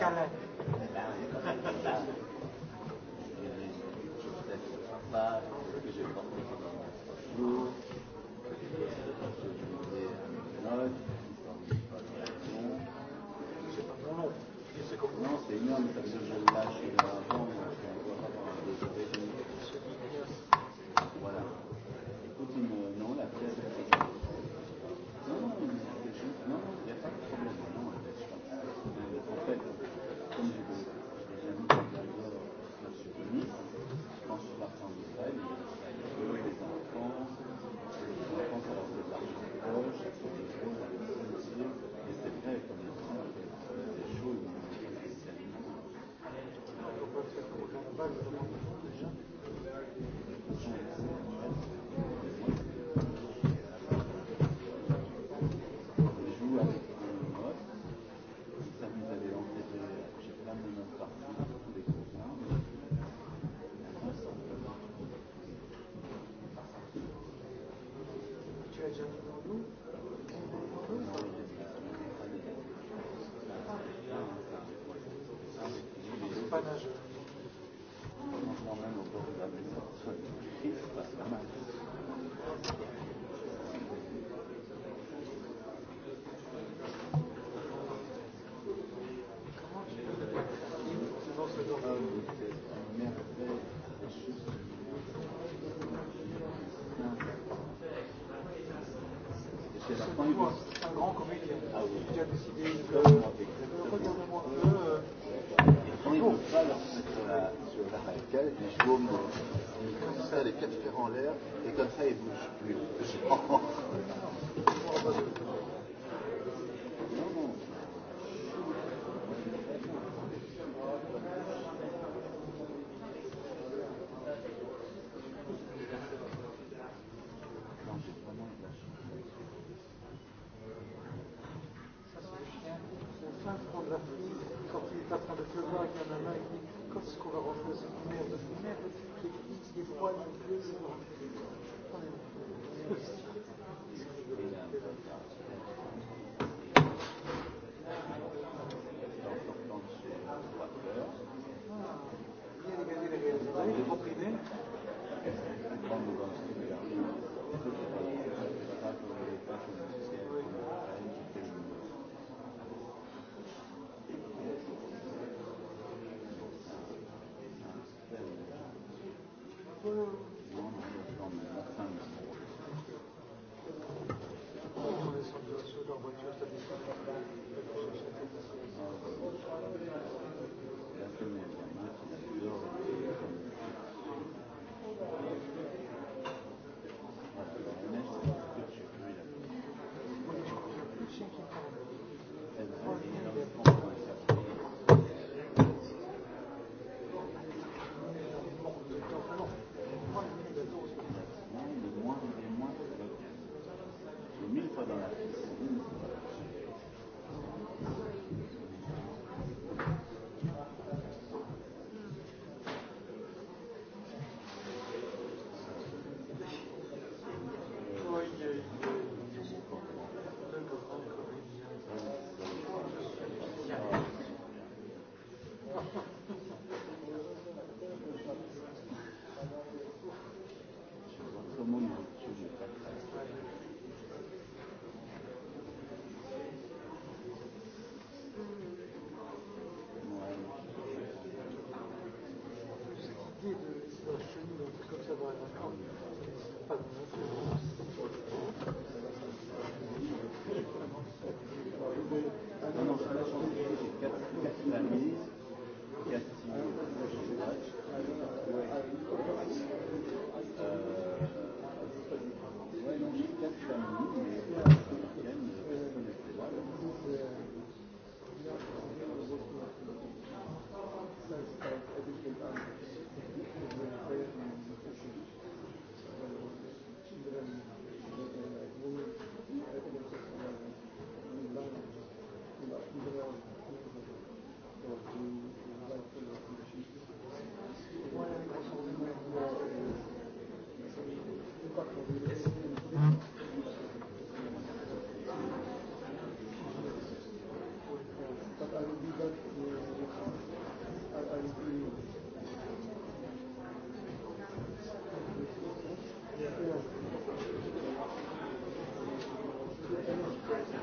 B: Καλέ. Franco, c'est un grand comédien. Il a décidé de. Regarde-moi un peu. On ne peut pas leur mettre la, sur la raquette, les jaunes, ils font ça, les quatre fers en l'air, et comme ça, ils bougent plus.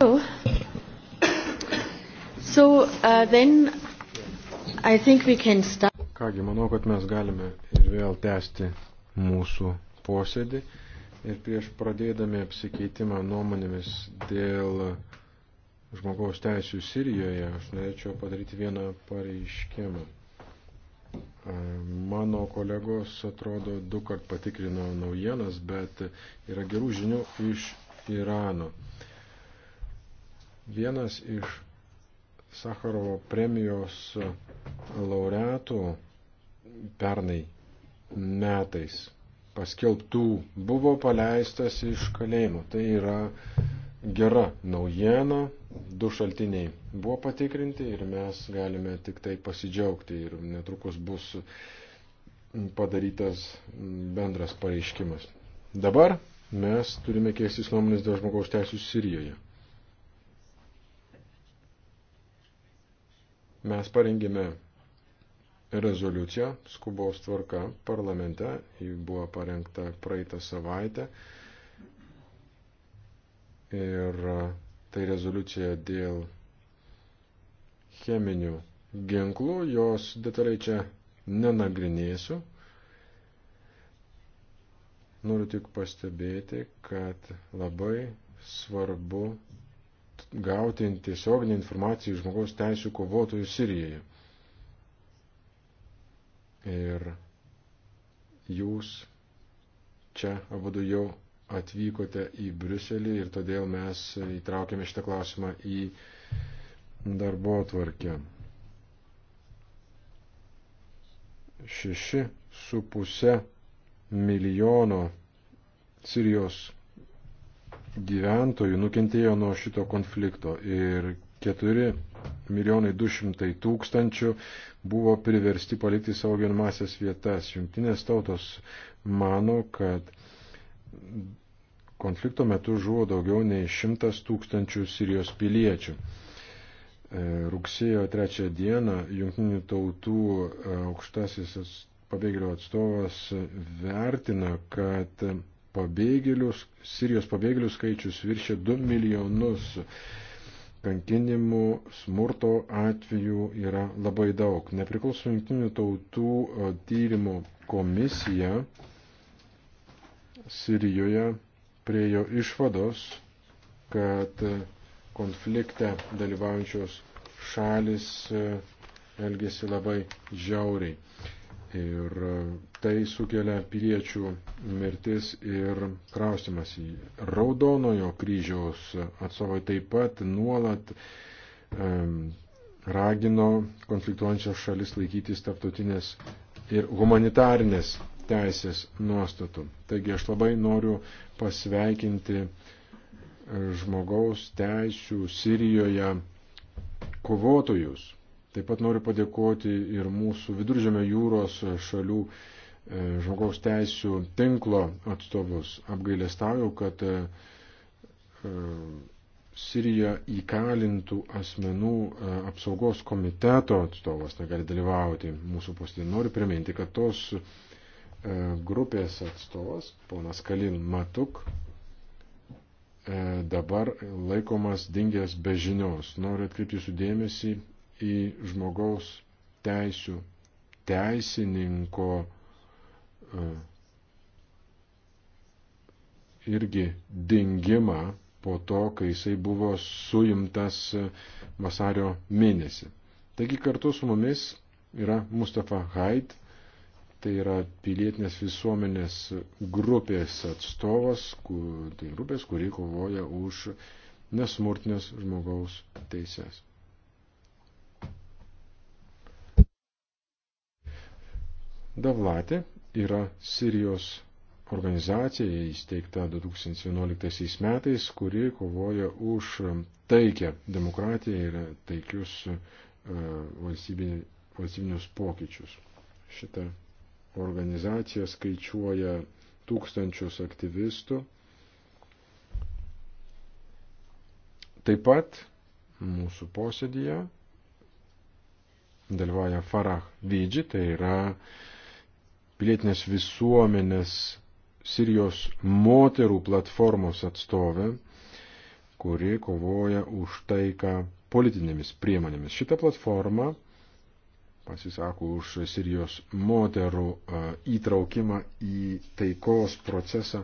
B: So, so
C: uh, then I think we can start.
E: Kągi, manau, kad mes galime ir vėl tęsti mūsų posėdį. Ir prieš pradėdami apsikeitimą nuomonėmis dėl žmogaus teisų Sirijoje, aš norėčiau padaryti vieną pareiškimą. Mano kolegos, atrodo, du kart patikrino naujienas, bet yra gerų žinių iš Irano vienas iš Sakarovo premijos laureatų pernai metais paskelbtų buvo paleistas iš kalėjimo. Tai yra gera naujiena, du šaltiniai buvo patikrinti ir mes galime tik tai pasidžiaugti ir netrukus bus padarytas bendras pareiškimas. Dabar mes turime keistis nuomonės dėl žmogaus teisų Sirijoje. Mes parengėme rezoliuciją skubos tvarka parlamente, ji buvo parengta praeitą savaitę. Ir e, tai rezoliucija dėl cheminių ginklų, jos detaliai čia nenagrinėsiu. Noriu tik pastebėti, kad labai svarbu gauti tiesioginę informaciją iš žmogaus teisų kovotojų Sirijoje. Ir jūs čia abudu jau atvykote į Briuselį ir todėl mes įtraukėme šitą klausimą į darbo tvarkę. Šeši su puse milijono Sirijos gyventojų nukentėjo nuo šito konflikto ir 4 milijonai 200 tūkstančių buvo priversti palikti savo gyvenamasias vietas. Jungtinės tautos mano, kad konflikto metu žuvo daugiau nei 100 tūkstančių Sirijos piliečių. E, rugsėjo 3 dieną Junktinių tautų e, aukštasis pabėgėlių atstovas vertina, kad pabėgėlius, Sirijos pabėgėlių skaičius viršė 2 milijonus. Kankinimų, smurto atvejų yra labai daug. Nepriklausomų jungtinių tautų tyrimo komisija Sirijoje priejo išvados, kad konflikte dalyvaujančios šalis elgėsi labai žiauriai. Ir tai sukelia piliečių mirtis ir kraustimas į Raudonojo kryžiaus atstovai taip pat nuolat um, ragino konfliktuojančias šalis laikytis tarptautinės ir humanitarinės teisės nuostatų. Taigi aš labai noriu pasveikinti e, žmogaus teisų Sirijoje kovotojus. Taip pat noriu padėkoti ir mūsų viduržėmio jūros šalių E, žmogaus teisų tinklo atstovus. Apgailestauju, kad e, e, Sirija įkalintų asmenų apsaugos komiteto atstovas negali dalyvauti mūsų posėdį. Noriu priminti, kad tos grupės atstovas, ponas Kalin Matuk, dabar laikomas dingęs be žinios. Noriu atkreipti jūsų dėmesį į žmogaus teisų teisininko E, irgi dingimą po to, kai jisai buvo suimtas e, vasario mėnesį. Taigi kartu su mumis yra Mustafa Haidt, tai yra pilietinės visuomenės grupės atstovas, kur, tai grupės, kuri kovoja už nesmurtinės žmogaus teises. Davlatė yra Sirijos organizacija įsteigta 2011 metais, kuri kovoja už taikę demokratiją ir taikius e, valstybinius pokyčius. Šita organizacija skaičiuoja tūkstančius aktyvistų. Taip pat mūsų posėdėje dalyvauja Farah Vidži, tai yra uh, pilietinės visuomenės Sirijos moterų platformos atstovę, kuri kovoja už taiką politinėmis priemonėmis. Šita platforma pasisako už Sirijos moterų įtraukimą į taikos procesą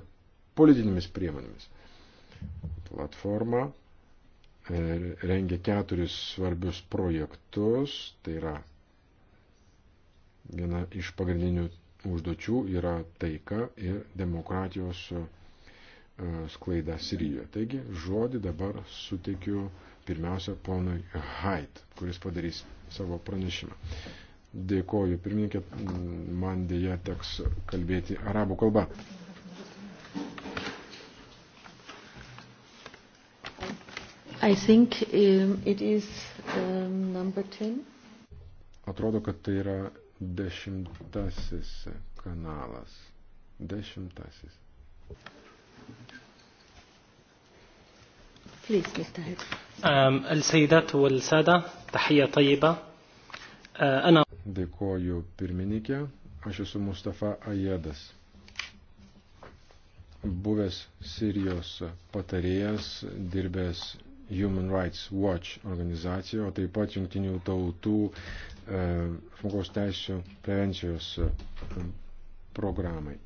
E: politinėmis priemonėmis. Platforma e, rengia keturis svarbius projektus, tai yra viena iš pagrindinių užduočių yra taika ir demokratijos e, sklaida Sirijoje. Taigi žodį dabar suteikiu pirmiausia ponui Haidt, kuris padarys savo pranešimą. Dėkoju, pirmininkė, man dėja teks kalbėti arabų kalbą.
C: I think um, it is um, number 10.
E: Atrodo, kad tai yra Dešimtasis kanalas. Dešimtasis.
C: Please, Mr.
A: السيدات والسادة تحية طيبة
E: أنا Dėkoju pirmininkė, aš esu Mustafa Ajedas, buvęs Sirijos patarėjas, dirbęs Human Rights Watch organizacijoje, o taip pat jungtinių tautų E, žmogaus teisų prevencijos e, programai.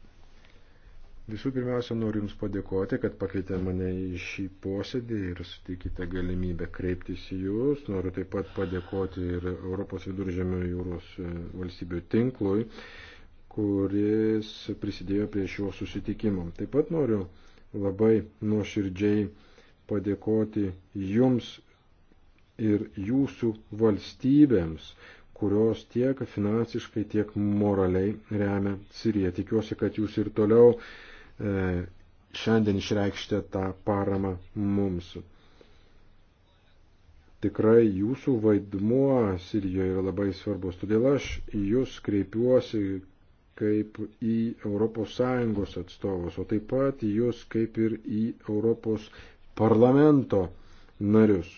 E: Visų pirmiausia, noriu Jums padėkoti, kad pakvietė mane į šį posėdį ir sutikite galimybę kreiptis į Jūs. Noriu taip pat padėkoti ir Europos viduržėmio jūros e, valstybių tinklui, kuris prisidėjo prie šio susitikimo. Taip pat noriu labai nuoširdžiai padėkoti Jums ir Jūsų valstybėms kurios tiek finansiškai, tiek moraliai remia Siriją. Tikiuosi, kad jūs ir toliau e, šiandien išreikštė tą paramą mums. Tikrai jūsų vaidmuo Sirijoje yra labai svarbus, todėl aš į jūs kreipiuosi kaip į ES atstovus, o taip pat į jūs kaip ir į ES parlamento narius.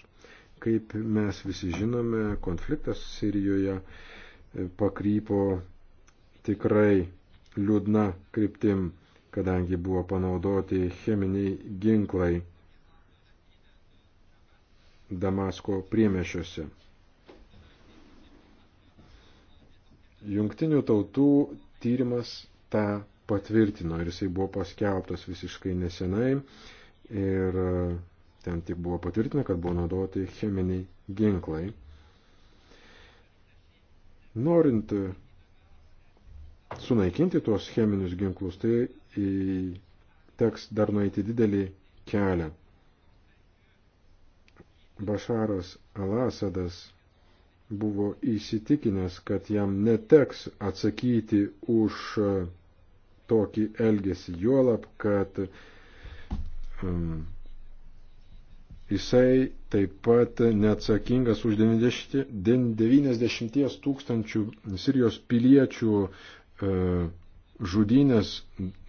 E: Kaip mes visi žinome, konfliktas Sirijoje e, pakrypo tikrai liūdna kryptim, kadangi buvo panaudoti cheminiai ginklai Damasko priemešiuose. Jungtinių tautų tyrimas tą patvirtino ir jisai buvo paskelbtas visiškai nesenai ir Ten tik buvo patvirtina, kad buvo naudoti cheminiai ginklai. Norint sunaikinti tuos cheminius ginklus, tai teks dar nueiti didelį kelią. Bašaras Alasadas buvo įsitikinęs, kad jam neteks atsakyti už tokį elgesį, juolab, kad um, Jisai taip pat neatsakingas už 90 tūkstančių Sirijos piliečių e, žudynės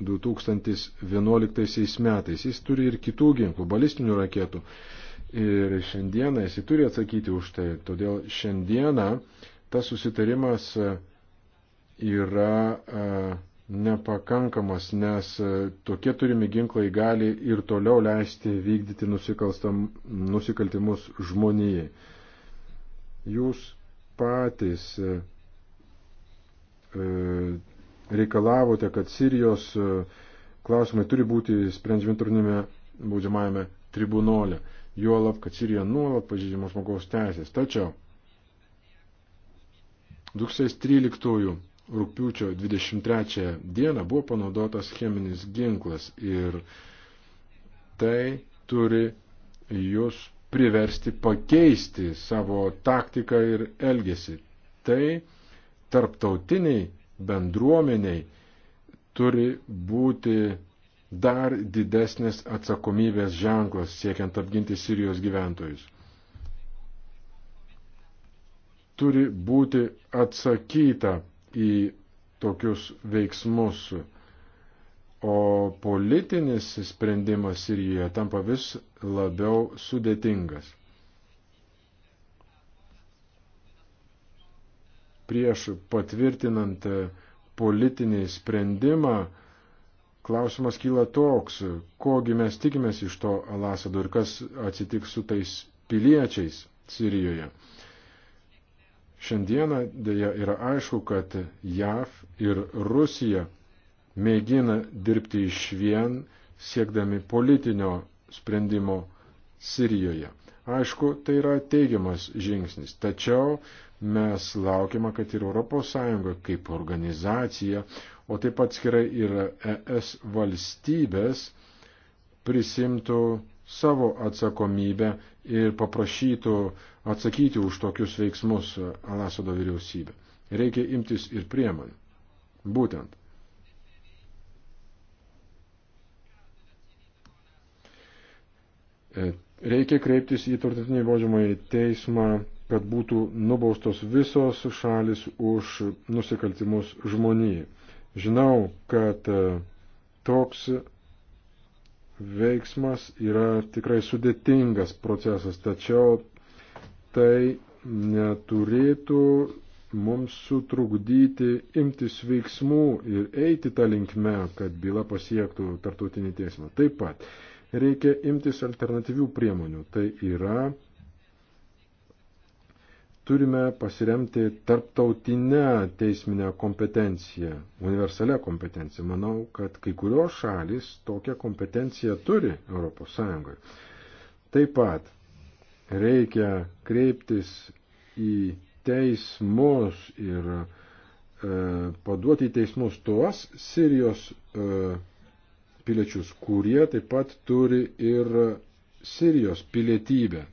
E: 2011 metais. Jis turi ir kitų ginklų, balistinių raketų. Ir šiandieną jis turi atsakyti už tai. Todėl šiandieną tas susitarimas e, yra e, nepakankamas, nes e, tokie turimi ginklai gali ir toliau leisti vykdyti nusikaltimus žmonijai. Jūs patys e, e, reikalavote, kad Sirijos klausimai turi būti sprendžiami turinime baudžiamajame tribunole, juolab, kad Sirija nuolat pažydžiamos žmogaus teisės. Tačiau 2013 rūpiučio 23 dieną buvo panaudotas cheminis ginklas ir tai turi jūs priversti pakeisti savo taktiką ir elgesį. Tai tarptautiniai bendruomeniai turi būti dar didesnis atsakomybės ženklas siekiant apginti Sirijos gyventojus. Turi būti atsakyta į tokius veiksmus, o politinis sprendimas Sirijoje tampa vis labiau sudėtingas. Prieš patvirtinant politinį sprendimą, klausimas kyla toks, kogi mes tikimės iš to Alasado ir kas atsitiks su tais piliečiais Sirijoje. Šiandieną dėja yra aišku, kad JAV ir Rusija mėgina dirbti iš vien, siekdami politinio sprendimo Sirijoje. Aišku, tai yra teigiamas žingsnis, tačiau mes laukime, kad ir ES kaip organizacija, o taip pat skirai ir ES valstybės prisimtų savo atsakomybę ir paprašytų atsakyti už tokius veiksmus Alasado vyriausybę. Reikia imtis ir priemonių. Būtent. E, reikia kreiptis į tarptautinį baudžiamąjį teismą, kad būtų nubaustos visos šalis už nusikaltimus žmonijai. Žinau, kad e, toks veiksmas yra tikrai sudėtingas procesas, tačiau tai neturėtų mums sutrukdyti imtis veiksmų ir eiti tą linkmę, kad byla pasiektų tartautinį teismą. Taip pat reikia imtis alternatyvių priemonių. Tai yra turime pasiremti tarptautinę teisminę kompetenciją, universalią kompetenciją. Manau, kad kai kurios šalis tokią kompetenciją turi ES. Taip pat reikia kreiptis į teismus ir e, paduoti į teismus tuos Sirijos e, piliečius, kurie taip pat turi ir Sirijos pilietybę.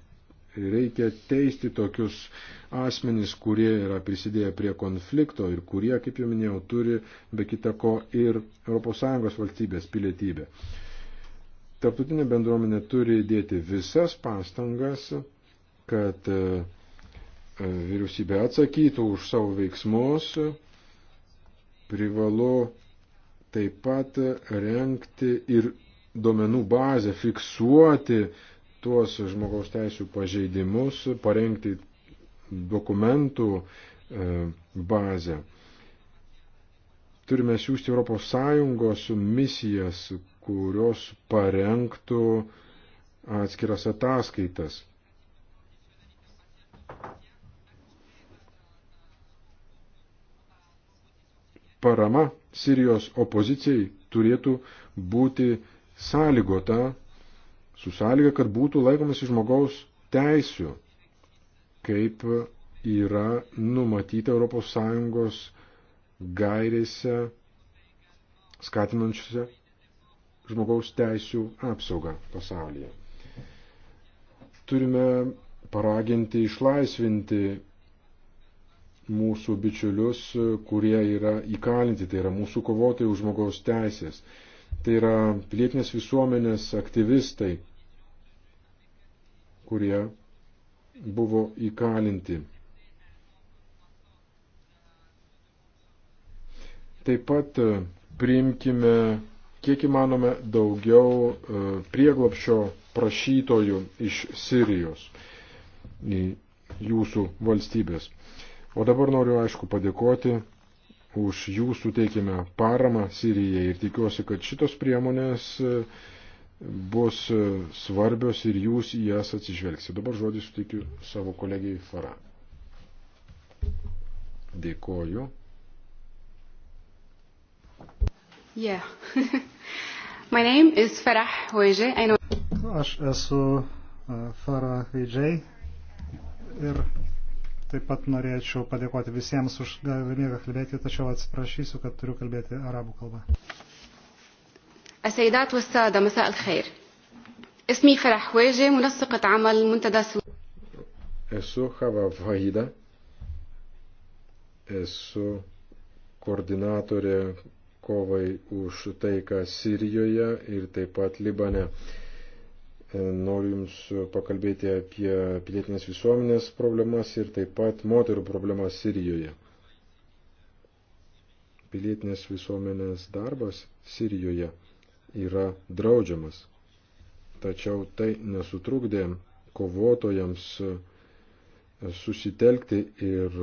E: Reikia teisti tokius e, asmenys, kurie yra prisidėję prie konflikto ir kurie, kaip jau minėjau, turi be kitako ir ES valstybės pilietybę. Tarptautinė bendruomenė turi dėti visas pastangas, kad e, e, vyriausybė atsakytų už savo veiksmus, privalu taip pat renkti ir duomenų bazę, fiksuoti tuos žmogaus teisų pažeidimus, parengti dokumentų e, bazę. Turime siūsti ES misijas, kurios parengtų atskiras ataskaitas. Parama Sirijos opozicijai turėtų būti sąlygota, su sąlyga, kad būtų laikomas žmogaus teisių kaip yra numatyta ES gairėse skatinančiose žmogaus teisų apsaugą pasaulyje. Turime paraginti išlaisvinti mūsų bičiulius, kurie yra įkalinti, tai yra mūsų kovotojai už žmogaus teisės. Tai yra pilietinės visuomenės aktyvistai, kurie buvo įkalinti. Taip pat e, priimkime kiek įmanome daugiau e, prieglopšio prašytojų iš Sirijos į jūsų valstybės. O dabar noriu aišku padėkoti už jūsų teikiamą paramą Sirijai ir tikiuosi, kad šitos priemonės uh, bus e, svarbios ir jūs į jas atsižvelgsite. Dabar žodį suteikiu savo kolegijai Fara. Dėkoju.
D: Yeah. My name is Farah Hoijai. Know...
A: Aš esu e, Farah Hoijai ir taip pat norėčiau padėkoti visiems už galimybę kalbėti, tačiau atsiprašysiu, kad turiu kalbėti arabų kalbą.
C: السيدات والسادة مساء الخير اسمي فرح واجي منسقة عمل منتدى سو
E: Esu Hava Vahida, esu koordinatorė kovai už taiką Sirijoje ir taip pat Libane. Noriu Jums pakalbėti apie pilietinės visuomenės problemas ir taip pat moterų problemas Sirijoje pilietinės visuomenės darbas Sirijoje yra draudžiamas. Tačiau tai nesutrukdė kovotojams e, susitelkti ir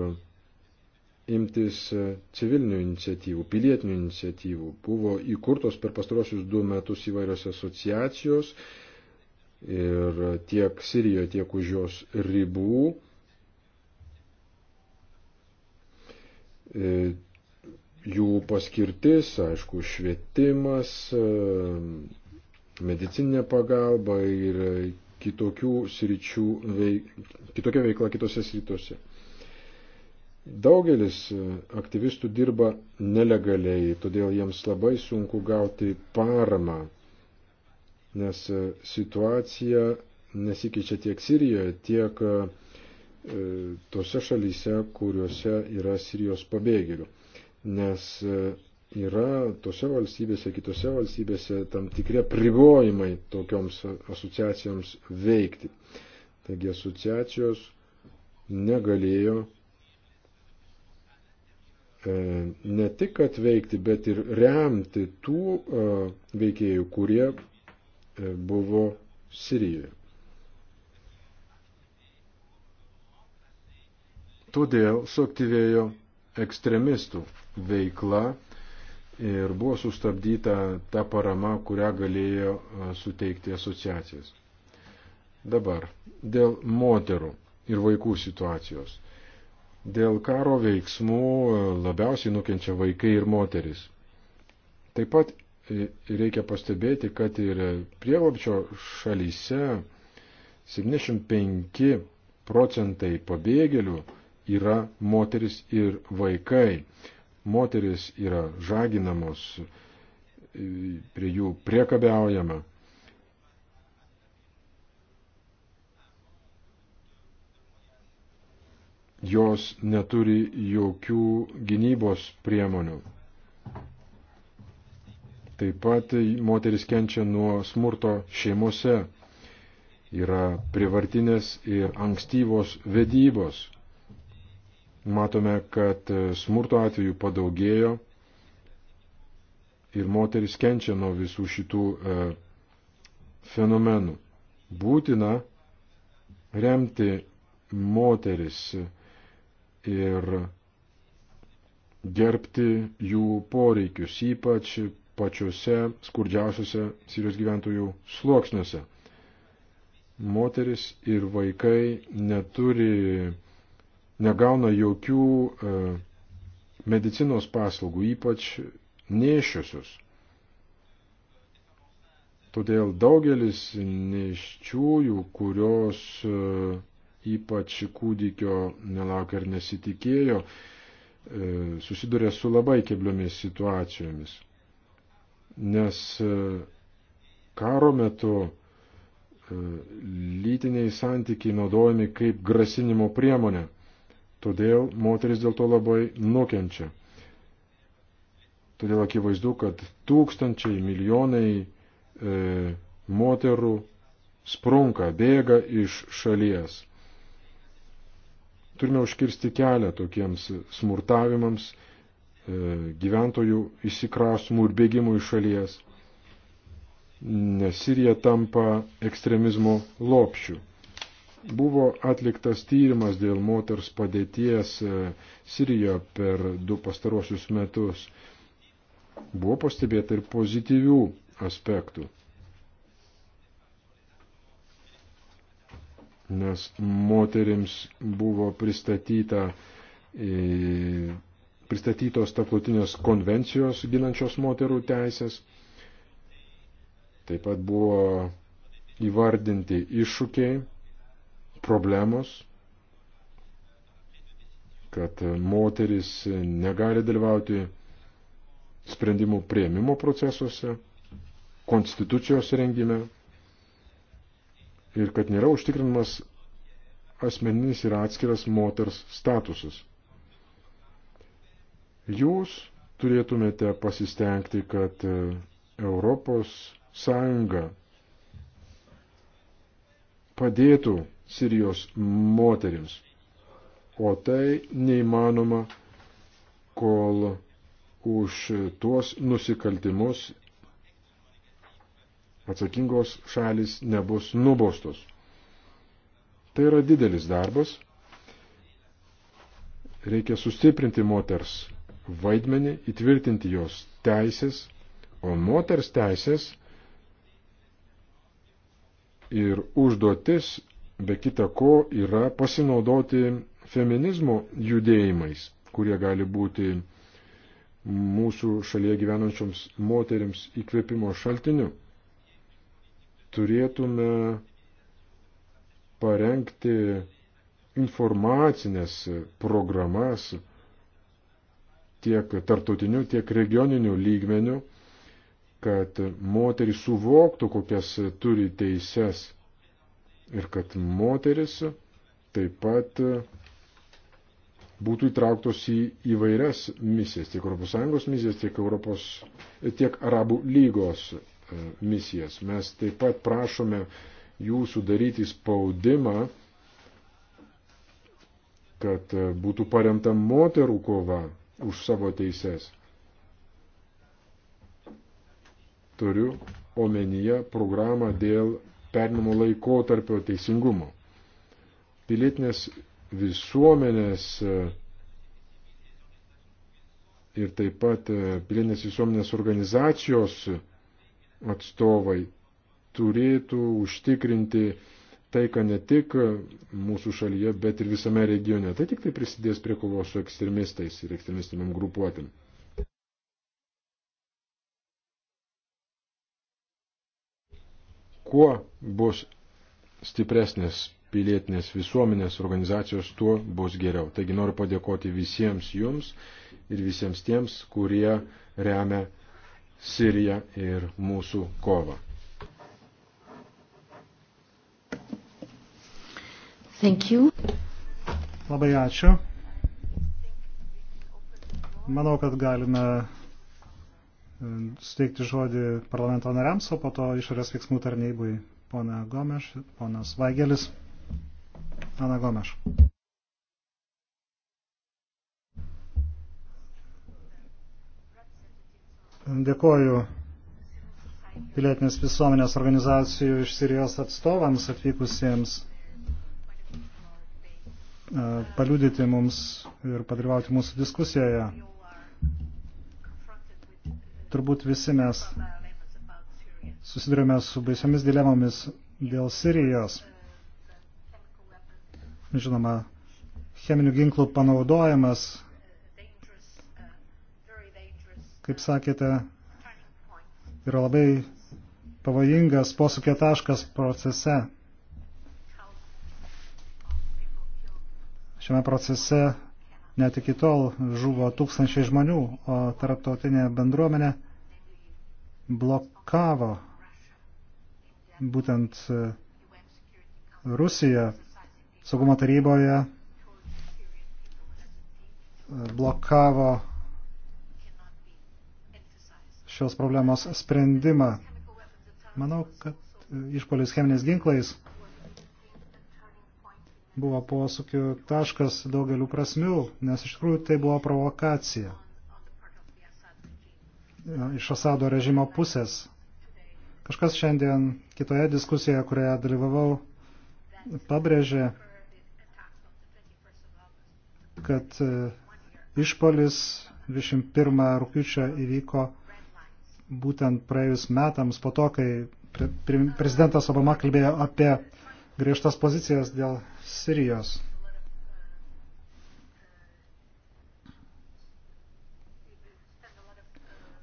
E: imtis e, civilinių iniciatyvų, pilietinių iniciatyvų. Buvo įkurtos per pastarosius du metus įvairios asociacijos ir tiek Sirijoje, tiek už jos ribų e, jų paskirtis, aišku, švietimas, medicinė pagalba ir kitokių sričių, veik, kitokia veikla kitose srityse. Daugelis aktyvistų dirba nelegaliai, todėl jiems labai sunku gauti paramą, nes situacija nesikeičia tiek Sirijoje, tiek e, tose šalyse, kuriuose yra Sirijos pabėgėlių nes e, yra tose valstybėse, kitose valstybėse tam tikrie pribojimai tokioms asociacijoms veikti. Taigi asociacijos negalėjo e, ne tik atveikti, bet ir remti tų e, veikėjų, kurie buvo Sirijoje. Todėl suaktyvėjo ekstremistų veikla ir buvo sustabdyta ta parama, kurią galėjo suteikti asociacijas. Dabar dėl moterų ir vaikų situacijos. Dėl karo veiksmų labiausiai nukenčia vaikai ir moteris. Taip pat e, reikia pastebėti, kad ir prieglobčio šalyse 75 procentai pabėgėlių yra moteris ir vaikai moteris yra žaginamos, prie jų priekabiaujama. Jos neturi jokių gynybos priemonių. Taip pat moteris kenčia nuo smurto šeimose. Yra privartinės ir ankstyvos vedybos matome, kad e, smurto atveju padaugėjo ir moteris kenčia nuo visų šitų e, fenomenų. Būtina remti moteris ir gerbti jų poreikius, ypač pačiuose skurdžiausiuose Sirijos gyventojų sluoksniuose. Moteris ir vaikai neturi negauna jokių e, medicinos paslaugų, ypač nėšiusius. Todėl daugelis nėščiųjų, kurios e, ypač kūdikio nelaukia ir nesitikėjo, e, susiduria su labai kebliomis situacijomis. Nes karo metu lytiniai santykiai naudojami kaip grasinimo priemonė. Todėl moteris dėl to labai nukenčia. Todėl akivaizdu, kad tūkstančiai, milijonai e, moterų sprunka, bėga iš šalies. Turime užkirsti kelią tokiems smurtavimams, e, gyventojų įsikrasmų ir bėgimų iš šalies, nes Sirija tampa ekstremizmo lopšių. Buvo atliktas tyrimas dėl moters padėties e, Sirijoje per du pastarosius metus. Buvo pastebėta ir pozityvių aspektų. Nes moterims buvo pristatyta, e, pristatytos tarptautinės konvencijos ginančios moterų teisės. Taip pat buvo įvardinti iššūkiai problemos, kad moteris negali dalyvauti sprendimų prieimimo procesuose, konstitucijos rengime ir kad nėra užtikrinamas asmeninis ir atskiras moters statusas. Jūs turėtumėte pasistengti, kad Europos Sąjunga padėtų Sirijos moteriams. O tai neįmanoma, kol už tuos nusikaltimus atsakingos šalis nebus nubostos. Tai yra didelis darbas. Reikia sustiprinti moters vaidmenį, įtvirtinti jos teisės, o moters teisės ir užduotis be kita ko yra pasinaudoti feminizmo judėjimais, kurie gali būti mūsų šalyje gyvenančioms moteriams įkvėpimo šaltiniu. Turėtume parengti informacinės programas tiek tartutiniu, tiek regioniniu lygmeniu, kad moteris suvoktų, kokias turi teises ir kad moteris taip pat būtų įtrauktos į įvairias misijas, tiek ES misijas, tiek, Europos, tiek Arabų lygos e, misijas. Mes taip pat prašome jų sudaryti spaudimą, kad e, būtų paremta moterų kova už savo teises. Turiu omenyje programą dėl perinimo laiko tarpio teisingumo. Pilietinės visuomenės e, ir taip pat e, pilietinės visuomenės organizacijos atstovai turėtų užtikrinti taiką ne tik mūsų šalyje, bet ir visame regione. Tai tik tai prisidės prie kovos su ekstremistais ir ekstremistiniam grupuotėm. Kuo bus stipresnės pilietinės visuomenės organizacijos, tuo bus geriau. Taigi noriu padėkoti visiems jums ir visiems tiems, kurie remia Siriją ir mūsų kovą.
C: Thank you.
A: Labai ačiū. Manau, kad galime suteikti žodį parlamento nariams, o po to išorės veiksmų tarnybui pona Gomeš, ponas Vaigelis, Ana Gomeš. Dėkoju pilietinės visuomenės organizacijų iš Sirijos atstovams atvykusiems e, paliudyti mums ir padalyvauti mūsų diskusijoje. Turbūt visi mes susidurime su baisiomis dilemomis dėl Sirijos. Žinoma, cheminių ginklų panaudojimas, kaip sakėte, yra labai pavojingas posūkio taškas procese. Šiame procese Net iki tol žuvo tūkstančiai žmonių, o tarptautinė bendruomenė blokavo būtent e, Rusija saugumo taryboje e, blokavo šios problemos sprendimą. Manau, kad e, išpolius cheminiais ginklais buvo posūkių taškas daugelių prasmių, nes iš tikrųjų tai buvo provokacija iš Asado režimo pusės. Kažkas šiandien kitoje diskusijoje, kurioje dalyvavau, pabrėžė, kad e, išpolis 21 rūpiučio įvyko būtent praėjus metams po to, kai pre prezidentas Obama kalbėjo apie griežtas pozicijas dėl Sirijos.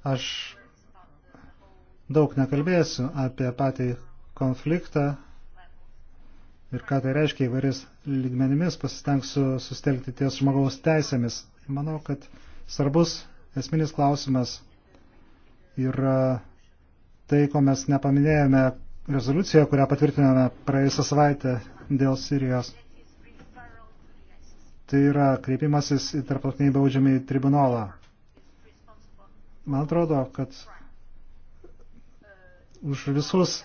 A: Aš daug nekalbėsiu apie patį konfliktą ir ką tai reiškia įvairis lygmenimis, pasistengsiu sustelkti ties žmogaus teisėmis. Manau, kad svarbus esminis klausimas yra tai, ko mes nepaminėjome rezoliuciją, kurią patvirtiname praėjusią savaitę dėl Sirijos. Tai yra kreipimasis į tarptautinį baudžiamį tribunolą. Man atrodo, kad už visus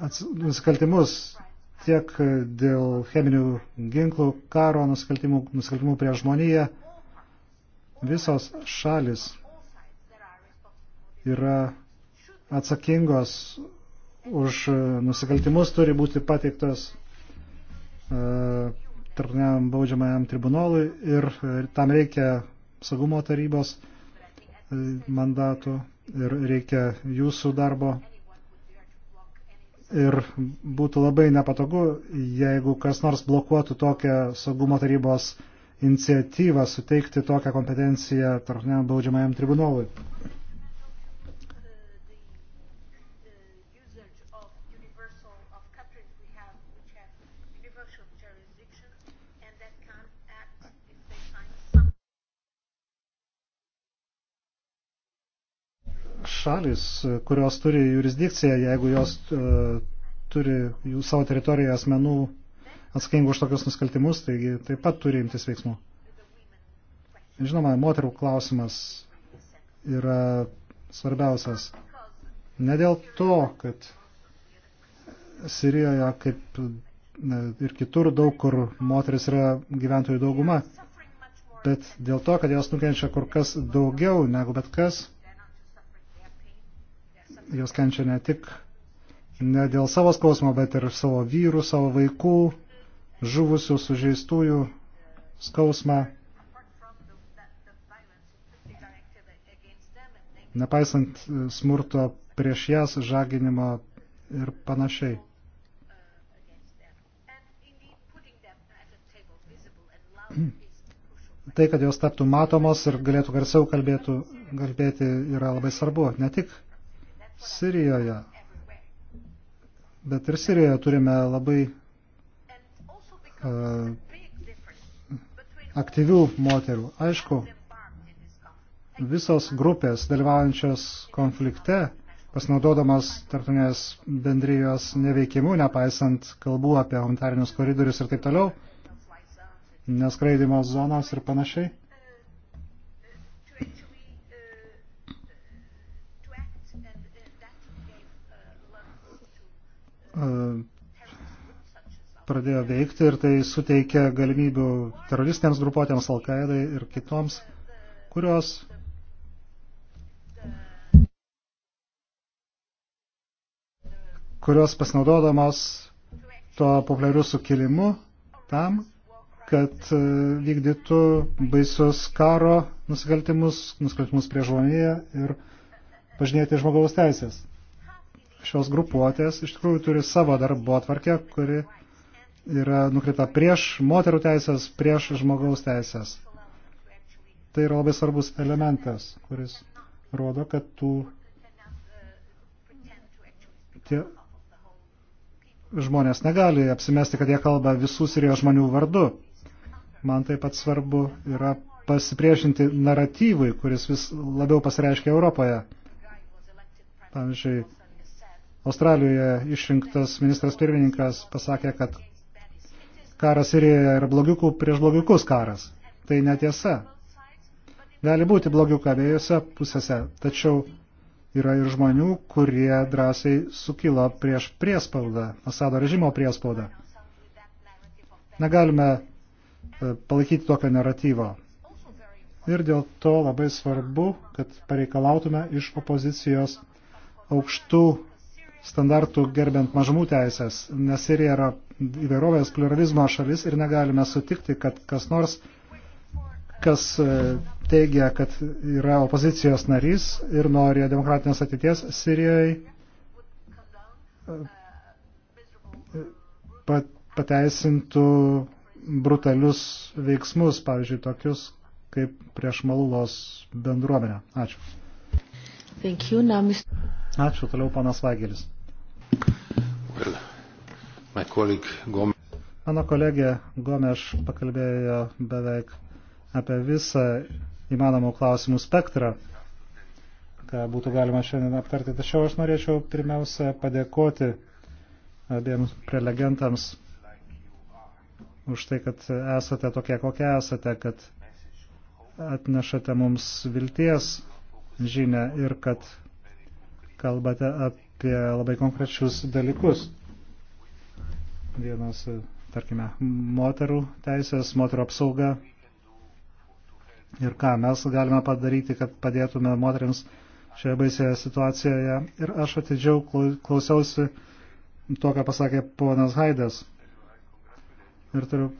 A: nusikaltimus tiek dėl cheminių ginklų, karo nusikaltimų, nusikaltimų prie žmoniją, visos šalis yra atsakingos už e, nusikaltimus turi būti pateiktos e, tarptautiniam baudžiamajam tribunolui ir e, tam reikia saugumo tarybos e, mandatų ir reikia jūsų darbo. Ir būtų labai nepatogu, jeigu kas nors blokuotų tokią saugumo tarybos iniciatyvą suteikti tokią kompetenciją tarptautiniam baudžiamajam tribunolui. šalis, kurios turi jurisdikciją, jeigu jos uh, turi jų savo teritorijoje asmenų atsakingų už tokius nusikaltimus, taigi taip pat turi imtis veiksmų. Žinoma, moterų klausimas yra svarbiausias. Ne dėl to, kad Sirijoje, kaip e, ir kitur daug, kur moteris yra gyventojų dauguma, bet dėl to, kad jos nukenčia kur kas daugiau negu bet kas jos kenčia ne tik ne dėl savo skausmo, bet ir savo vyrų, savo vaikų, žuvusių, sužeistųjų skausmą. Nepaisant e, smurto prieš jas, žaginimo ir panašiai. Tai, kad jos taptų matomos ir galėtų garsiau kalbėtų, kalbėti, yra labai svarbu. Ne tik Sirijoje. Bet ir Sirijoje turime labai uh, aktyvių moterų. Aišku, visos grupės dalyvaujančios konflikte, pasinaudodamas tartunės bendrijos neveikimu, nepaisant kalbų apie humanitarinius koridorius ir taip toliau, neskraidimo zonos ir panašiai. E, pradėjo veikti ir tai suteikia galimybių teroristiniams grupuotėms, Al-Qaedai ir kitoms, kurios kurios pasinaudodamos tuo populiariu sukilimu tam, kad e, vykdytų baisius karo nusikaltimus, nusikaltimus prie žmoniją ir pažinėti žmogaus teisės šios grupuotės iš tikrųjų turi savo darbo atvarkę, kuri yra nukreipta prieš moterų teisės, prieš žmogaus teisės. Tai yra labai svarbus elementas, kuris rodo, kad tų tie žmonės negali apsimesti, kad jie kalba visų Sirijos žmonių vardu. Man taip pat svarbu yra pasipriešinti naratyvui, kuris vis labiau pasireiškia Europoje. Pavyzdžiui, Australijoje išrinktas ministras pirmininkas pasakė, kad karas Sirijoje yra blogiukų prieš blogiukus karas. Tai netiesa. Gali būti blogiukų abiejose pusėse, tačiau yra ir žmonių, kurie drąsiai sukilo prieš priespaudą, Asado režimo priespaudą. Negalime e, palaikyti tokio naratyvo. Ir dėl to labai svarbu, kad pareikalautume iš opozicijos aukštų standartų gerbent mažumų teisės, nes Sirija yra įvairovės pluralizmo šalis ir negalime sutikti, kad kas nors, kas e, teigia, kad yra opozicijos narys ir nori demokratinės ateities Sirijoje, pateisintų brutalius veiksmus, pavyzdžiui, tokius kaip prieš Malulos bendruomenę. Ačiū.
C: Thank you, now,
A: Mr. Ačiū, toliau panas Vagelis.
B: Well,
A: Mano kolegė Gomeš pakalbėjo beveik apie visą įmanomų klausimų spektrą, ką būtų galima šiandien aptarti. Tačiau aš norėčiau pirmiausia padėkoti abiems prelegentams už tai, kad esate tokie, kokie esate, kad atnešate mums vilties žinę ir kad kalbate apie labai konkrečius dalykus. Vienas, e, tarkime, moterų teisės, moterų apsauga ir ką mes galime padaryti, kad padėtume moteriams šioje baisėje situacijoje. Ir aš atidžiau klausiausi to, ką pasakė ponas Haidas. Ir turiu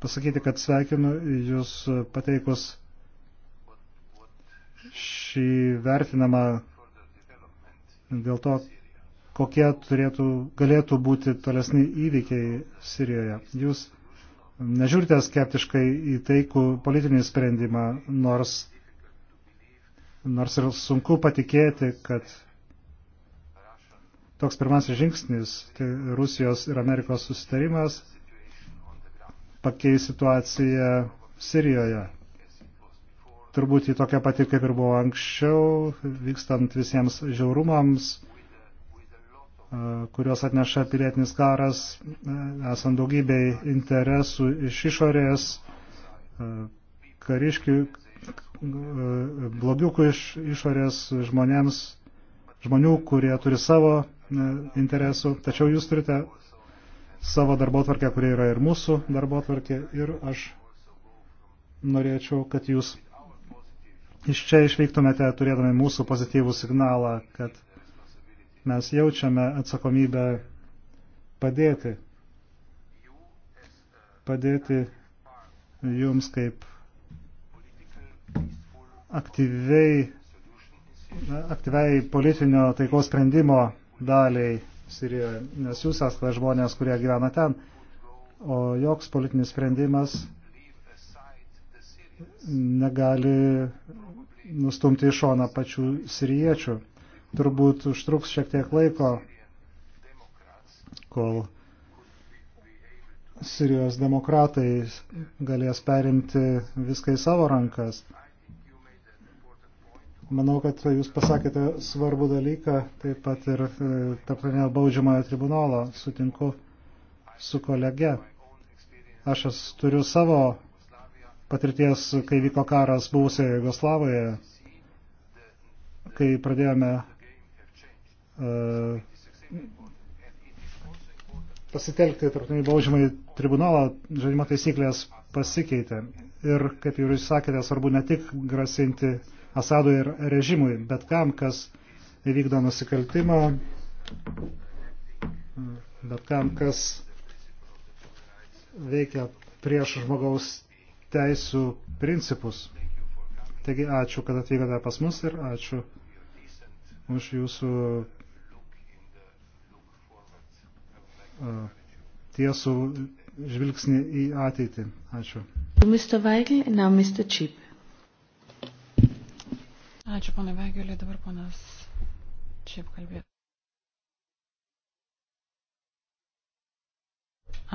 A: pasakyti, kad sveikinu jūs pateikus šį vertinamą dėl to, kokie turėtų, galėtų būti tolesni įvykiai Sirijoje. Jūs nežiūrite skeptiškai į taikų politinį sprendimą, nors, nors ir sunku patikėti, kad toks pirmasis žingsnis, tai Rusijos ir Amerikos susitarimas, pakeis situaciją Sirijoje turbūt į tokią patį, kaip ir buvo anksčiau, vykstant visiems žiaurumams, e, kuriuos atneša pilietinis karas, e, esant daugybei interesų iš išorės, e, kariškių, blogiukų iš išorės žmonėms, žmonių, kurie turi savo interesų, tačiau jūs turite savo darbo tvarkę, kurie yra ir mūsų darbo tvarkė, ir aš norėčiau, kad jūs iš čia išvyktumėte turėdami mūsų pozityvų signalą, kad mes jaučiame atsakomybę padėti, padėti jums kaip aktyviai, aktyviai politinio taikos sprendimo daliai Sirijoje, nes jūs esate žmonės, kurie gyvena ten, o joks politinis sprendimas negali nustumti į šoną pačių siriečių. Turbūt užtruks šiek tiek laiko, kol Sirijos demokratai galės perimti viską į savo rankas. Manau, kad jūs pasakėte svarbų dalyką, taip pat ir e, tarptautinio baudžiamojo tribunolo sutinku su kolege. Aš turiu savo patirties, kai vyko karas buvusioje Jugoslavoje, kai pradėjome uh, pasitelkti tarptautinį baudžiamąjį tribunolą, žaidimo taisyklės pasikeitė. Ir, kaip jau jūs sakėte, svarbu ne tik grasinti Asadui ir režimui, bet kam, kas įvykdo nusikaltimą, bet kam, kas veikia prieš žmogaus teisų principus. Taigi ačiū, kad atvykote pas mus ir ačiū už jūsų tiesų žvilgsnį į ateitį. Ačiū.
C: Mr. Weigel, now Mr. Chip.
D: Ačiū, pana Vegeliai, dabar panas Čiap kalbėtų.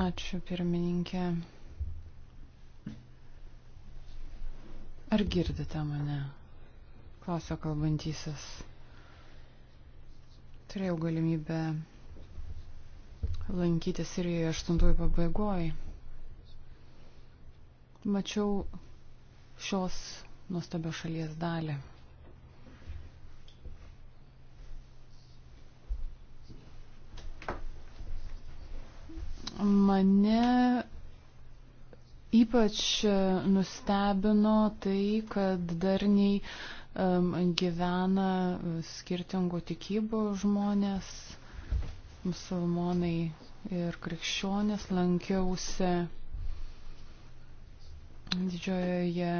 D: Ačiū, pirmininkė. Ar girdite mane? Klausia kalbantysis. Turėjau galimybę lankytis Sirijoje 8 pabaigoj. Mačiau šios nuostabios šalies dalį. Mane Ypač e, nustebino tai, kad darniai um, gyvena e, skirtingų tikybų žmonės, musulmonai ir krikščionės lankiausi didžiojoje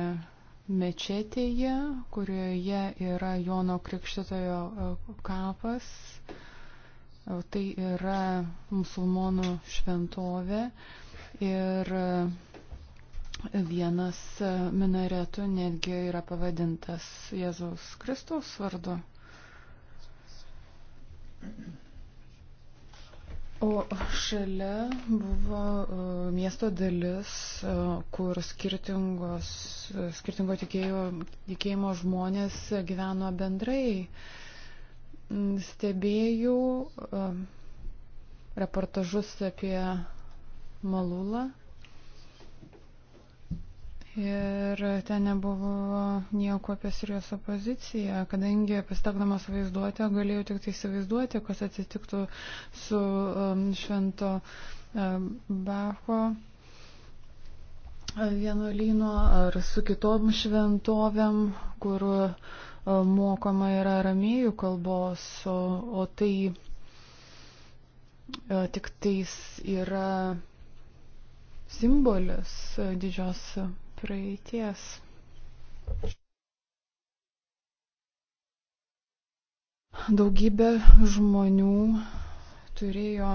D: mečetėje, kurioje yra Jono Krikštitojo e, kapas. Tai yra musulmonų šventovė ir uh, Vienas minaretų netgi yra pavadintas Jėzaus Kristaus vardu. O šalia buvo e, miesto dalis, e, kur skirtingos, e, skirtingo tikėjo, tikėjimo žmonės gyveno bendrai. Mm, stebėjau reportažus apie Malulą. Ir ten nebuvo nieko apie Sirijos opoziciją, kadangi pastakdamas vaizduotę galėjau tik tai įsivaizduoti, kas atsitiktų su um, švento um, Bacho uh, vienuolyno ar su kitom šventovėm, kur um, mokoma yra ramėjų kalbos, o, o tai o, uh, tik tais yra simbolis didžios praeities. Daugybė žmonių turėjo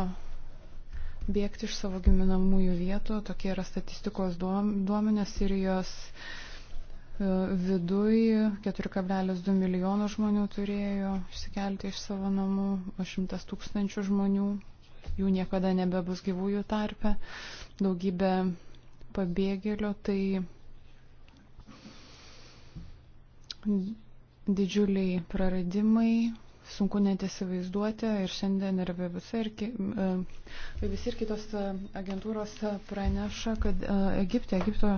D: bėgti iš savo giminamųjų vietų, tokie yra statistikos duomenės Sirijos e, viduj 4,2 milijono žmonių turėjo išsikelti iš savo namų, o 100 tūkstančių žmonių, jų niekada nebebus gyvųjų tarpe, daugybė pabėgėlio, tai didžiuliai praradimai, sunku net įsivaizduoti ir šiandien ir BBC ir, BBC e, ir kitos e, agentūros e, praneša, kad Egipte, Egipto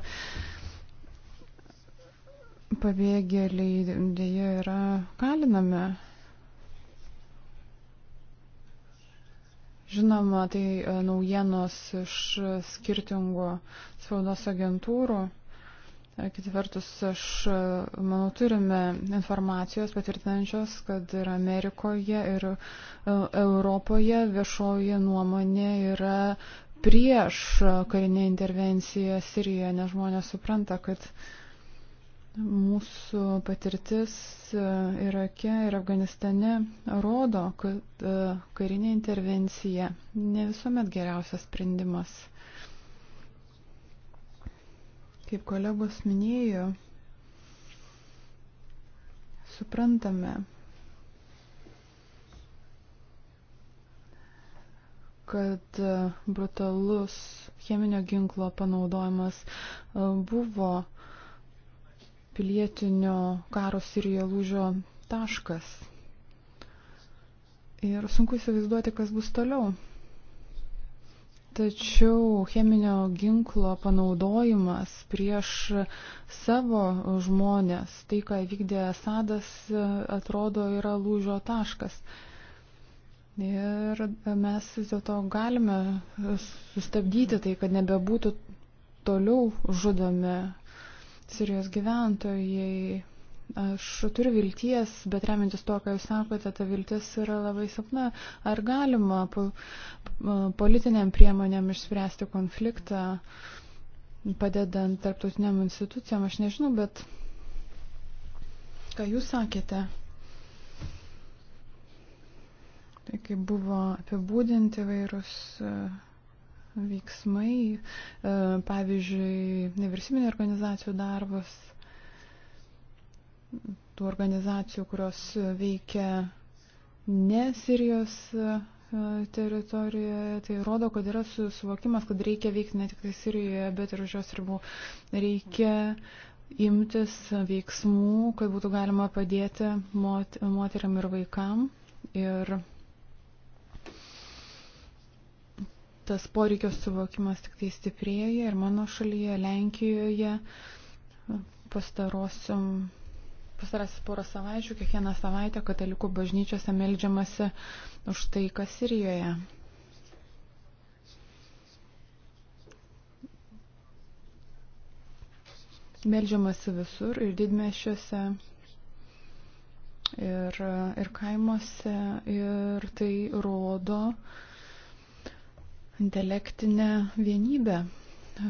D: pabėgėliai dėja yra kalinami Žinoma, tai e, naujienos iš skirtingų spaudos agentūrų. E, Kita vertus, aš e, manau, turime informacijos patvirtinančios, kad ir Amerikoje, ir Europoje viešoji nuomonė yra prieš karinę intervenciją Sirijoje, nes žmonės supranta, kad uh, Mūsų patirtis e, Irake ir Afganistane rodo, kad e, karinė intervencija ne visuomet geriausias sprendimas. Kaip kolegos minėjo, suprantame, kad e, brutalus cheminio ginklo panaudojimas buvo pilietinio karo Sirijoje lūžio taškas. Ir sunku įsivaizduoti, kas bus toliau. Tačiau cheminio ginklo panaudojimas prieš savo žmonės, tai ką vykdė Asadas, atrodo yra lūžio taškas. Ir mes vis dėlto galime sustabdyti tai, kad nebebūtų toliau žudomi Sirijos gyventojai. Aš turiu vilties, bet remintis to, ką jūs sakote, ta viltis yra labai sapna. Ar galima po, politiniam priemonėm išspręsti konfliktą, padedant tarptautiniam institucijam, aš nežinau, bet ką jūs sakėte, tai kaip buvo apibūdinti vairūs. Uh, veiksmai, e, pavyzdžiui, nevyriausybinio organizacijų darbas, tų organizacijų, kurios veikia ne Sirijos e, teritorijoje, tai rodo, kad yra suvokimas, kad reikia veikti ne tik tai Sirijoje, bet ir už jos ribų. Reikia imtis veiksmų, kad būtų galima padėti mot, moteriam ir vaikam. Ir tas poreikio suvokimas tik tai stiprėja ir mano šalyje, Lenkijoje, pastarosiam pastarasis porą savaičių, kiekvieną savaitę katalikų bažnyčiose meldžiamasi už tai, kas Sirijoje. Meldžiamasi visur ir didmešiuose, ir, ir kaimuose, ir tai rodo, uh, intelektinę vienybę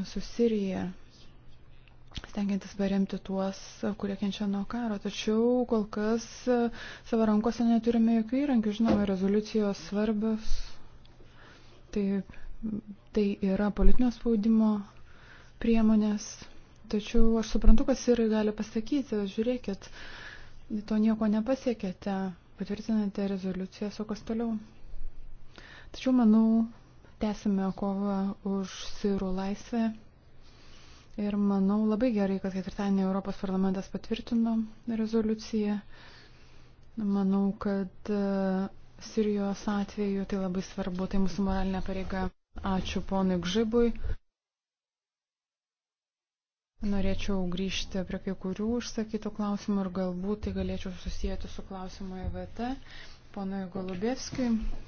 D: su Sirija, stengiantis paremti tuos, kurie kenčia nuo karo. Tačiau kol kas e, savo rankose neturime jokių įrankių, žinoma, rezoliucijos svarbios. Tai, tai yra politinio spaudimo priemonės. Tačiau aš suprantu, kas ir gali pasakyti, žiūrėkit, to nieko nepasiekėte, patvirtinate rezoliuciją, o kas toliau. Tačiau manau, Tęsime kovą už sirų laisvę. Ir manau labai gerai, kad ketvirtadienį Europos parlamentas patvirtino rezoliuciją. Manau, kad e, Sirijos atveju tai labai svarbu, tai mūsų moralinė pareiga. Ačiū ponui Gžibui. Norėčiau grįžti prie kai kurių užsakytų klausimų ir galbūt tai galėčiau susijęti su klausimu EVT, ponui Golubėvskijui.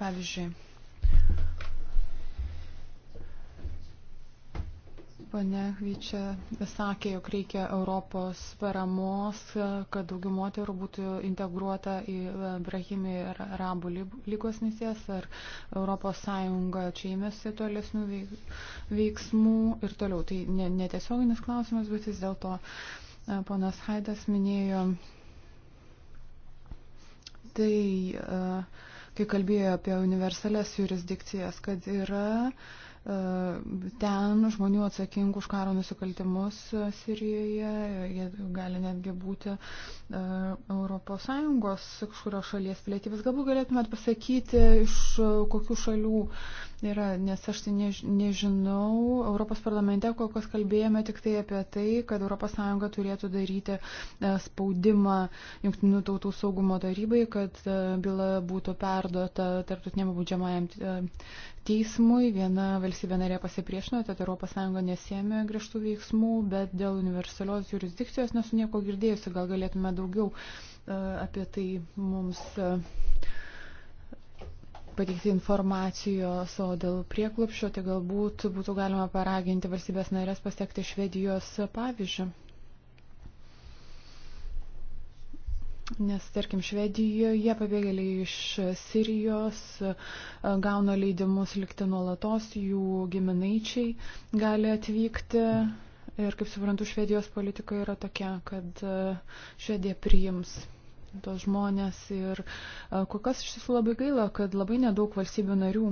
D: Pavyzdžiui, Pane Vyčia sakė, jog reikia Europos paramos, kad daugiau moterų būtų integruota į e, Brahimį ir Arabų lygos misijas, ar Europos Sąjunga čia įmėsi tolesnių veiksmų ir toliau. Tai netiesioginis ne klausimas, bet vis dėlto e, ponas Haidas minėjo. Tai uh, kai kalbėjo apie universales jurisdikcijas, kad yra e, ten žmonių atsakingų už karo nusikaltimus e, Sirijoje, jie gali netgi būti ES kažkurio šalies pilietybės. Galbūt galėtumėt pasakyti, iš kokių šalių yra, nes aš tai než, nežinau, Europos parlamente kol kas kalbėjome tik tai apie tai, kad ES turėtų daryti e, spaudimą Junktinių tautų saugumo tarybai, kad e, byla būtų perduota tarptautiniam būdžiamajam e, teismui. Viena valstybė narė pasipriešino, tad ES nesėmė griežtų veiksmų, bet dėl universalios jurisdikcijos nesu nieko girdėjusi, gal galėtume daugiau apie tai mums pateikti informacijos, o dėl prieklopšio tai galbūt būtų galima paraginti valstybės narės pasiekti Švedijos pavyzdžių. Nes, tarkim, Švedijoje pabėgėliai iš Sirijos e, gauna leidimus likti nuolatos, jų giminaičiai gali atvykti. Ir, kaip suprantu, Švedijos politika yra tokia, kad e, Švedija priims tos žmonės. Ir e, kol kas iš tiesų labai gaila, kad labai nedaug valstybių narių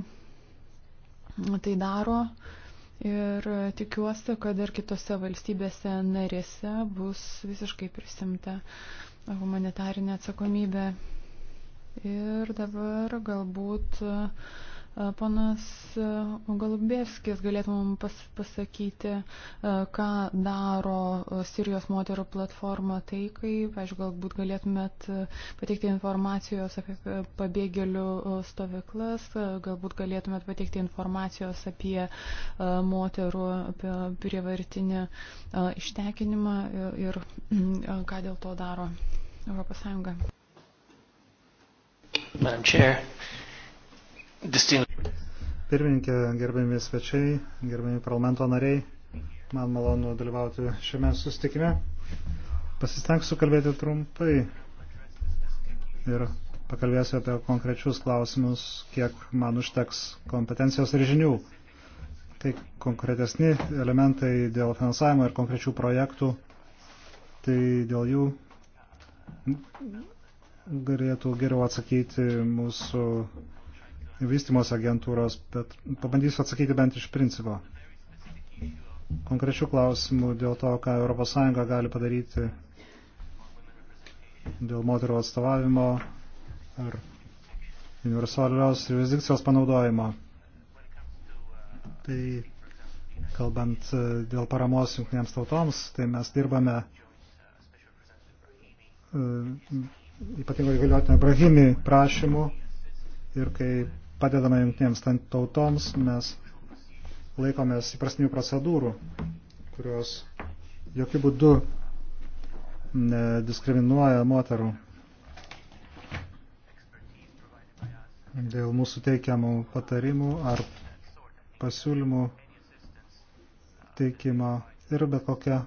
D: tai daro. Ir e, tikiuosi, kad ir kitose valstybėse narėse bus visiškai prisimta humanitarinė atsakomybė. Ir dabar galbūt uh, Ponas Golubėskis galėtų mums pas, pasakyti, ką daro Sirijos moterų platforma taikai. Aš galbūt galėtumėt pateikti informacijos apie pabėgėlių stovyklas, galbūt galėtumėt pateikti informacijos apie moterų apie prievartinį ištekinimą ir ką dėl to daro ES.
A: Madam Chair, Pirmininkė, gerbėmi svečiai, gerbėmi parlamento nariai, man malonu dalyvauti šiame sustikime. Pasistengsiu kalbėti trumpai ir pakalbėsiu apie konkrečius klausimus, kiek man užteks kompetencijos ir žinių. Tai konkretesni elementai dėl finansavimo ir konkrečių projektų, tai dėl jų galėtų geriau atsakyti mūsų vystimos agentūros, bet pabandysiu atsakyti bent iš principo. Konkrečių klausimų dėl to, ką ES gali padaryti dėl moterų atstovavimo ar universalios jurisdikcijos panaudojimo. Tai kalbant e, dėl paramos jungtinėms tautoms, tai mes dirbame e, ypatingo įgaliotinio Brahimi prašymu ir kai padedame jungtinėms tautoms, mes laikomės įprastinių procedūrų, kurios jokių būdų diskriminuoja moterų dėl mūsų teikiamų patarimų ar pasiūlymų teikimo ir bet kokia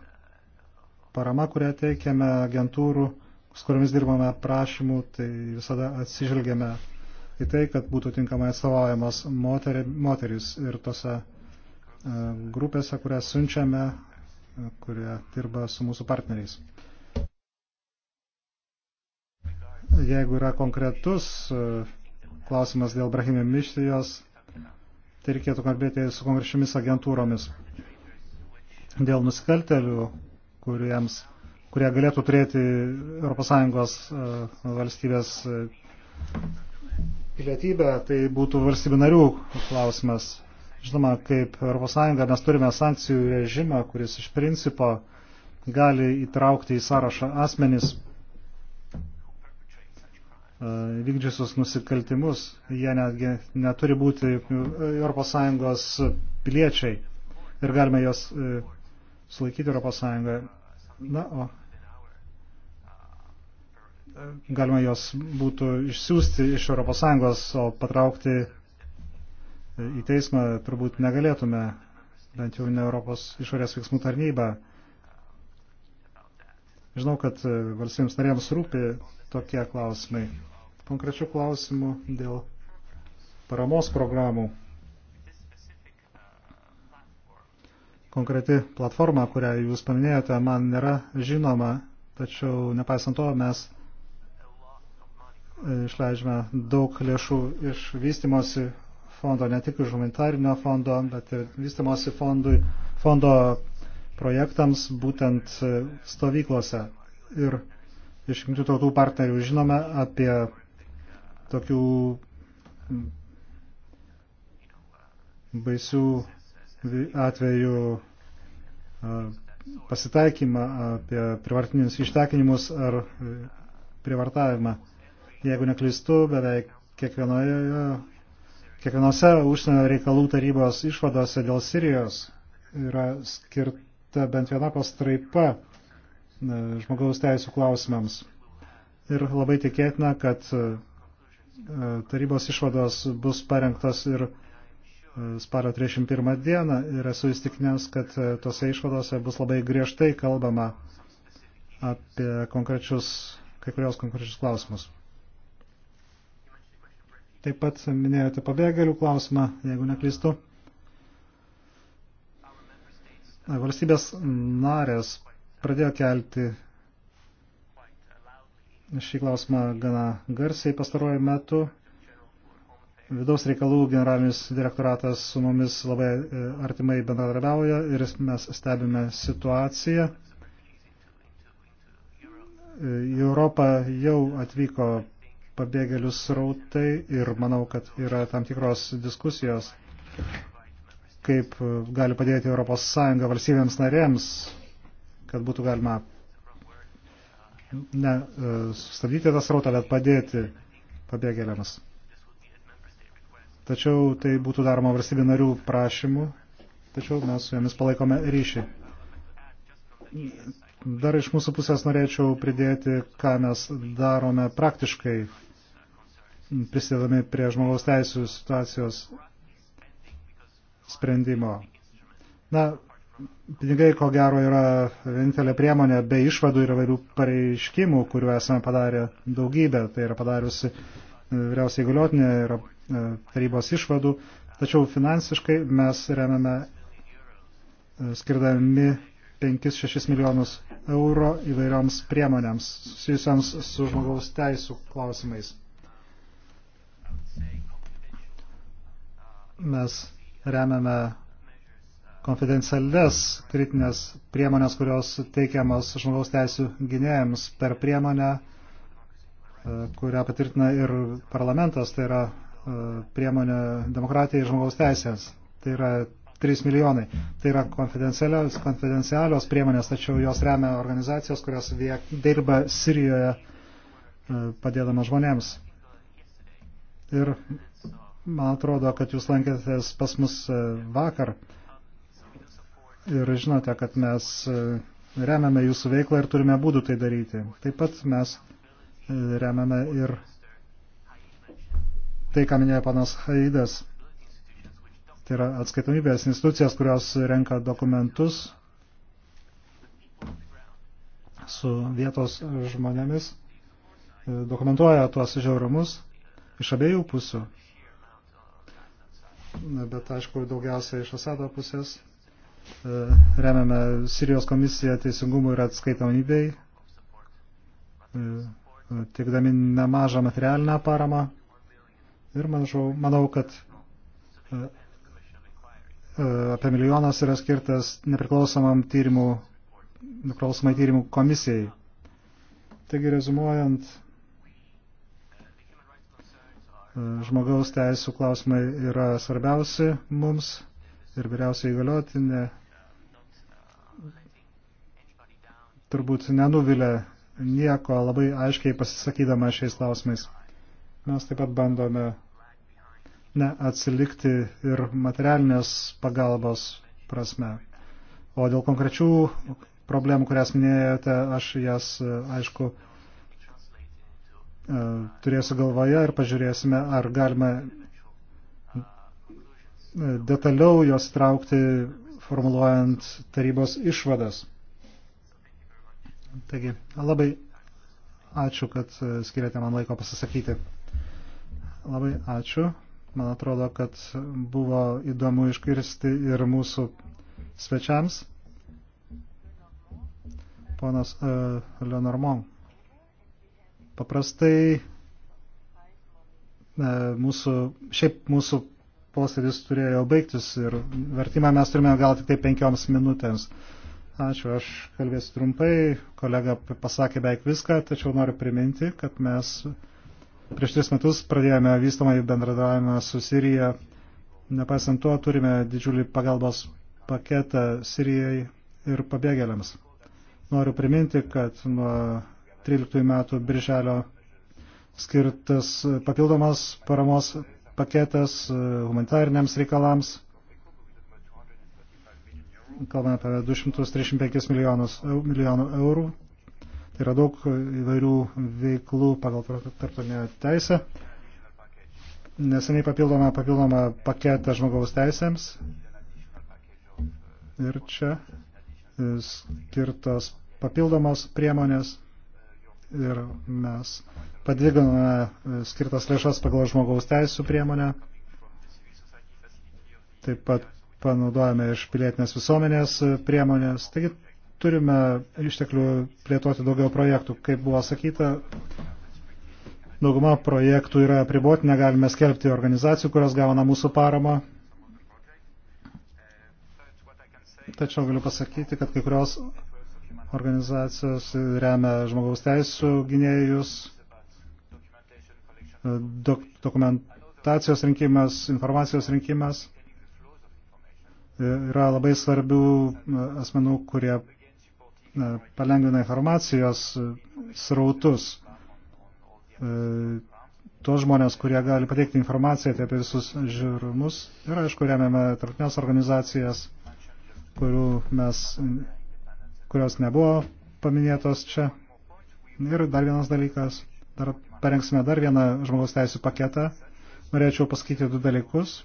A: parama, kurią teikiame agentūrų, su kuriomis dirbame prašymų, tai visada atsižvelgiame į tai, kad būtų tinkamai atstovaujamos moteris ir tose e, grupėse, kurias siunčiame, e, kurie dirba su mūsų partneriais. Jeigu yra konkretus e, klausimas dėl Brahimė Mištijos, tai reikėtų kalbėti su konkrečiomis agentūromis. Dėl nusikaltelių, kuriems, kurie galėtų turėti ES valstybės pilietybę, tai būtų valstybių narių klausimas. Žinoma, kaip ES mes turime sankcijų režimą, kuris iš principo gali įtraukti į sąrašą asmenis e, vykdžiusius nusikaltimus. Jie netgi neturi būti ES piliečiai ir galime juos e, sulaikyti ES. Na, o galima jos būtų išsiųsti iš ES, o patraukti e, į teismą turbūt negalėtume, bent jau ne Europos išorės veiksmų tarnybą. Žinau, kad e, valstybėms narėms rūpi tokie klausimai. Konkrečių klausimų dėl paramos programų. Konkreti platforma, kurią jūs paminėjote, man nėra žinoma, tačiau nepaisant to mes išleidžiame daug lėšų iš vystimosi fondo, ne tik iš humanitarinio fondo, bet ir vystimosi fondui, fondo projektams būtent e, stovyklose. Ir iš jungtinių tautų partnerių žinome apie tokių baisių atvejų pasitaikymą apie privartinius ištekinimus ar e, privartavimą. Jeigu neklystu, beveik kiekvienoje, kiekvienose užsienio reikalų tarybos išvadose dėl Sirijos yra skirta bent viena pastraipa e, žmogaus teisų klausimams. Ir labai tikėtina, kad e, tarybos išvados bus parengtos ir e, spalio 31 dieną ir esu įstikinęs, kad tose išvadose bus labai griežtai kalbama apie konkrečius, kai kurios konkrečius klausimus. Taip pat minėjote pabėgėlių klausimą, jeigu neklystu. Valstybės narės pradėjo kelti šį klausimą gana garsiai pastaruoju metu. Vidaus reikalų generalinis direktoratas su mumis labai e, artimai bendradarbiauja ir mes stebime situaciją. E, į Europą jau atvyko pabėgėlių srautai ir manau, kad yra tam tikros diskusijos, kaip gali padėti ES valstybėms narėms, kad būtų galima ne e, sustabdyti tą srautą, bet padėti pabėgėliams. Tačiau tai būtų daroma valstybių narių prašymų, tačiau mes su jomis palaikome ryšį. Dar iš mūsų pusės norėčiau pridėti, ką mes darome praktiškai prisidedami prie žmogaus teisų situacijos sprendimo. Na, pinigai, ko gero, yra vienintelė priemonė be išvadų ir vairių pareiškimų, kurių esame padarę daugybę. Tai yra padariusi e, vyriausiai galiotinė ir e, tarybos išvadų. Tačiau finansiškai mes remiame e, skirdami 5-6 milijonus euro įvairioms priemonėms susijusiams su žmogaus teisų klausimais. mes remiame konfidencialias kritinės priemonės, kurios teikiamas žmogaus teisų gynėjams per priemonę, e, kurią patvirtina ir parlamentas, tai yra e, priemonė demokratija ir žmogaus teisės. Tai yra 3 milijonai. Tai yra konfidencialios, konfidencialios priemonės, tačiau jos remia organizacijos, kurios viek, dirba Sirijoje e, padėdama žmonėms. Ir Man atrodo, kad jūs lankėtės pas mus e, vakar ir žinote, kad mes e, remiame jūsų veiklą ir turime būdų tai daryti. Taip pat mes e, remiame ir tai, ką minėjo panas Haidas. Tai yra atskaitomybės institucijas, kurios renka dokumentus su vietos žmonėmis, dokumentuoja tuos žiaurumus iš abiejų pusių bet aišku, daugiausia iš Asado pusės. E, remiame Sirijos komisiją teisingumui ir atskaitomybei, e, teikdami nemažą materialinę paramą. Ir manžau, manau, kad e, apie milijonas yra skirtas nepriklausomam tyrimų, nepriklausomai tyrimų komisijai. Taigi, rezumuojant, žmogaus teisų klausimai yra svarbiausi mums ir vyriausiai įgaliotinė turbūt nenuvilia nieko labai aiškiai pasisakydama šiais klausimais. Mes taip pat bandome neatsilikti ir materialinės pagalbos prasme. O dėl konkrečių problemų, kurias minėjote, aš jas, aišku, E, turėsiu galvoje ir pažiūrėsime, ar galima e, detaliau jos traukti, formuluojant tarybos išvadas. Taigi, labai ačiū, kad e, skiriate man laiko pasisakyti. Labai ačiū. Man atrodo, kad buvo įdomu iškirsti ir mūsų svečiams. Ponas uh, Leonormont. Paprastai e, mūsų, šiaip mūsų posėdis turėjo baigtis ir vertimą mes turime gal tik tai penkioms minutėms. Ačiū, aš kalbėsiu trumpai, kolega pasakė beveik viską, tačiau noriu priminti, kad mes prieš tris metus pradėjome vystomą į bendradavimą su Sirija. Nepaisant to, turime didžiulį pagalbos paketą Sirijai ir pabėgėliams. Noriu priminti, kad nuo 13 metų birželio skirtas papildomas paramos paketas e, humanitariniams reikalams. Kalbame apie 235 milijonus, milijonų eurų. Tai yra daug įvairių veiklų pagal tarptautinę teisę. Neseniai papildomą, papildomą paketą žmogaus teisėms. Ir čia e, skirtos papildomos priemonės ir mes padvigame e, skirtas lėšas pagal žmogaus teisų priemonę. Taip pat panaudojame iš pilietinės visuomenės e, priemonės. Taigi turime išteklių plėtoti daugiau projektų. Kaip buvo sakyta, dauguma projektų yra apriboti, negalime skelbti organizacijų, kurios gauna mūsų paramą. Tačiau galiu pasakyti, kad kai kurios organizacijos remia žmogaus teisų gynėjus, dok, dokumentacijos rinkimas, informacijos rinkimas. Yra labai svarbių asmenų, kurie palengvina informacijos srautus. E, Tuos žmonės, kurie gali pateikti informaciją tai apie visus žiūrimus. Ir aišku, remiame tarptautinės organizacijas, kurių mes kurios nebuvo paminėtos čia. Ir dar vienas dalykas, dar parengsime dar vieną žmogaus teisų paketą. Norėčiau pasakyti du dalykus.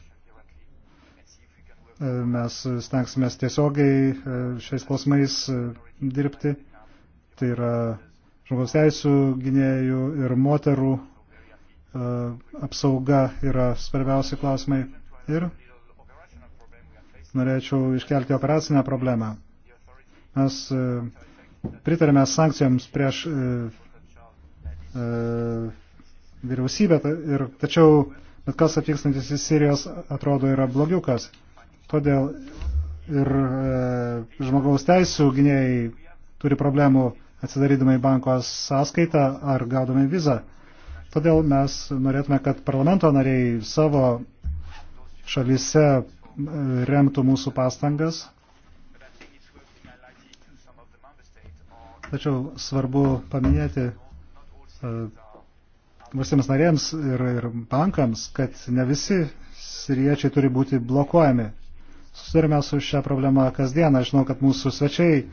A: E, mes stengsime tiesiogiai e, šiais klausimais e, dirbti. Tai yra žmogaus teisų gynėjų ir moterų apsauga yra svarbiausi klausimai. Ir norėčiau iškelti operacinę problemą. Mes e, pritarėme sankcijoms prieš e, e, vyriausybę, ir, tačiau bet kas atvykstantis į Sirijos atrodo yra blogiukas. Todėl ir žmogaus teisų gynėjai turi problemų atsidarydami banko sąskaitą ar gaudami vizą. Todėl mes norėtume, kad parlamento nariai savo šalyse remtų mūsų pastangas Tačiau svarbu paminėti e, valstybės narėms ir, ir bankams, kad ne visi siriečiai turi būti blokuojami. Susidurime su šią problemą kasdieną. Žinau, kad mūsų svečiai e,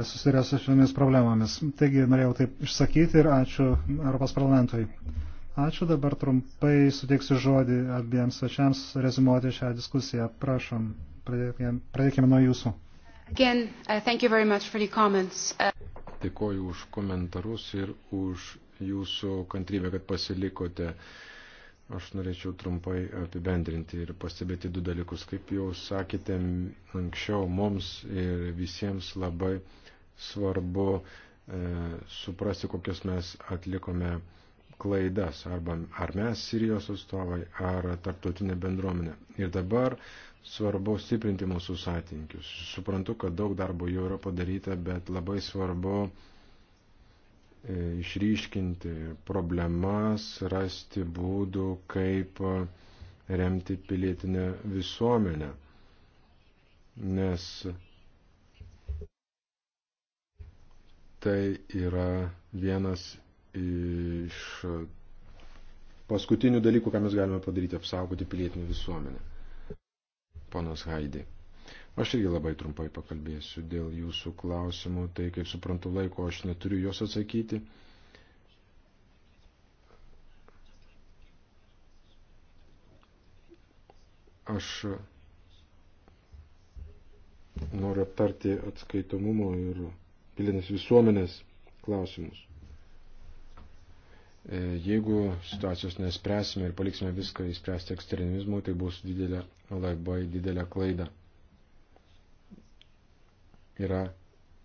A: susiduria su šiomis problemomis. Taigi norėjau taip išsakyti ir ačiū Europos parlamentui. Ačiū, dabar trumpai suteiksiu žodį abiems svečiams rezimuoti šią diskusiją. Prašom, pradėkime, pradėkime nuo jūsų.
D: Again, uh, thank you very much for the comments. Uh...
E: Dėkoju už komentarus ir už jūsų kantrybę, kad pasilikote. Aš norėčiau trumpai apibendrinti ir pastebėti du dalykus. Kaip jau sakėte anksčiau, mums ir visiems labai svarbu e, suprasti, kokias mes atlikome klaidas, arba ar mes Sirijos atstovai, ar tarptautinė bendruomenė. Ir dabar svarbu stiprinti mūsų satinkius. Suprantu, kad daug darbo jau yra padaryta, bet labai svarbu e, išryškinti problemas, rasti būdų, kaip e, remti pilietinę visuomenę. Nes tai yra vienas iš paskutinių dalykų, ką mes galime padaryti, apsaugoti pilietinį visuomenę ponas Haidė. Aš irgi labai trumpai pakalbėsiu dėl jūsų klausimų, tai kaip suprantu laiko aš neturiu jos atsakyti. Aš noriu aptarti atskaitomumo ir pilinės visuomenės klausimus. E, jeigu situacijos nespręsime ir paliksime viską įspręsti ekstremizmui, tai bus didelė, labai didelė klaida. Yra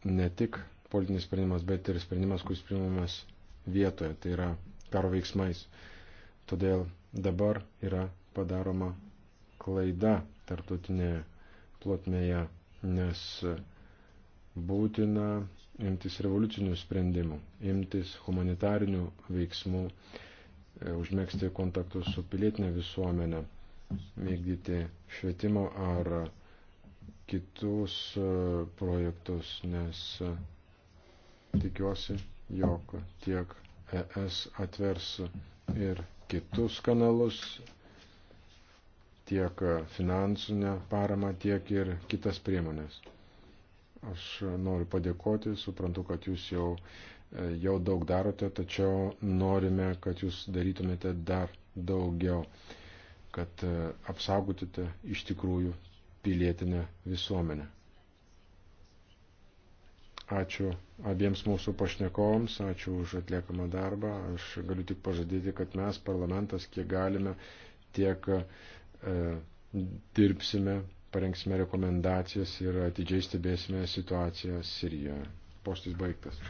E: ne tik politinis sprendimas, bet ir sprendimas, kuris priimamas vietoje, tai yra karo veiksmais. Todėl dabar yra padaroma klaida tarptautinėje plotmėje, nes būtina imtis revoliucinių sprendimų, imtis humanitarinių veiksmų, e, užmėgsti kontaktus su pilietinė visuomenė, mėgdyti švietimo ar kitus e, projektus, nes e, tikiuosi, jog tiek ES atvers ir kitus kanalus, tiek finansinę paramą, tiek ir kitas priemonės. Aš noriu padėkoti, suprantu, kad jūs jau, e, jau daug darote, tačiau norime, kad jūs darytumėte dar daugiau, kad e, apsaugotite iš tikrųjų pilietinę visuomenę. Ačiū abiems mūsų pašnekovams, ačiū už atliekamą darbą. Aš galiu tik pažadėti, kad mes, parlamentas, kiek galime, tiek e, dirbsime parengsime rekomendacijas ir atidžiai stebėsime situaciją Sirijoje. Postas baigtas.